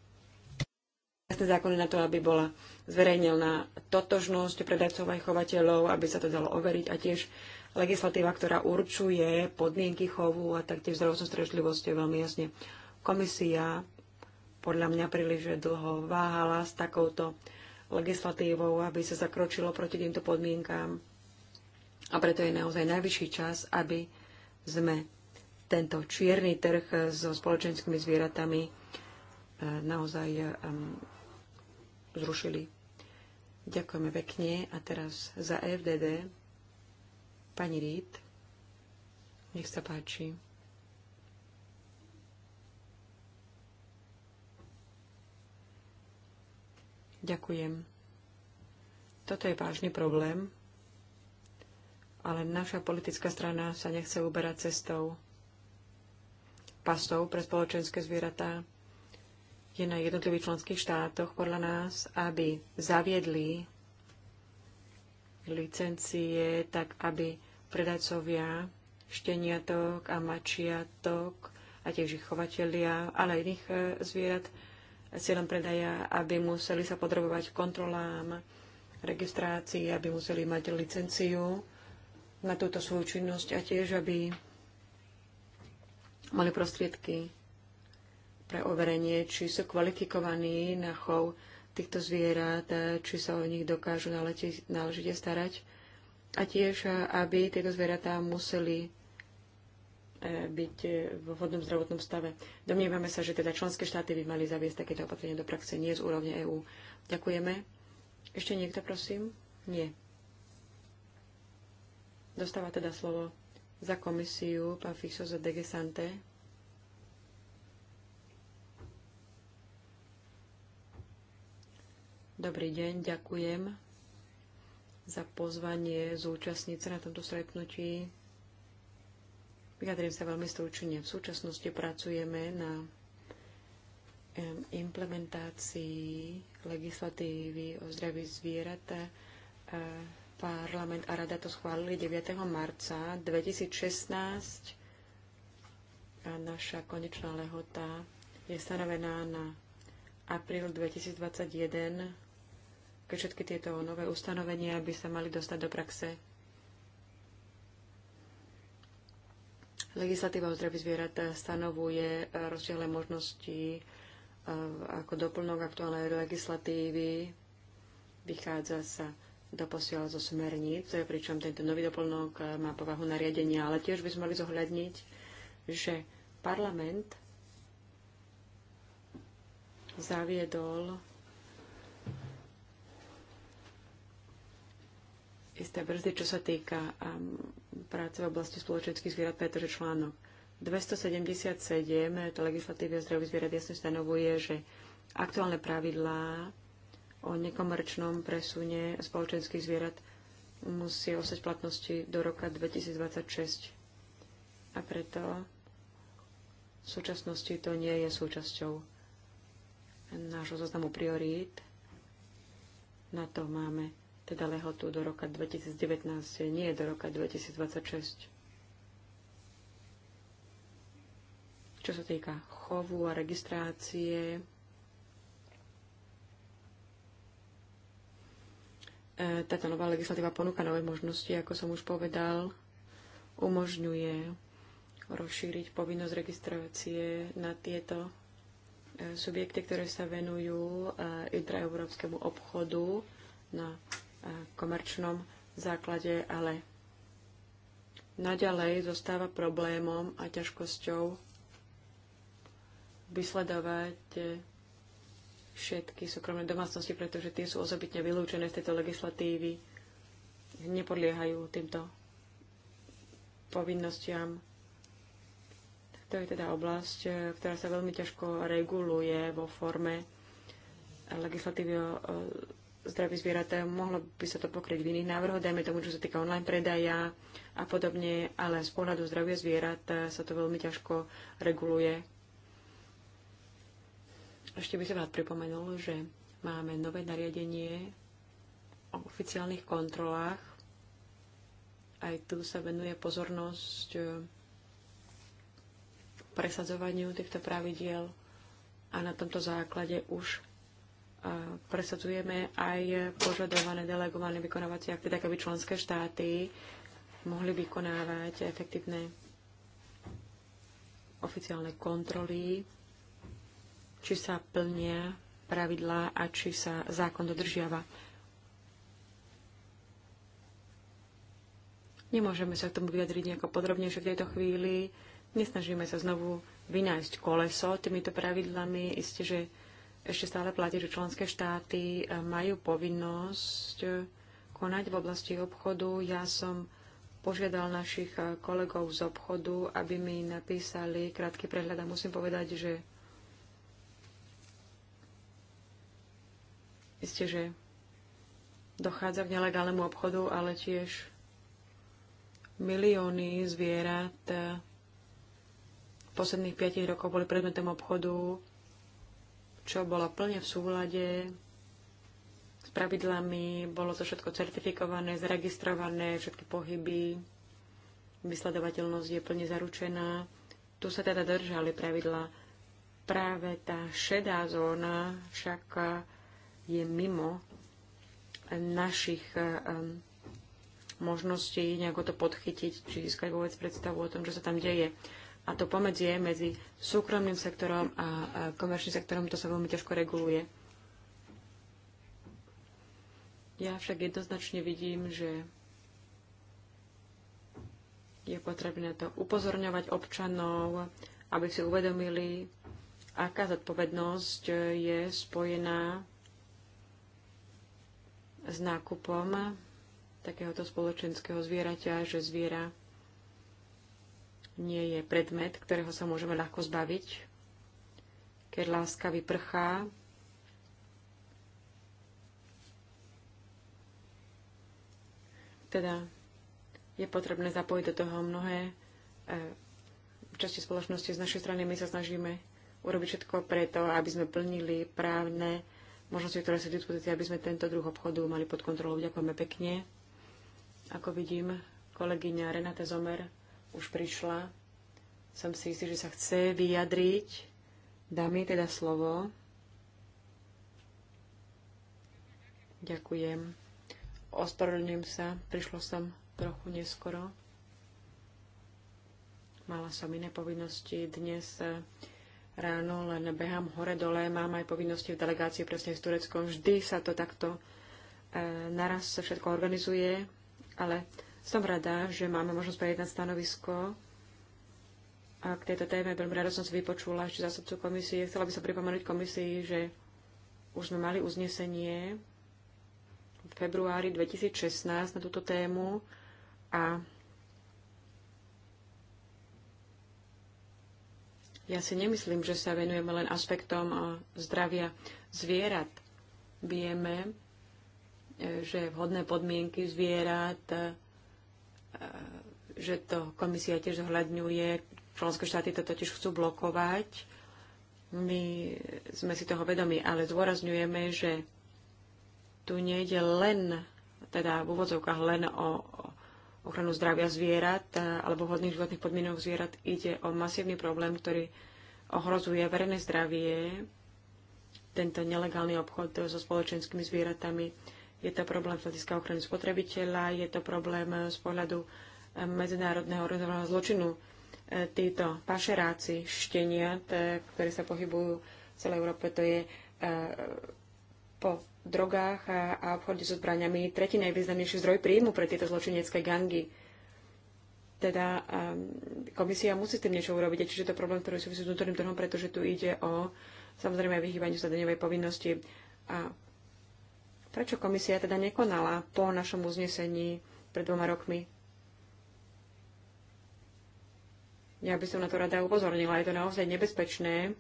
S1: jasné zákony na to, aby bola zverejnená totožnosť predajcov aj chovateľov, aby sa to dalo overiť a tiež legislatíva, ktorá určuje podmienky chovu a taktiež zdravotnú strežlivosť je veľmi jasne. Komisia podľa mňa príliš dlho váhala s takouto legislatívou, aby sa zakročilo proti týmto podmienkám. A preto je naozaj najvyšší čas, aby sme tento čierny trh so spoločenskými zvieratami naozaj zrušili. Ďakujeme pekne. A teraz za FDD pani Rít. Nech sa páči. Ďakujem. Toto je vážny problém, ale naša politická strana sa nechce uberať cestou pasov pre spoločenské zvieratá je na jednotlivých členských štátoch podľa nás, aby zaviedli licencie tak, aby predajcovia šteniatok a mačiatok a tiež ich chovatelia, ale aj iných e, zvierat cieľom predaja, aby museli sa podrobovať kontrolám, registrácii, aby museli mať licenciu na túto svoju činnosť a tiež, aby mali prostriedky pre overenie, či sú kvalifikovaní na chov týchto zvierat, či sa o nich dokážu náležite starať. A tiež, aby tieto zvieratá museli e, byť e, v vhodnom zdravotnom stave. Domnievame sa, že teda členské štáty by mali zaviesť takéto opatrenia do praxe, nie z úrovne EÚ. Ďakujeme. Ešte niekto, prosím? Nie. Dostáva teda slovo za komisiu pán Fixo za Degesante. Dobrý deň, ďakujem za pozvanie zúčastniť sa na tomto stretnutí. Vyjadrím sa veľmi stručne. V súčasnosti pracujeme na implementácii legislatívy o zdraví zvierata. Parlament a rada to schválili 9. marca 2016 a naša konečná lehota je stanovená na apríl 2021 keď všetky tieto nové ustanovenia by sa mali dostať do praxe. Legislatíva o zdraví zvierat stanovuje rozdielne možnosti e, ako doplnok aktuálnej legislatívy. Vychádza sa doposiaľ zo smerníc, pričom tento nový doplnok má povahu nariadenia, ale tiež by sme mali zohľadniť, že parlament zaviedol isté brzdy, čo sa týka um, práce v oblasti spoločenských zvierat, pretože článok 277 to legislatívy o zdraví zvierat jasne stanovuje, že aktuálne pravidlá o nekomerčnom presune spoločenských zvierat musí ostať v platnosti do roka 2026. A preto v súčasnosti to nie je súčasťou nášho zoznamu priorít. Na to máme teda lehotu do roka 2019, nie do roka 2026. Čo sa týka chovu a registrácie, e, táto nová legislatíva ponúka nové možnosti, ako som už povedal, umožňuje rozšíriť povinnosť registrácie na tieto e, subjekty, ktoré sa venujú e, intraeurópskemu obchodu na komerčnom základe, ale naďalej zostáva problémom a ťažkosťou vysledovať všetky súkromné domácnosti, pretože tie sú osobitne vylúčené z tejto legislatívy, nepodliehajú týmto povinnostiam. To je teda oblasť, e, ktorá sa veľmi ťažko reguluje vo forme legislatívy o e, zdraví zvieratá, Mohlo by sa to pokryť v iných návrhoch, dajme tomu, čo sa týka online predaja a podobne, ale z pohľadu zdravia zvierat eh, sa to veľmi ťažko reguluje. Ešte by som rád pripomenul, že máme nové nariadenie o oficiálnych kontrolách. Aj tu sa venuje pozornosť eh, presadzovaniu týchto pravidiel a na tomto základe už presadzujeme aj požadované delegované vykonávacie akty, tak aby členské štáty mohli vykonávať efektívne oficiálne kontroly, či sa plnia pravidlá a či sa zákon dodržiava. Nemôžeme sa k tomu vyjadriť nejako podrobnejšie v tejto chvíli. Nesnažíme sa znovu vynájsť koleso týmito pravidlami. Isté, že ešte stále platí, že členské štáty e, majú povinnosť e, konať v oblasti obchodu. Ja som požiadal našich e, kolegov z obchodu, aby mi napísali krátky prehľad a musím povedať, že Isté, že dochádza k nelegálnemu obchodu, ale tiež milióny zvierat v posledných 5 rokov boli predmetom obchodu čo bolo plne v súlade s pravidlami, bolo to všetko certifikované, zaregistrované, všetky pohyby, vysledovateľnosť je plne zaručená. Tu sa teda držali pravidla. Práve tá šedá zóna však je mimo našich možností nejako to podchytiť, či získať vôbec predstavu o tom, čo sa tam deje a to pomedzie medzi súkromným sektorom a komerčným sektorom, to sa veľmi ťažko reguluje. Ja však jednoznačne vidím, že je potrebné to upozorňovať občanov, aby si uvedomili, aká zodpovednosť je spojená s nákupom takéhoto spoločenského zvieraťa, že zviera nie je predmet, ktorého sa môžeme ľahko zbaviť. Keď láska vyprchá, teda je potrebné zapojiť do toho mnohé v e, časti spoločnosti. Z našej strany my sa snažíme urobiť všetko preto, aby sme plnili právne možnosti, ktoré sú v dispozícii, aby sme tento druh obchodu mali pod kontrolou. Ďakujeme pekne. Ako vidím, kolegyňa Renate Zomer už prišla. Som si istý, že sa chce vyjadriť. Dám jej teda slovo. Ďakujem. Ospravedlňujem sa, prišla som trochu neskoro. Mala som iné povinnosti dnes eh, ráno, len behám hore-dole, mám aj povinnosti v delegácii presne s Tureckom. Vždy sa to takto e, naraz sa všetko organizuje, ale som rada, že máme možnosť prejednať stanovisko a k tejto téme. Veľmi rada som si vypočula ešte zásadcu komisie. Chcela by som pripomenúť komisii, že už sme mali uznesenie v februári 2016 na túto tému a ja si nemyslím, že sa venujeme len aspektom zdravia zvierat. Vieme, že vhodné podmienky zvierat E, že to komisia tiež zohľadňuje. Členské štáty to totiž chcú blokovať. My sme si toho vedomi, ale zdôrazňujeme, že tu nejde len, teda v úvodzovkách len o ochranu zdravia zvierat alebo vhodných životných podmienok zvierat. Ide o masívny problém, ktorý ohrozuje verejné zdravie, tento nelegálny obchod so spoločenskými zvieratami je to problém z hľadiska ochrany spotrebiteľa, je to problém eh, z pohľadu eh, medzinárodného organizovaného zločinu. Eh, títo pašeráci štenia, ktorí sa pohybujú v celej Európe, to je po drogách a obchode so zbraniami tretí najvýznamnejší zdroj príjmu pre tieto zločinecké gangy. Teda ehm, komisia musí s tým niečo urobiť, čiže to problém, ktorý súvisí s vnútorným trhom, pretože tu ide o samozrejme vyhýbanie sa daňovej povinnosti a Prečo komisia teda nekonala po našom uznesení pred dvoma rokmi? Ja by som na to rada upozornila. Je to naozaj nebezpečné,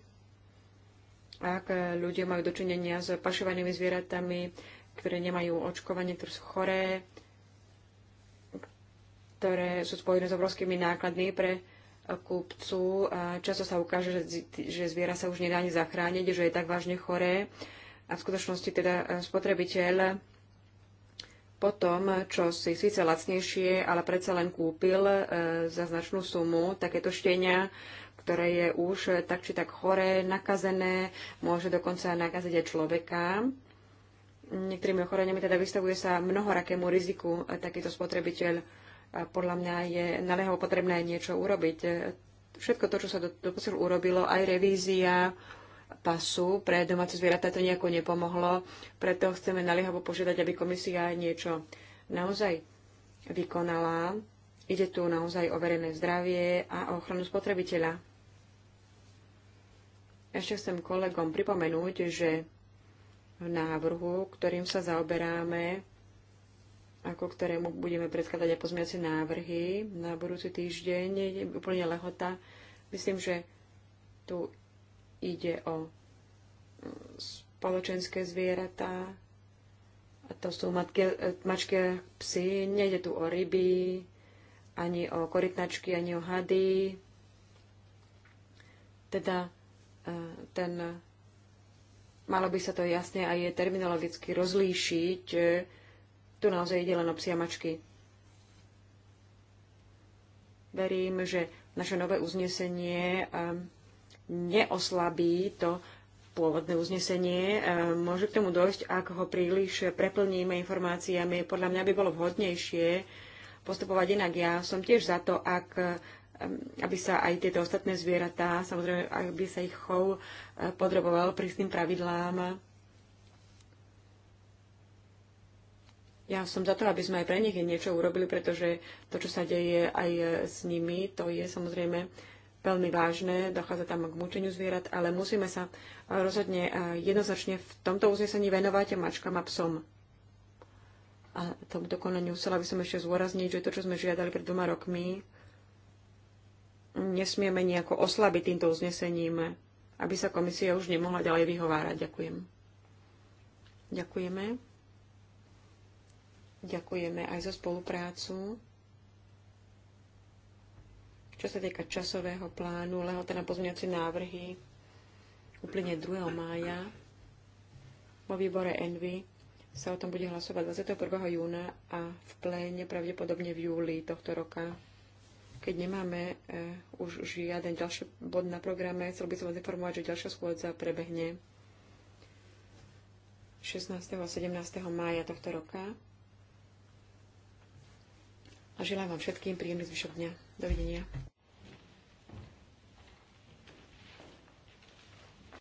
S1: ak ľudia majú dočinenia s pašovanými zvieratami, ktoré nemajú očkovanie, ktoré sú choré, ktoré sú spojené s obrovskými nákladmi pre kúpcu. Často sa ukáže, že zviera sa už nedá ani zachrániť, že je tak vážne choré, a v skutočnosti teda e, spotrebiteľ po tom, čo si síce lacnejšie, ale predsa len kúpil e, za značnú sumu takéto štenia, ktoré je už tak či tak choré, nakazené, môže dokonca nakaziť aj človeka. Niektorými ochoreniami teda vystavuje sa mnohorakému riziku e, takýto spotrebiteľ. Podľa mňa je naleho potrebné niečo urobiť. Všetko to, čo sa doposiaľ urobilo, aj revízia, pasu pre domáce zvieratá to nejako nepomohlo, preto chceme naliehavo požiadať, aby komisia niečo naozaj vykonala. Ide tu naozaj o verejné zdravie a o ochranu spotrebiteľa. Ešte chcem kolegom pripomenúť, že v návrhu, ktorým sa zaoberáme, ako ktorému budeme predkladať aj pozmiace návrhy na budúci týždeň, je úplne lehota. Myslím, že tu Ide o mm, spoločenské zvieratá, a to sú matke, mačky, psy, nejde tu o ryby, ani o korytnačky, ani o hady. Teda e, ten, malo by sa to jasne aj je terminologicky rozlíšiť. E, tu naozaj ide len o psy a mačky. Verím, že naše nové uznesenie e, neoslabí to pôvodné uznesenie. E, môže k tomu dojsť, ak ho príliš preplníme informáciami. Podľa mňa by bolo vhodnejšie postupovať inak. Ja som tiež za to, ak e, aby sa aj tieto ostatné zvieratá, samozrejme, aby sa ich chov e, podroboval prísnym pravidlám. Ja som za to, aby sme aj pre nich niečo urobili, pretože to, čo sa deje aj s nimi, to je samozrejme veľmi vážne, dochádza tam k mučeniu zvierat, ale musíme sa rozhodne eh, jednoznačne v tomto uznesení venovať mačkám a psom. A tomu dokonaniu chcela by som ešte zôrazniť, že to, čo sme žiadali pred dvoma rokmi, nesmieme nejako oslabiť týmto uznesením, aby sa komisia už nemohla ďalej vyhovárať. Ďakujem. Ďakujeme. Ďakujeme aj za spoluprácu. Čo sa týka časového plánu, lehota na pozmeňovacie návrhy úplne 2. mája. Vo výbore Envy sa o tom bude hlasovať 21. júna a v pléne pravdepodobne v júli tohto roka. Keď nemáme eh, už žiaden ďalší bod na programe, chcel by som vás informovať, že ďalšia schôdza prebehne 16. a 17. mája tohto roka. A želám vám všetkým príjemný zvyšok dňa. Dovidenia.